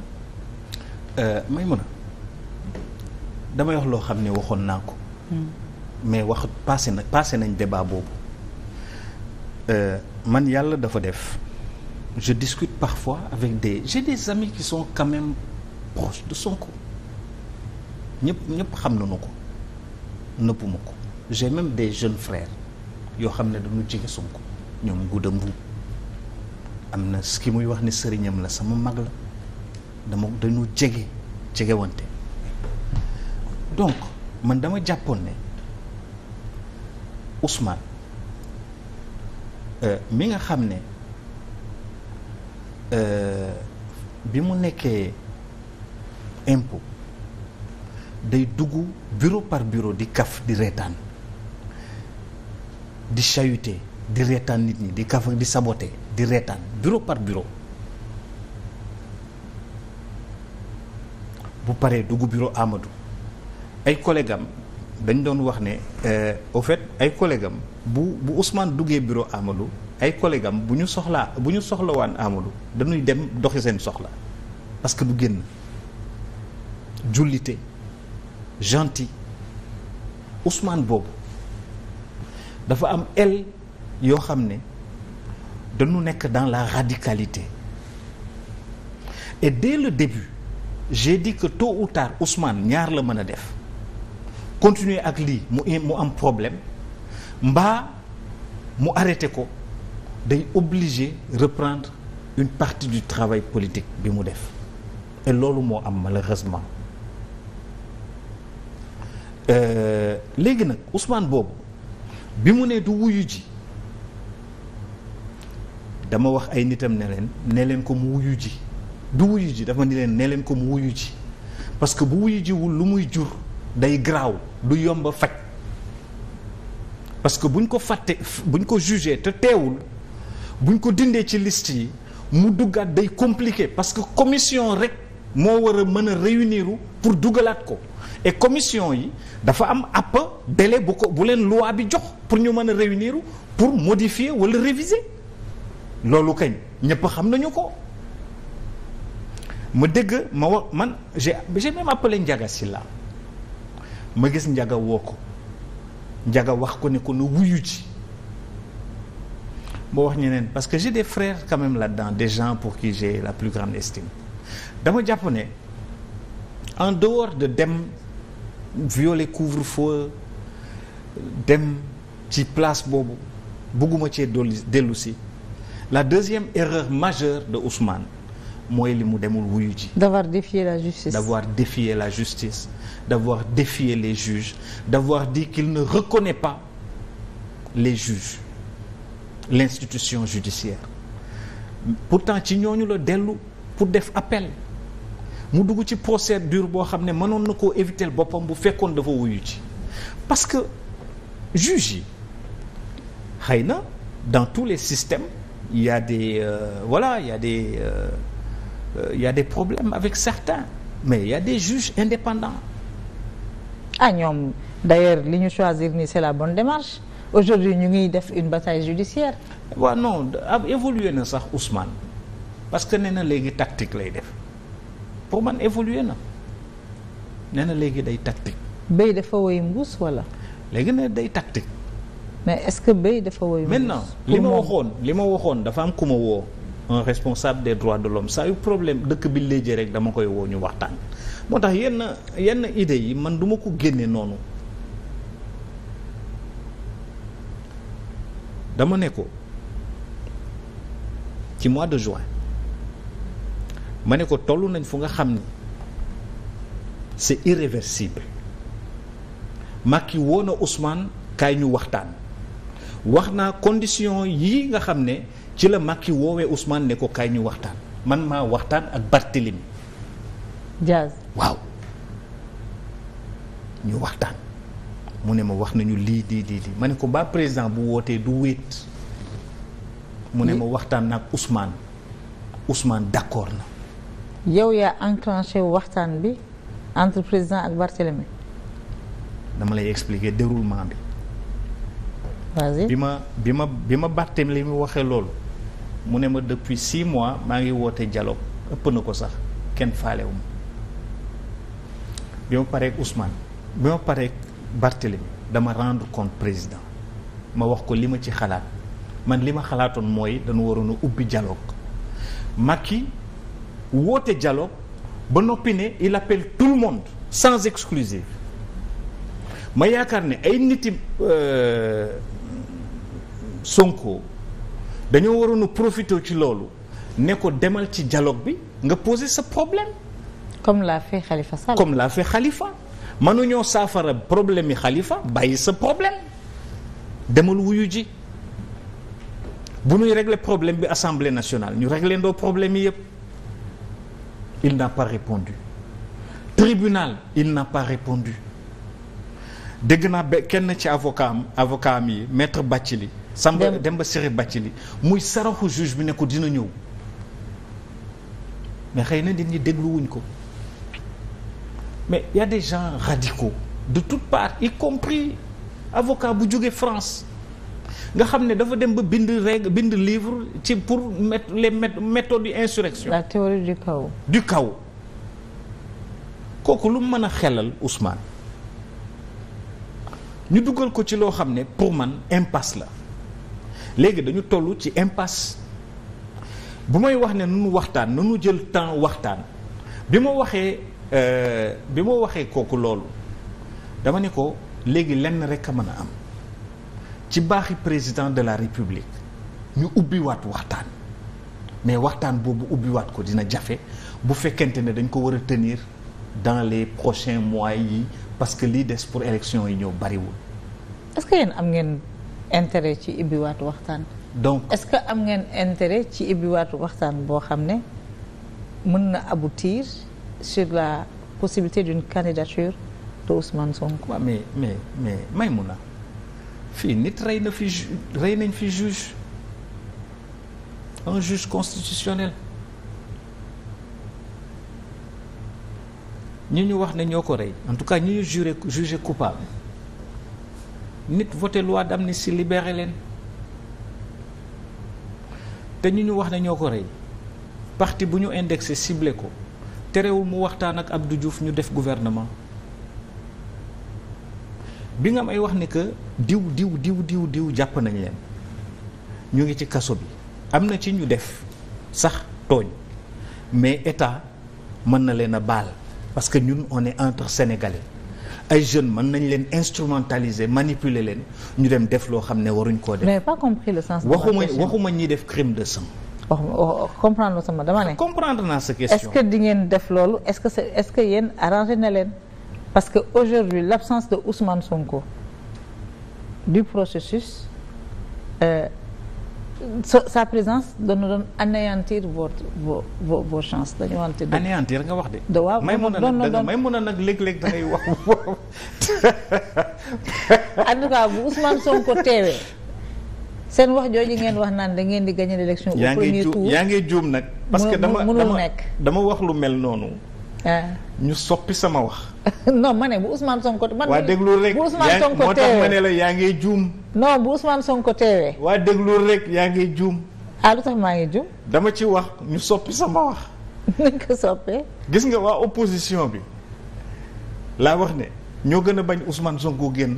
euh, may mën a damay wax loo xam ne waxoon naa ko hmm. mais wax passé na passé nañ débat boobu euh, man yàlla dafa def je discute parfois avec des j'ai des amis qui sont quand même proches de Sonko ñëpp ñëpp xam nañu ko nëppuma ko j'ai même des jeunes frères yoo xam ne dañu jege Sonko ñoom gudda mbuub am na ki muy wax ne sëriñam la sama mag la dama dañu jege jegewante donc man dama jàppoon ne Ousmane euh, mi nga xam ne Euh, bi mu nekkee impôt day dugg bureau par bureau di kaf di reetaan di chahuté di reetaan nit ñi di kaf di saboté di reetaan bureau par bureau bu paree dugg bureau amadu ay collègue dañ doon wax ne euh, au fait ay collègue bu bu Ousmane duggee bureau Amadou ay collègue bu ñu soxlaa bu ñu soxlawaan Amadou dañuy dem doxi seen soxla parce que du génn jullite gentil Ousmane boobu dafa am el yoo xam ne dañu nekk dans la radicalité et de le début j'ai dit que tôt ou tard Ousmane ñaar la mën a def continuer ak lii mu mu am problème mbaa mu arrêté ko day obligé reprendre une partie du travail politique bi mu def loolu moo am malheureusement euh, léegi nag Ousmane boobu bi mu nee du wuyu ji dama wax ay nitam ne leen ne leen ko mu wuyu ji du wuyu ji dafa ni leen ne leen ko mu wuyu ji parce que bu wuyu jiwul lu muy jur day garaaw du yomb faj parce que buñ ko fàtte buñ ko jugee te teewul buñ ko dindee ci liste yi mu duggaat day compliqué parce que commission rek moo war a mën a réunir pour dugalaat ko et commission yi dafa am app délai bu ko bu leen loi bi jox pour ñu mën a réunir pour modifier wala réviser loolu kañ ñëpp xam nañu ko ma dégg ma wax man j'ai j'ai même appelé Ndiaga Sylla ma gis Ndiaga woo ko Ndiaga wax ko ne ko na wuyu ji moo wax ñeneen parce que j'ai des frères quand même là-dedans des gens pour qui j'ai la plus grande estime dama jàpp ne en dehors de dem violer couvre-feu dem ci place boobu bugguma ci dolli dellu la deuxième erreur majeure de Ousmane mooy li mu demul wuyu ji. d'avoir défié la justice. d'avoir défié la justice d'avoir défié les juges d'avoir dit qu'il ne reconnaît pas les juges l'institution judiciaire pourtant ci ñooñu la dellu pour def appel mu dugg ci procédure boo xam ne mënoon na koo éviter boppam bu fekkoon dafa wuyu ci parce que juge yi xëy na dans tous les systèmes il de a des euh, voilà il y a des euh, euh il des problèmes avec certains mais il y a des juges indépendants ah ñoom d'ailleurs li ñu choisir ni c'est la bonne démarche aujourd'hui ñu ngi def une bataille judiciaire waa non ab évoluer na sax Ousmane parce que nee na léegi tactique lay def pour man évoluer na nee na léegi day tactique béy dafa woy mbuus wala léegi ne day tactique mais est-ce que béy dafa woy mbuus maintenant li ma waxoon li ma waxoon dafa am ku ma woo un responsable des droits de l'homme saa yu problème dëkk bi léegi rek dama koy woo ñu waxtaan moo tax yenn yenn idées yi man duma ko génne noonu dama ne ko ci mois de juin ma ne ko tollu nañ fu nga xam ni c'est irréversible Macky woo na Ousmane kaay ñu waxtaan wax naa condition yi nga xam ne ci la Macky woowee usmaan ne ko kaay ñu waxtaan man maa waxtaan ak Barthélémy Diaz waaw ñu waxtaan mu ne ma wax nañu lii di di lii ma ne ko ba président bu wootee du wéet mu ne ma waxtaan nag Ousmane Ousmane d'accord na yow yaa enclenché waxtaan bi entre président ak Barthélemy dama lay expliquer déroulement bi bi ma bi ma bi ma Barthélemy mu waxee loolu mu ne ma depuis six mois maa ngi woote jaloo ëpp na ko sax kenn faalewu ma bi ma pareek Ousmane bi ma pareek Barthélemy dama rendre compte président ma wax ko li ma ci xalaat man li ma xalaatoon mooy dañu waroon a ubbi dialogue Macky woote dialogue ba noppi ne il appelle tout le monde sans exclusive ma yaakaar ne ay niti euh, Sonko dañoo waroonu a profité ci loolu ne ko demal ci dialogue bi nga poser sa problème. comme l'a fait Khalifa l'a fait mënuñoo saafara problème yi xalifa bàyyi sa problème demal wuyu ji bu ñuy regle problème bi assemblée nationale ñu régler ndoo problème yi yëpp il n'a pas répondu tribunal il n'a pas répondu dégg naa ba kenn ci avocat am avocat am yi maître Bathily Samba Demba Ciré Bathily muy saraxu juge bi ne ko dina ñëw mais xëy na nit ñi dégluwuñ ko mais il y a des gens radicaux de toute part y compris avocat bu jóge France nga xam ne dafa dem ba bind règle bind livre ci pour mettre les méthodes de insurrection la théorie du chaos du kooku lu mën a xelal Ousmane ñu dugal ko ci loo xam ne pour man impasse la léegi dañu toll ci impasse bu may wax ne nu nunu waxtaan nu nunu jël temps waxtaan bi ma waxee Euh, bi ma waxee kooku loolu dama ni ko léegi lenn rek a mën a am ci baaxi président de la république ñu ubbiwaat waxtaan mais waxtaan boobu ubbiwaat ko dina jafe bu fekkente ne dañ ko war a tenir dans les prochains mois yi parce que lii des pour élection yi ñëw bariwul. est-ce que yéen am ngeen intéret ci ubbiwaatu waxtaan. donc est-ce que am ngeen intéret ci ubbiwaatu waxtaan boo xam ne mën na aboutir. sur la possibilité d'une candidature de Ousmane Sonko. waaw mais mais mais Maïmouna fii nit rey na fi ju rey nañ fi juge un juge constitutionnel ñu ñu wax ne ñoo ko rey en tout cas ñi ñu juré jugé coupable nit voté loi d'amnistie libéré leen te ñu ñu wax na ñoo ko rey partie bu ñu indexé ciblé ko. terewul mu waxtaan ak du Diouf ñu def gouvernement bi nga may wax ni que diw diw diw diw diw jàpp nañ leen ñu ngi ci kaso bi am na ci ñu def sax tooñ mais état mën na leen a baal parce que ñun on est entre sénégalais ay jeunes mën nañ leen instrumentaliser manipule leen ñu dem def loo xam ne waruñ koo def. mais le sens de la waxuma waxuma ñi def crime de sang. wax comprendre sama dama ne. comprendre naa sa question est que di ngeen def loolu est-ce que est-ce que yéen na leen parce que aujourd'hui l'absence de Ousmane Sonko du processus euh, sa présence dana doon anéantir vos vos vos chance dañu wante. anéantir nga wax de. da waaw may mun a nag may mun léeg-léeg da wax. en tout cas bu Ousmane Sonko teewee. seen wax jooju ngeen wax naan da ngeen di gagner l'élection au premier tour yaa ngi juum nag parce que dama dama dama wax lu mel noonu ah. ñu soppi sama wax non ma ne bu usmaan Sonko man waa déglul rek bu Ousmane Sonko yaa ngi juum non bu Ousmane Sonko teewee waa déglul rek yaa ngi juum ah lu tax maa ngi juum dama ci wax ñu soppi sama wax nañ ko soppee gis nga waa opposition bi laa wax ne ñoo gën a bañ Ousmane Sonko génn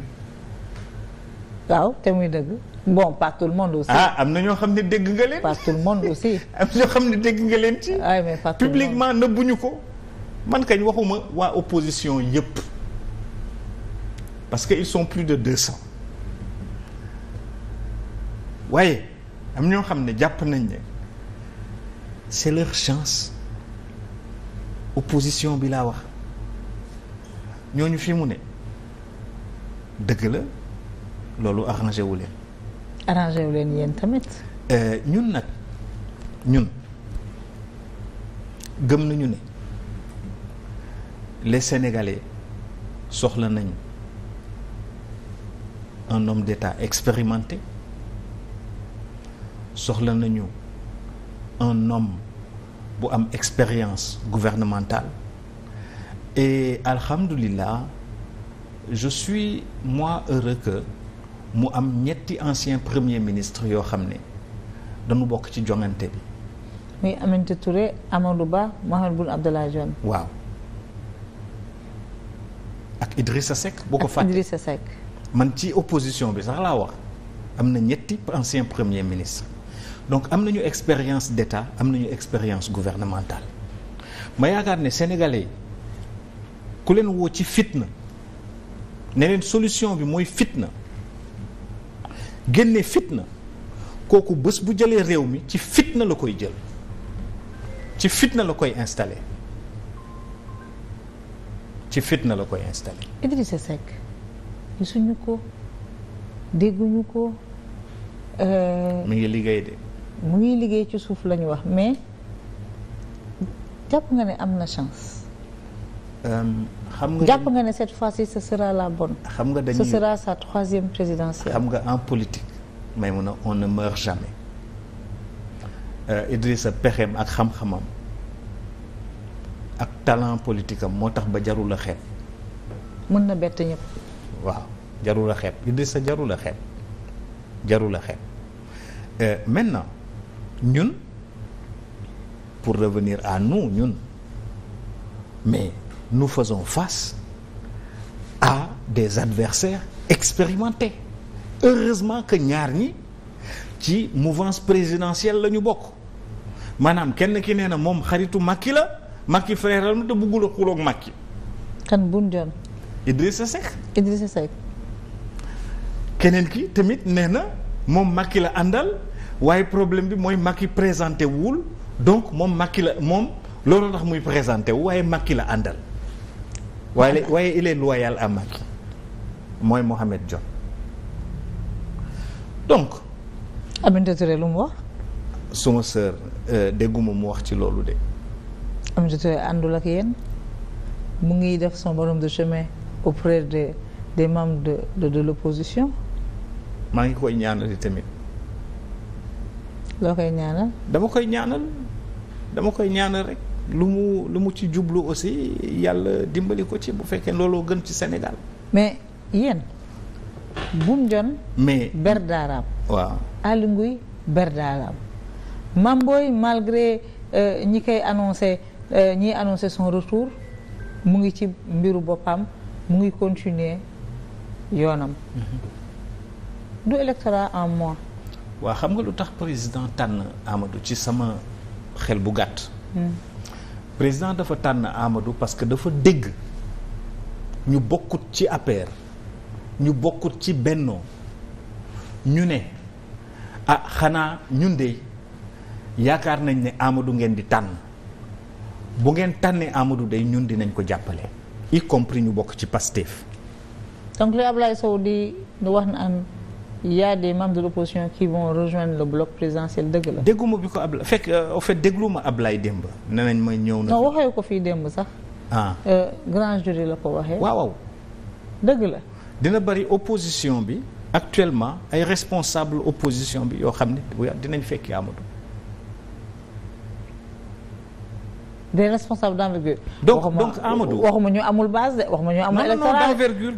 waaw te muy dëgg bon pas tout le monde ah am na ñoo xam ne dégg nga leen. pas tout le monde aussi. am na xam ne dégg nga leen ci. ay mais pas tout le monde nëbbuñu ko. man kañ waxuma waa opposition yëpp parce que ils son plus de deux cents waaye am ñoo xam ne jàpp nañ ne c'est leur chance opposition bi laa wax ñooñu fi mu ne dëgg la loolu arrangé wu leen arrangé wu leen yéen tamit. Euh, ñun nag ñun gëm nañu ne les Sénégalais soxla nañu un nom d'État expérimenté soxla nañu un nom bu am expérience gouvernementale et alhamdulillah je suis moi heureux que. mu am ñetti ancien premier ministre yoo xam ne dañu bokk ci joŋante bi. muy Aminata Touré Amadou Ba Mahammed Boun Abdallah Dionne. waaw ak a Seck. boo ko fàtte Idrissa Seck. man ci opposition bi sax laa wax am na ñetti ancien premier ministre donc am nañu expérience d'état am nañu expérience gouvernementale ma yaakaar ne sénégalais ku leen woo ci fitna ne leen solution bi mooy fitna. génne fitna kooku bés bu jëlee réew mi ci fitna la koy jël ci fitna la koy installé ci fitna la koy installé. Idrissa Seck suñu ko dégguñu ko. Euh, mu ngi liggéey de. mu ngi liggéey ci suuf la wax mais jàpp nga ne am na chance. Euh, xam nga jàpp nga ne cette fas ci ce sera la bonne. xam nga dañuy ce sera sa troisième présidentielle. xam nga en politique may mun a on ne meurt jamais euh, Idrissa pexeem ak xam-xamam ak talent politique am moo tax ba jarul a xeeb. mën na bett ñëpp. waaw jarul a xeeb sa jarul a xeeb jarul a xeeb euh, maintenant ñun pour revenir à nous ñun mais. nous faisons face à des adversaires expérimentés heureusement que ñaar ñi ci mouvance présidentielle la ñu bokk maanaam kenn ki nee na moom xaritu Macky la Macky frère am bëggul a xuloog Macky kan bun jon Idrissa Seck Idrissa Seck keneen ki tamit nee na moom Macky la àndal waaye problème bi mooy Macky présenté wul donc moom Macky la moom loolu tax muy présenté wu waaye makki la àndal waaye waaye il est loyal à Macky mooy Mohamed Dione donc. Aminata Touré lu mu wax. suma sœur euh, dégguma mu wax ci loolu de. Aminata Touré àndul ak yéen mu ngi def son bonhomme de chemin auprès des des membres de de de l'opposition. maa ngi koy ñaanal tamit. loo koy ñaanal. dama koy ñaanal dama koy ñaanal rek. lu mu lu mu ci jublu aussi yàlla dimbali ko ci bu fekkee looloo gën ci Sénégal. mais yéen. Boumdione. mais Berdaaraam. waaw Aly Ngouille Berdaaraam. Mame Boye malgré euh, ñi koy annoncé euh, ñiy annoncé son retour mu ngi ci mbiru boppam mu ngi continuer yoonam. Mm-hmm. du électorat en mois waa xam nga lu tax président tànn Amadou ci sama xel bu gàtt. Mm. président dafa tànn Amadou parce que dafa dégg ñu bokkut ci APR ñu bokkut ci Bennoo ñu ne ah xanaa ñun dey yaakaar nañ ne Amadou ngeen di tànn bu ngeen tànnee Amadou day ñun dinañ ko jàppale y compris ñu bokk ci Pastef donc li Ablaye Sow di wax naan il y a des membres de l'opposition qui vont rejoindre le bloc présidentiel dëgg la. dégguma bi ko Ablaye fekk euh, au fait déglu ma Ablaye démb nee nañ ma ñëw na. non waxee ko fii démb sax. ah euh, grand jury la ko waxee. waaw waaw. dëgg la. dina bari opposition bi actuellement ay responsable opposition bi yoo xam ne dinañ fekki Amadou. des responsables d'envergure. donc donc Amadou waxuma ñu amul base de ma ñu amul. électoral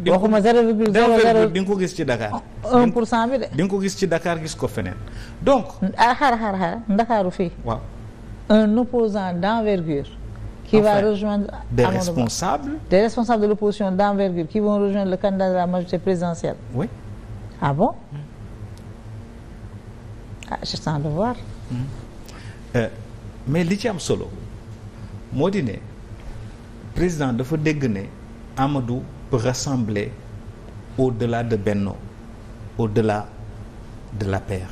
waxuma 0,00 di nga ko gis ci Dakar. 1 pour cent bi de. di nga ko gis ci Dakar gis ko feneen donc. ah xaar xaar xaar Ndakaaru fii. waaw un opposant d'envergure. qui enfin, va rejoindre des Amadou responsables. des responsables de l'opposition d'envergure qui vont rejoindre le candidat de la majorité présidentielle. ah bon. Mm. ah je sens le mm. euh, mais li ci am solo. moo di ne président dafa dégg ne Amadou peut rassembler au-delà de Benno au-delà de la l'APR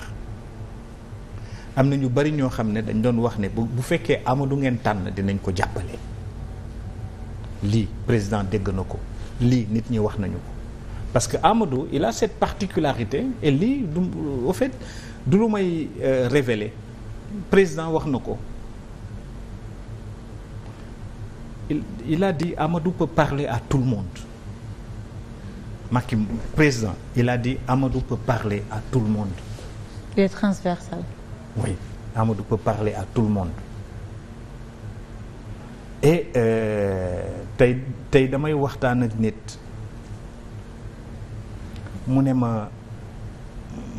am na ñu bari ñoo xam ne dañ doon wax ne bu bu fekkee Amadou ngeen tànn dinañ ko jàppale lii président dégg na ko lii nit ñi wax nañu ko parce que Amadou il a cette particularité et lii du au fait du lu may euh, révéler président wax na ko il il a dit Amadou peut parler à tout le monde Macky président il a dit Amadou peut parler à tout le monde. il est transversal. oui Amadou peut à tout le monde. Euh, tey tey damay waxtaan ak nit mu ne ma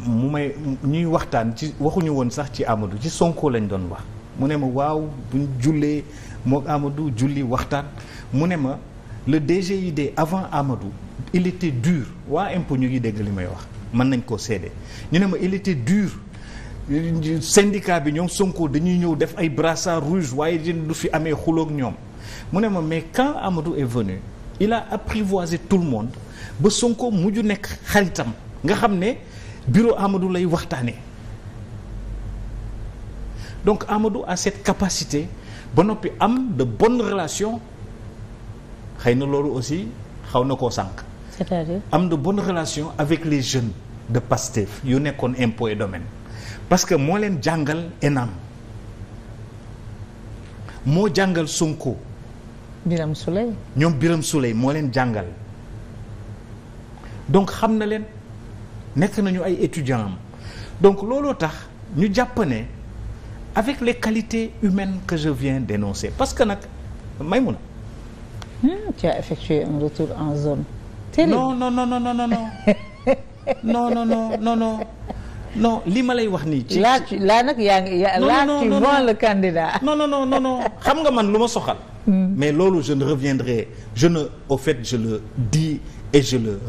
mu may ñuy waxtaan ci waxuñu woon sax ci Amadou ci Sonko lañ doon wax mu ne ma waaw buñ jullee. mook Amadou julli waxtaan mu ne ma le DGID avant Amadou il dure waa impôt ñu ngi dégg li may wax mën nañ koo seede ñu ne ma il était dur bi ñoom Sonko dañuy ñëw def ay brassard rouge waaye du fi amee xulook ñoom mu ne ma mais quand Amadou est venu il a tout le monde ba Sonko mujj nekk xaritam nga xam ne bureau Amadou lay waxtaanee donc Amadou a cette capacité ba noppi am de bonnes relation xëy na loolu aussi xaw na koo sànq. cest am de bonnes relation avec les jeunes de Pastef yu nekkoon impôt et domaine parce que moo leen jàngal ENAM moo jàngal Sonko. Biram Souley. ñoom Biram Souley moo leen jàngal donc xam na leen nekk nañu ay étudians am donc looloo tax ñu jàpp ne. avec les qualités humaines que je viens d'énoncer parce que nag Maïmouna. Hmm, tu as effectué un retour en zone. terrible non non non non non non li ma lay wax nii. ci laa laa nag yaa ngi laa tu vends le candidat. non non xam nga man lu ma soxal. Hmm. mais loolu je ne reviendrai je ne au fait je le dis et je le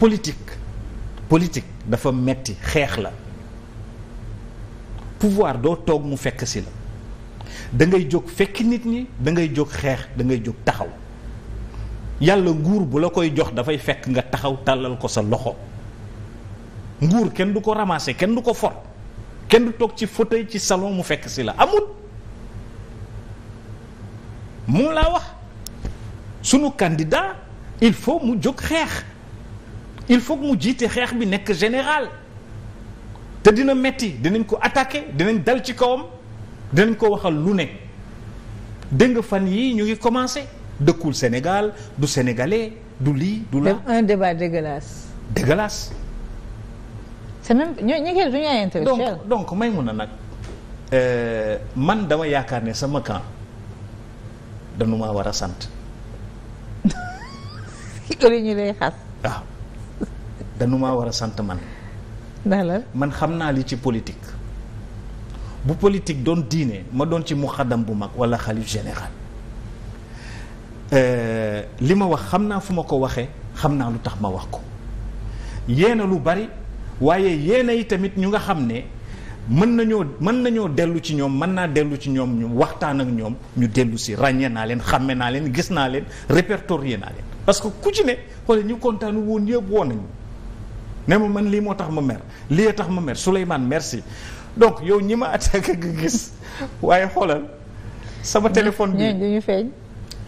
politique politique dafa metti xeex la. pouvoir doo toog mu fekk si la dangay jóg fekk nit ñi dangay jóg xeex dangay jóg taxaw yàlla nguur bu la koy jox dafay fekk nga taxaw tàllal ko sa loxo nguur kenn du ko ramasser kenn du ko for kenn du toog ci fauteuil ci salon mu fekk si la amul moom laa wax sunu candidat il faut mu jóg xeex il faut mu jiite xeex bi nekk général te dina metti dinañ ko attaqué dinañ dal ci kawam dinañ ko waxal lu ne dégg nga fan yii ñu ngi commencé dëkkul Sénégal du sénégalais du lii du la. un débat dégueulasse. dégueulasse. c'est même ñu donc donc may mun na nag euh, man dama yaakaar ne sama camp dañu maa war a sant. ñu lay xas. waaw ah. maa war a sant man. man xam naa li ci politique bu politique doon diine ma doon ci muxaddam bu mag wala xalif général euh, li ma wax xam naa fu ma ko waxee xam naa lu tax ma wax ko yéena lu bari waaye yéena yi tamit ñu nga xam ne mën nañoo mën nañoo dellu ci ñoom mën naa dellu ci ñoom ñu waxtaan ak ñoom ñu dellu si ràññee naa leen xàmme naa leen gis naa leen répertorier naa leen parce que ku ci ne xoole ñu kontaanu woon yëpp woon nañu ne ma man lii moo tax ma mer lii tax ma mer Souleymane merci donc yow ñi ma attaqué nga gis waaye xoolal sama téléphone bi ñu feeñ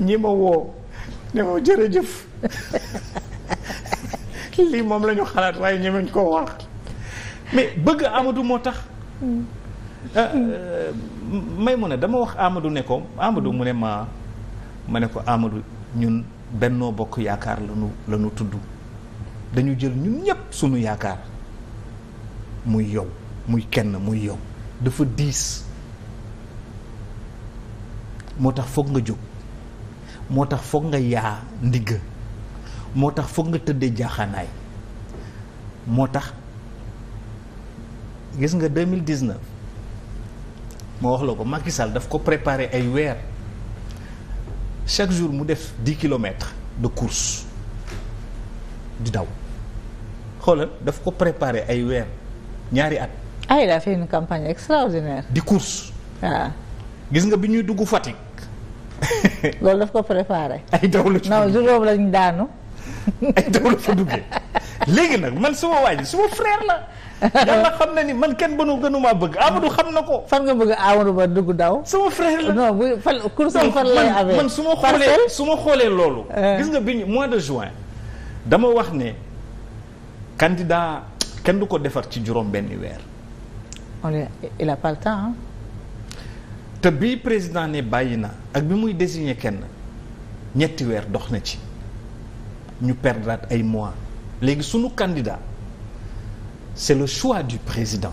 ñi ma woo ne ma jërëjëf lii moom lañu xalaat waaye ñemeñ koo wax mais bëgg Amadou moo tax may mu ne dama wax Amadou ne ko Amadou mu ne ma ma ne ko Amadou ñun bennoo bokk yaakaar lanu la tudd dañu jël ñun ñëpp suñu yaakaar muy yow muy kenn muy yow dafa diis moo tax foog nga jóg moo tax foog nga yaa ndigg moo tax foog nga tëddee jaaxaanaay moo tax gis nga 2019 moo wax la ko Macky Sall daf ko préparer ay weer chaque jour mu def di kilomètres de course di daw xoolal daf ko préparer ay weer ñaari at. ah il a fait une campagne extraordinaire. di course. waaw. Ah. gis nga bi ñuy dugg Fatick. loolu daf ko préparer. ay daw la ci non juróom daanu. ay daw la fa duggee léegi nag man suma waa ji suma frère la. yàlla xam na ni man kenn bënu gënumaa bëgg Amadou xam na ko. fan nga bëgg Amadou ba dugg daw. suma frère la non bu fan. course fan lay amee man su ma xoolee su ma xoolee loolu. Euh. gis nga bi mois de juin. dama wax ne candidat kenn du ko defar ci juróom benn weer. on est il te bi président ne bàyyi na ak bi muy désigné kenn ñetti weer dox na ci ñu perdraat ay mois léegi sunu candidat c'est le choix du président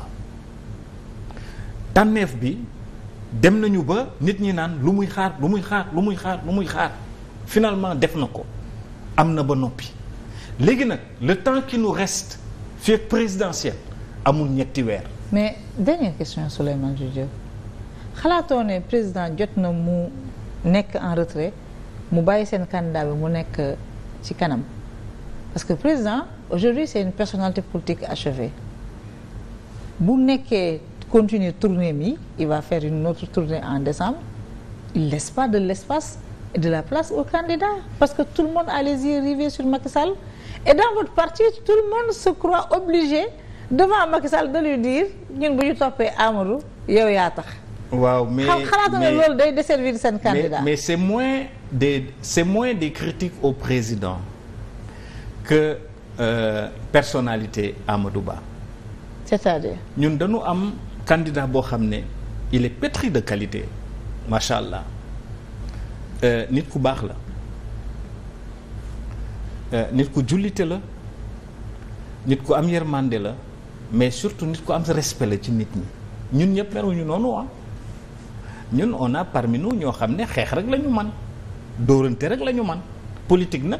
tànneef bi dem nañu ba nit ñi naan lu muy xaar lu muy xaar lu muy xaar lu muy xaar finalement def na ko am na ba noppi. léegi nag le temps qui nous reste fii ak présidentielle amul ñetti weer. mais dernière question Souleymane Jules xalaatoo ne président jot na mu nekk en retrait mu bàyyi seen candidat bi mu nekk ci kanam parce que président aujourd'hui c'est une personnalité politique achevée bu nekke continuer tournée mi il va faire une autre tournée en décembre il laisse pas de l'espace et de la place au candidat parce que tout le monde a les sur Macky et dans votre parti tout le monde se croit obligé devant Macky Sall de lui dire ñun bu ñu toppee Amadou yow yaa tax. waaw mais xalaata loolu day desservir seen candidat. mais mais c'est moins des c'est moins des critiques au président que euh, personnalité Amadou Ba. c'est-à-dire. ñun dañu am candidat boo xam ne il est pétri de qualité macha allah euh, nit ku baax la. Euh, nit ku jullite la nit ku am yërmande la mais surtout nit ku am respect la ci nit ñi ñun ñëpp meruñu noonu ah ñun on a parmi ñoo xam ne xeex rek lañu man dóorante rek la ñu man politique nag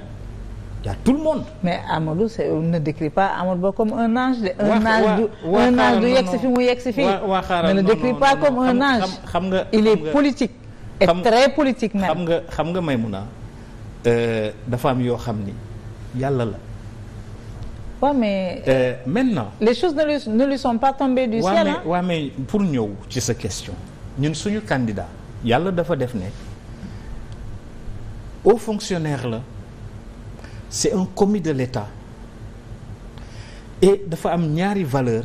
y a tout le monde. mais Amadou c'est ne décrit pas Amadou Ba comme un ange de. un ange du un fi mu yegg si fii. ne le décrit pas comme un ange. xam nga il est politique. et très politique xam nga xam nga Maymuna euh, dafa am yoo xam ni. yàlla la. waaw mais. Euh, maintenant les choses ne lui ne lui pas tombées du ciel ah. waaw mais pour ñëw ci sa question ñun suñu candidat yàlla dafa def ne haut fonctionnaire la c'est un commis de l'État et dafa am ñaari valeur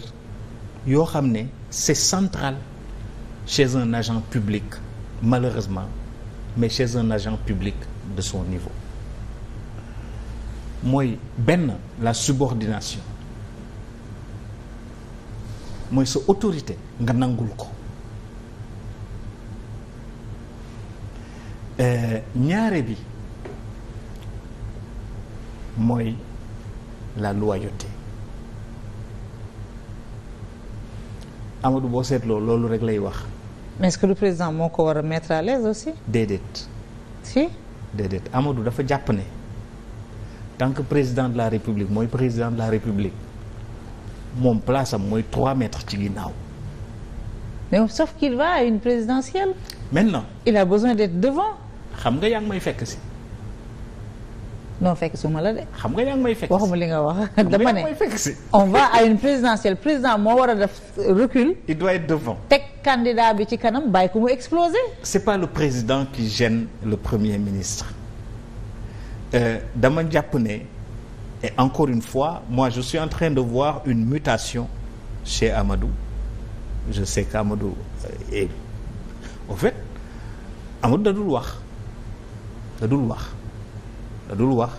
yoo xam ne c'est central chez un agent publique malheureusement mais chez un agent publique de son niveau. mooy benn la subordination mooy sa autorité nga nangul ko euh, ñaare bi mooy la loyauté Amadou boo seetloo loolu rek lay wax. mais est-ce que le président moo ko war a mettre à l'aise aussi. déedéet. si. déedéet Amadou dafa jàpp ne. tant que président de la république mooy président de la république moom place am mooy trois mètres ci ginnaaw. mais sauf qu'il va à une présidentielle. maintenant il a besoin d'être devant. xam nga yaa may fekk si. non fekk su ma la xam nga yaa may fekk si waxuma li nga wax. dama ne on va à une présidentielle président moo war a def recul. il doit être devant. teg candidat bi ci kanam bàyyi ko mu exploser. c'est pas le président qui gêne le premier ministre. Euh, dama jàpp ne et encore une fois moi je suis en train de voir une mutation chez Amadou je sais qu'Amadou euh, est au fait Amadou da dul wax da dul wax da dul wax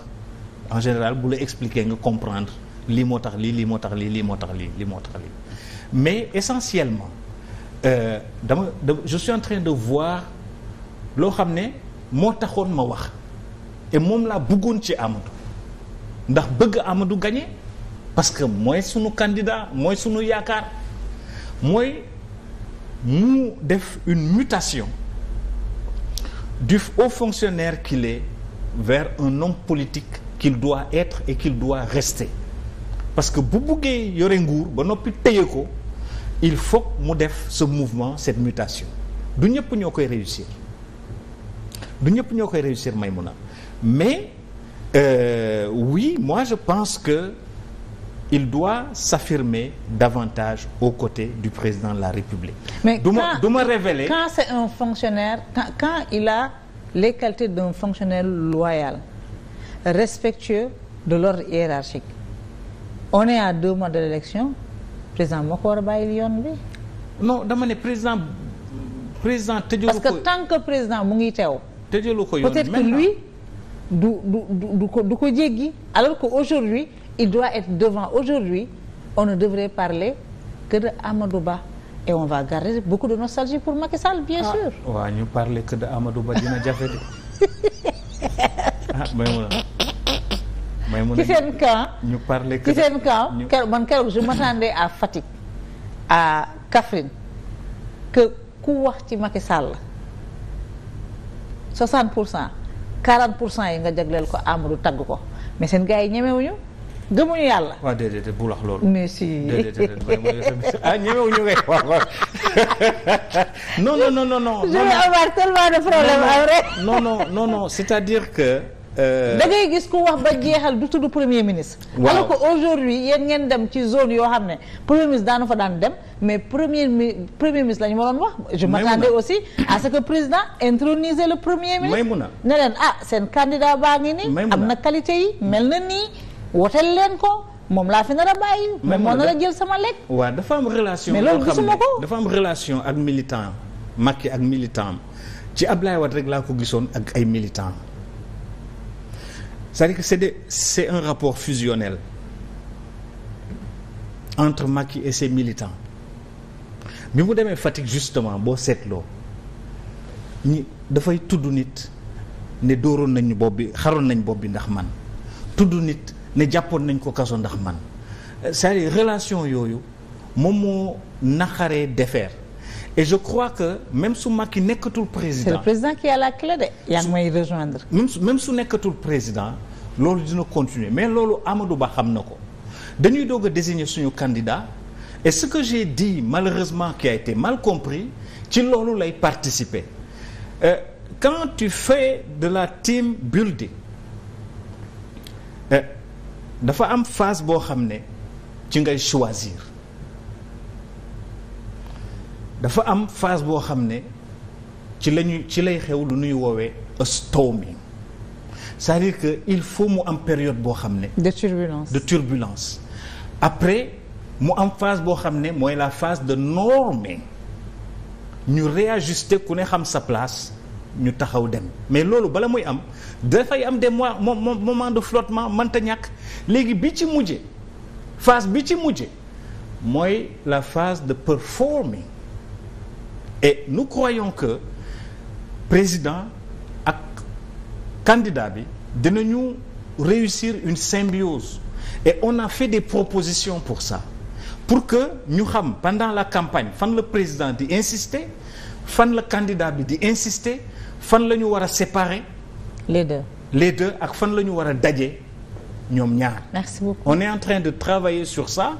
en général bu la expliquer nga comprendre lii moo tax lii lii moo tax lii lii moo tax lii lii moo tax lii mais essentiellement euh, dama euh, je suis en train de voir loo xam ne moo taxoon ma wax et moom laa bëggoon ci Amadou ndax bëgg Amadou gagné parce que mooy suñu candidat mooy suñu yaakaar mooy mu def une mutation du haut fonctionnaire qu'il est vers un homme politique qu'il doit être et qu'il doit rester parce que bu buggee yore nguur ba noppi téye ko il faut mu def ce mouvement cette mutation du ñëpp ñoo koy réussir du ñëpp ñoo koy réussir a Mais euh, oui, moi je pense que il doit s'affirmer davantage aux côtés du président de la République. Mais quand, me, me révéler... quand c'est un fonctionnaire, quand, il a les qualités d'un fonctionnaire loyal, respectueux de l'ordre hiérarchique, on est à deux mois de l'élection, président Mokorba, il y en Non, le président... président Parce que tant que président Mungiteo, peut-être que lui... du du du ko du ko jéggi alors que aujourd'hui il doit être devant aujourd'hui on ne devrait parler que de Amadou Ba et on va garder beaucoup de nostalgie pour Macky Sall bien ah. sûr. ñu parler que de Amadou Ba dina jafe de. ah Maïmouna seen camp ñu seen camp keroog man keroog je m'attendais à Fatick à Kaffrine que ku wax ci Macky Sall pour cent. 40 pour cent yi nga jagleel ko Amadou tagg ko mais seen gars yi ñemewuñu gëmuñu yàlla. waaw déedéet bu lax loolu. mais si déedéet ah ñemewuñu ngay wax wax non non non non non. non non non non c'est-à-dire que. Euh, da ngay gis ku wax ba jeexal du tudd premier ministre. waaw ko que aujourd'hui yéen ngeen dem ci zone yoo xam ne premier ministre daanu fa daan dem mais premier mi premier ministre la ñu waroon wax. je aussi à ce que président introniser le premier ministre. ne leen ah seen candidat baa ngi nii. am na qualité yi mel na nii woteel leen ko. moom laa fi nar a bàyyi. moom moo nar jël sama lekk. waa dafa am relation. mais loolu gisuma ko dafa am relation ak militant Macky ak militant ci Ablaye Wade rek ko gisoon ak ay militant c'est-à-dire que c'est un rapport fusionnel entre Macky et ses militants bi mu demee Fatick justement boo seetloo ñi dafay tudd nit ne dóoroon nañu bopp bi xaroon nañ bopp bi ndax man tudd nit ne jàppoon nañ ko kaso ndax man euh, cest à relation yooyu moom moo naqaree defeer et je crois que même su ki nekkatul président. c'est le président qui a la clé de. yaa ngi rejoindre. même su même su nekkatul président loolu dina continuer mais loolu Amadou Ba xam na ko dañuy doog a suñu candidat et ce que j'ai di malheureusement qui a été mal compris ci loolu lay participer euh, quand de la team building euh, dafa am phase boo xam ne ci ngay choisir. dafa am phase boo xam ne ci lañu ci lay xew lu ñuy woowee storming c'est-à-dire que il faut mu am période boo xam ne. de turbulence de turbulence après mu am phase boo xam ne mooy la phase de norming ñu réajuster ku ne xam sa place ñu taxaw dem mais loolu bala muy am dafay am de mois moment de flottement mënta ñàkk léegi bi ci mujje phase bi ci mujje mooy la phase de performing et nous croyons que président ak candidat bi dinañu réussir une symbiose et on a fait des propositions pour ça pour que ñu xam pendant la campagne fan la président di insister fan la candidat bi di insister fan la ñu war a séparer les deux les ak fan la ñu war a daje ñoom ñaar merci beaucoup on est en train de travailler sur ça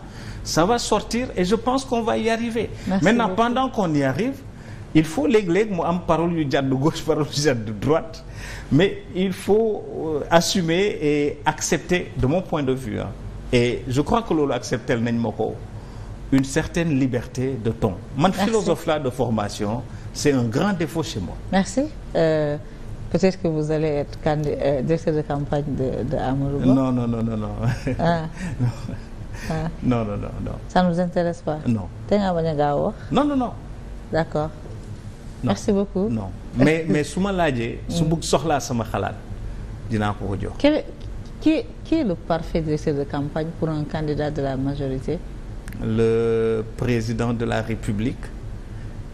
ça va sortir et je pense qu'on va y arriver maintenant pendant qu'on y arrive il faut léeg-léeg mu am parole yu jàdd gauche parole yu jàdd droite mais il faut euh, assumer et accepter de mon point de vue hein, et je crois que loolu accepter nañ ma ko une certaine liberté de ton man philosophe là de formation c'est un grand défaut chez moi merci euh, peut-être que vous allez être candidat euh, directeur de campagne de de Amadou ah. Ah. non non non non ça ne vous intéresse pas non te ngaa bañ a non non non d'accord merci beaucoup non mais mais su ma laajee. su bëgg soxlaa sama xalaat dinaa ko ko jox. qui qui est le parfait directeur de campagne pour un candidat de la majorité. le président de la République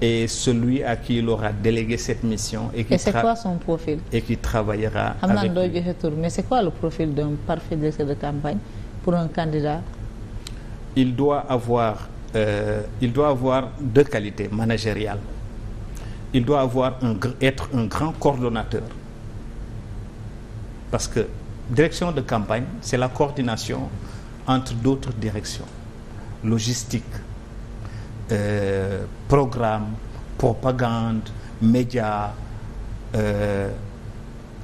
et celui à qui il aura délégué cette mission. et c'est quoi son profil. et qui travaillera avec. xam naa doo joxe tur mais c'est quoi le profil d'un parfait directeur de campagne pour un candidat. il doit avoir euh, il doit avoir deux qualités managériales. il doit avoir un être un grand coordonnateur parce que direction de campagne c'est la coordination entre d'autres directions logistique euh, programme propagande média euh,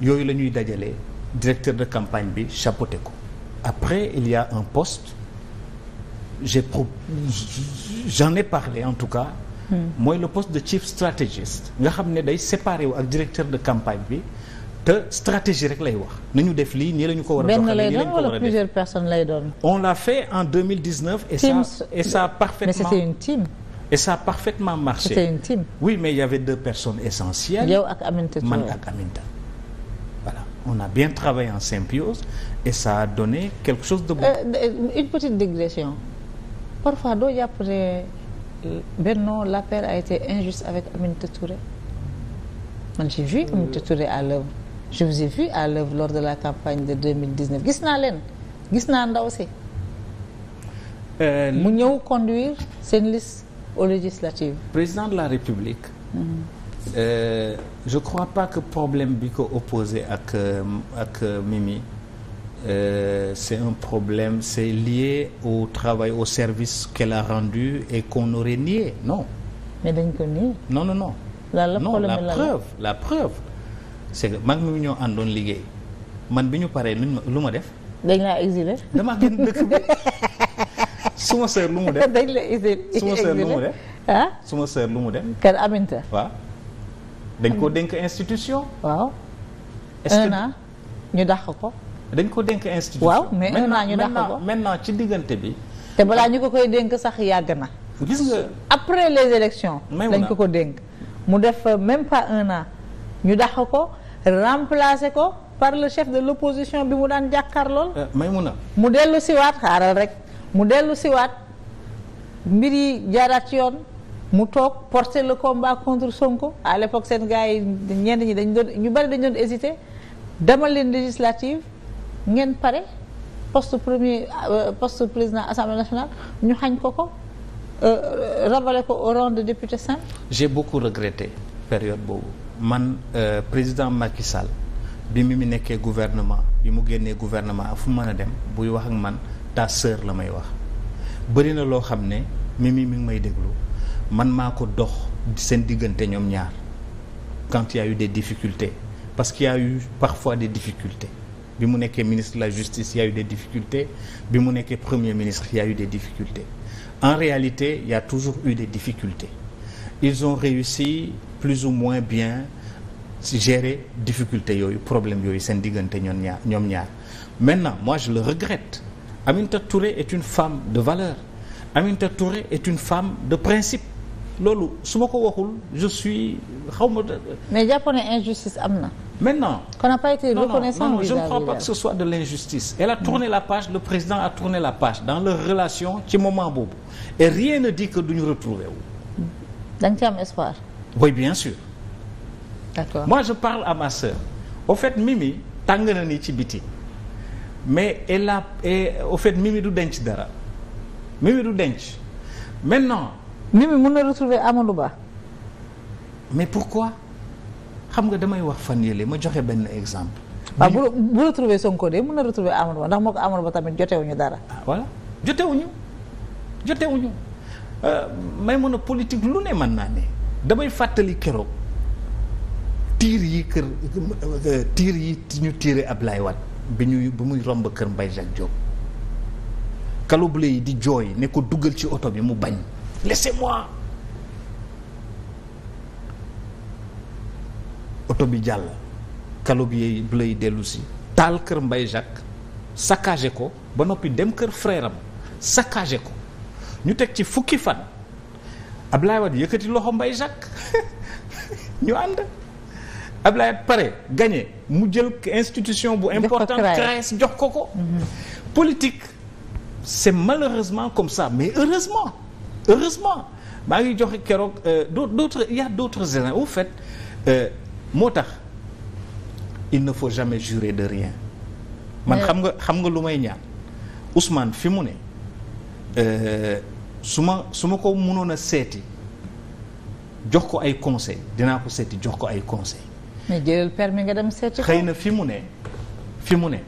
yooyu la ñuy dajale directeur de campagne bi chapeauté ko après il y a un poste j'ai j'en ai parlé en tout cas mooy le poste de chief stratégiste nga xam ne day séparé ak directeur de campagne bi te stratégie rek lay wax nañu def lii nii la ñu ko war a doxalee benn lay doon wala on l'a fait en 2019. et ça et ça parfaitement mais c'était une et ça a parfaitement marché c'était une team. oui mais il y avait deux personnes essentielles. yow ak Aminata man ak Aminata. voilà on a bien travaillé en symbiose et ça a donné quelque chose de bon. Euh, une petite digression parfois doo jàpp ne. Euh, bennon l'appel a été injuste avec Aminata Touré man j'ai vu euh. Aminata Touré à l'œuvre je vous ai vu à l'œuvre lors de la campagne de 2019 gis naa leen gis naa ndaw si euh, mu ñëw conduire seen liste aux législatives de la République mm je crois pas que problème bi ko opposé ak ak Mimi euh, c'est un problème, c'est lié au travail, au service qu'elle a rendu et qu'on aurait nié. Non. mais dañ ko nié. non non non. la la non, la preuve la preuve c'est mag mi ñoo àndoon liggéey man bi ñu paree luñ lu ma def. dañ laa exilé. damaa génn dëkk bi suma sœur lu mu def dañ la exilé suma sœur lu mu def. ah suma sœur lu mu def. kan Aminta. dañ ko dénk institution. waaw. est ñu dàq ko. dañ ko dénk institution. waaw mais un an ñu dax ko maintenant ci diggante bi. te balaa ñu ko koy dénk sax yàgg na. gis nga après les élections dañ ko ko dénk mu def euh, même pas un an ñu dàq ko remplacer ko par le chef de l'opposition bi mu daan jàkkaar lool euh, Maymuna mu dellu siwaat xaaral rek mu dellu siwaat mbir yi jaaraat ci yoon mu toog porter la combat contre Sonko ko l'époque seen gars yi ñenn ñi dañ doon ñu bari dañ doon hésiter demal leen législative ngeen pare poste premier euh, poste président assemblée nationale ñu xañ ko ko euh, rabale ko au rang de député simple. j'ai beaucoup regretté période boobu man euh, président Macky bi mi mu nekkee gouvernement yi mu génnee gouvernement ak fu mën a dem buy wax ak man ta sœur la may wax bëri na loo xam ne Mimi mi ngi may déglu man maa ko dox seen diggante ñoom ñaar quand il y a des difficultés parce que y a eu parfois des difficultés bi mu nekkee ministre de la justice il y a eu des difficultés bi mu nekkee premier ministre il eu des difficultés en réalité il toujours eu des difficultés ils ont réussi plus ou moins bien gérer difficultés yooyu problème yooyu seen diggante ñoom ñaar ñoom ñaar maintenant moi je le regrette Aminata Touré est une femme de valeur Aminata Touré est une femme de principe loolu su ma ko waxul je suis xaw ma. mais jàpp na injustice am na. maintenant. qu'on n'a pas été reconnaissant non non, de l'injustice elle a tourné la page le président a tourné la page dans leur relation ci moment boobu e rien ne dit que duñu retrouver wu. da nga ci am espoir. oui bien sûr. d'accord moi je parle à ma sœur au fait Mimi tàng na ni ci biti mais elle a et au fait Mimi du denc dara Mimi du denc maintenant. Mimi mun na retrouver Amadou Ba. mais pourquoi. xam nga damay wax fan yële ma joxe benn exemple. waaw ah, bu bu retrouver Sonko de mën na retrouver Amadou Ba ndax moo ko Amadou Ba tamit jotewuñu dara. Ah, voilà jotewuñu jotewuñu euh, may mën a politique lu ne mën naa ne damay fàttali keroog tiir yi kër euh, tiir yi ñu tiire Ablaye Wade bi ñuy bi muy romb kër Mbaye Jacques Diop kalobule yi di jooy ne ko duggal ci oto bi mu bañ laissez oto bi jàll kalub yi bu lay dellu taal kër mbay Jacques saccagé ko ba noppi dem kër frère am saccagé ko ñu teg ci fukki fan Ablaye Wade yëkkati loxo mbay Jacques ñu ànd Ablaye pare gagné mu jël institution bu importante CREAS jox ko ko politique c'est malheureusement comme ça mais heureusement heureusement maa ngi joxe keroog euh, d'autres il y a d'autres éléments au euh, moo tax il ne faut jamais jurer de rien man xam nga xam nga lu may ñaan Ousmane fi mu ne euh, su ma su ma ko mënoon a seeti jox ko ay conseil dinaa ko seeti jox ko ay conseil mais jëlal nga dem seeti xëy na fi mu ne fi mu ne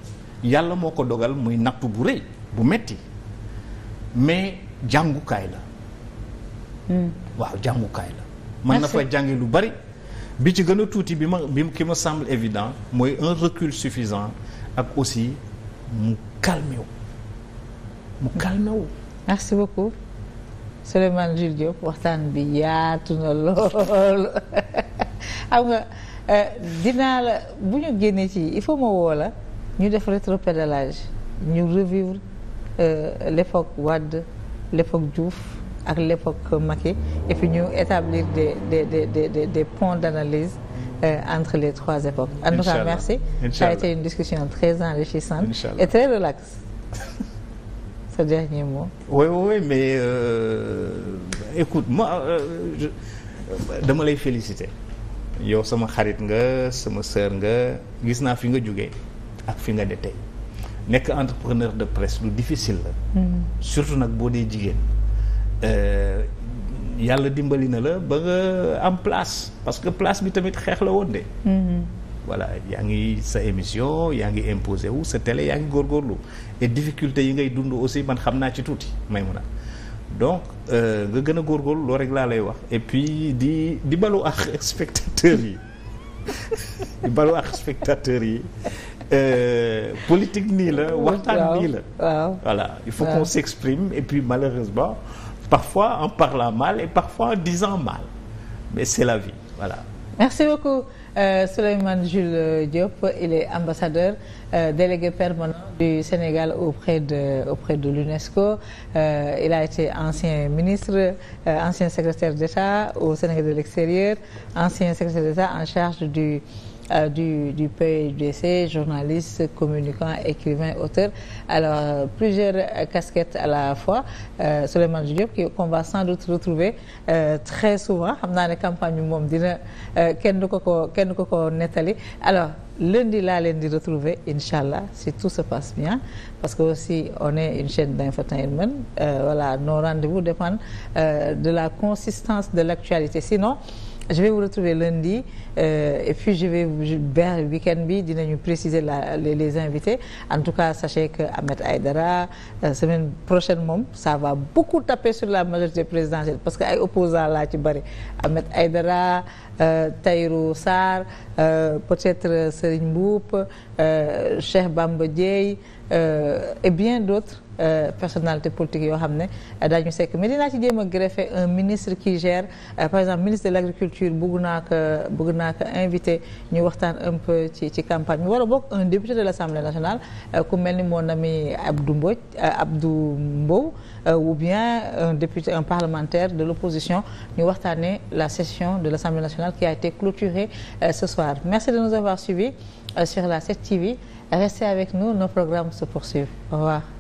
yàlla moo ko dogal muy nattu bu rëy bu metti mais jàngukaay la hmm. waaw jàngukaay la mën na fa jànge lu bari bi ci gën a tuuti bi ma bi ki ma semble évident mooy un recul suffisant ak aussi mu calmé wu mu calmé merci beaucoup Souleymane Jules Diop waxtaan bi yaatu na lool xam nga euh, dinaa la bu ñu génnee ci il faut ma woo la ñu def rétropédalage ñu revivre euh, l'époque Wade l'époque Diouf. ak l'époque Macky et puis ñu établir des de des de des ponts d'analyse euh, entre les trois époques. en tout cas merci. a été une discussion très enrichissante. et très relaxe. ce dernier mot. oui oui mais euh, écoute euh, dama lay féliciter yow sama xarit nga sama sœur nga gis naa fi nga jógee ak fi nga ne tey nekk entrepreneur de presse lu difficile la. Mm. surtout nag boo dee jigéen. Euh, yàlla dimbali na la ba nga am place parce que place bi tamit xeex la woon de. Mm-hmm. voilà yaa ngi sa émission yaa ngi imposé wu sa télé yaa ngi góorgóorlu et difficulté yi ngay dund aussi man xam naa ci tuuti may mun a donc euh, nga gën a góor loo rek laa lay wax et puis di di balu ak spectateurs yi di balu ak spectateurs yi. Euh, politique nii la waxtaan nii la. voilà il faut qu'on s'exprime et puis malheureusement. parfois en parlant mal et parfois en disant mal mais c'est la vie voilà. merci beaucoup euh, Souleymane Jules Diop il est ambassadeur euh, délégué permanent du Sénégal auprès de auprès de l'UNESCO euh, il a été ancien ministre euh, ancien secrétaire d'État au Sénégal de l'extérieur ancien secrétaire d'État en charge du euh, du du PUDC journaliste communicant écrivain auteur alors plusieurs casquettes à la fois euh, Souleymane Diop qu'on va sans doute retrouver euh, très souvent xam naa ne campagne bi moom dina euh, kenn du ko ko kenn du ko ko nettali alors lundi laa leen di retrouver incha allah si tout se passe bien parce que aussi on est une chaîne d'infotainment euh, voilà nos rendez-vous dépendent euh, de la consistance de l'actualité sinon je vais vous retrouver lundi euh, et puis je vais vers week-end bi dinañu préciser la les, les invités en tout cas sachez que Ahmed Aïdara euh, semaine prochaine moom ça va beaucoup taper sur la majorité présidentielle parce que ay opposants laa ci bëri Ahmed Aïdara euh, Tahirou Sarr euh, peut-être Serigne Mboup euh, Cheikh Bamba Dièye Euh, et bien d'autres euh, personnalités politiques yoo xam ne euh, daañu sekk mais dinaa ci jéem a greffer un ministre qui gère par exemple ministre de l'agriculture bëgg naa ko bëgg naa ko invité ñu waxtaan un peu ci ci campagne bi wala bokk un député de l'Assemblée nationale ku mel ni mon ami Abdou Mbodj Abdou Mbow ou bien un député un parlementaire de l'opposition ñu waxtaanee la session de l'Assemblée nationale qui a été clôturée ce soir merci de nous avoir suivis la 7TV Restez avec nous, nos programmes se poursuivent. Au revoir.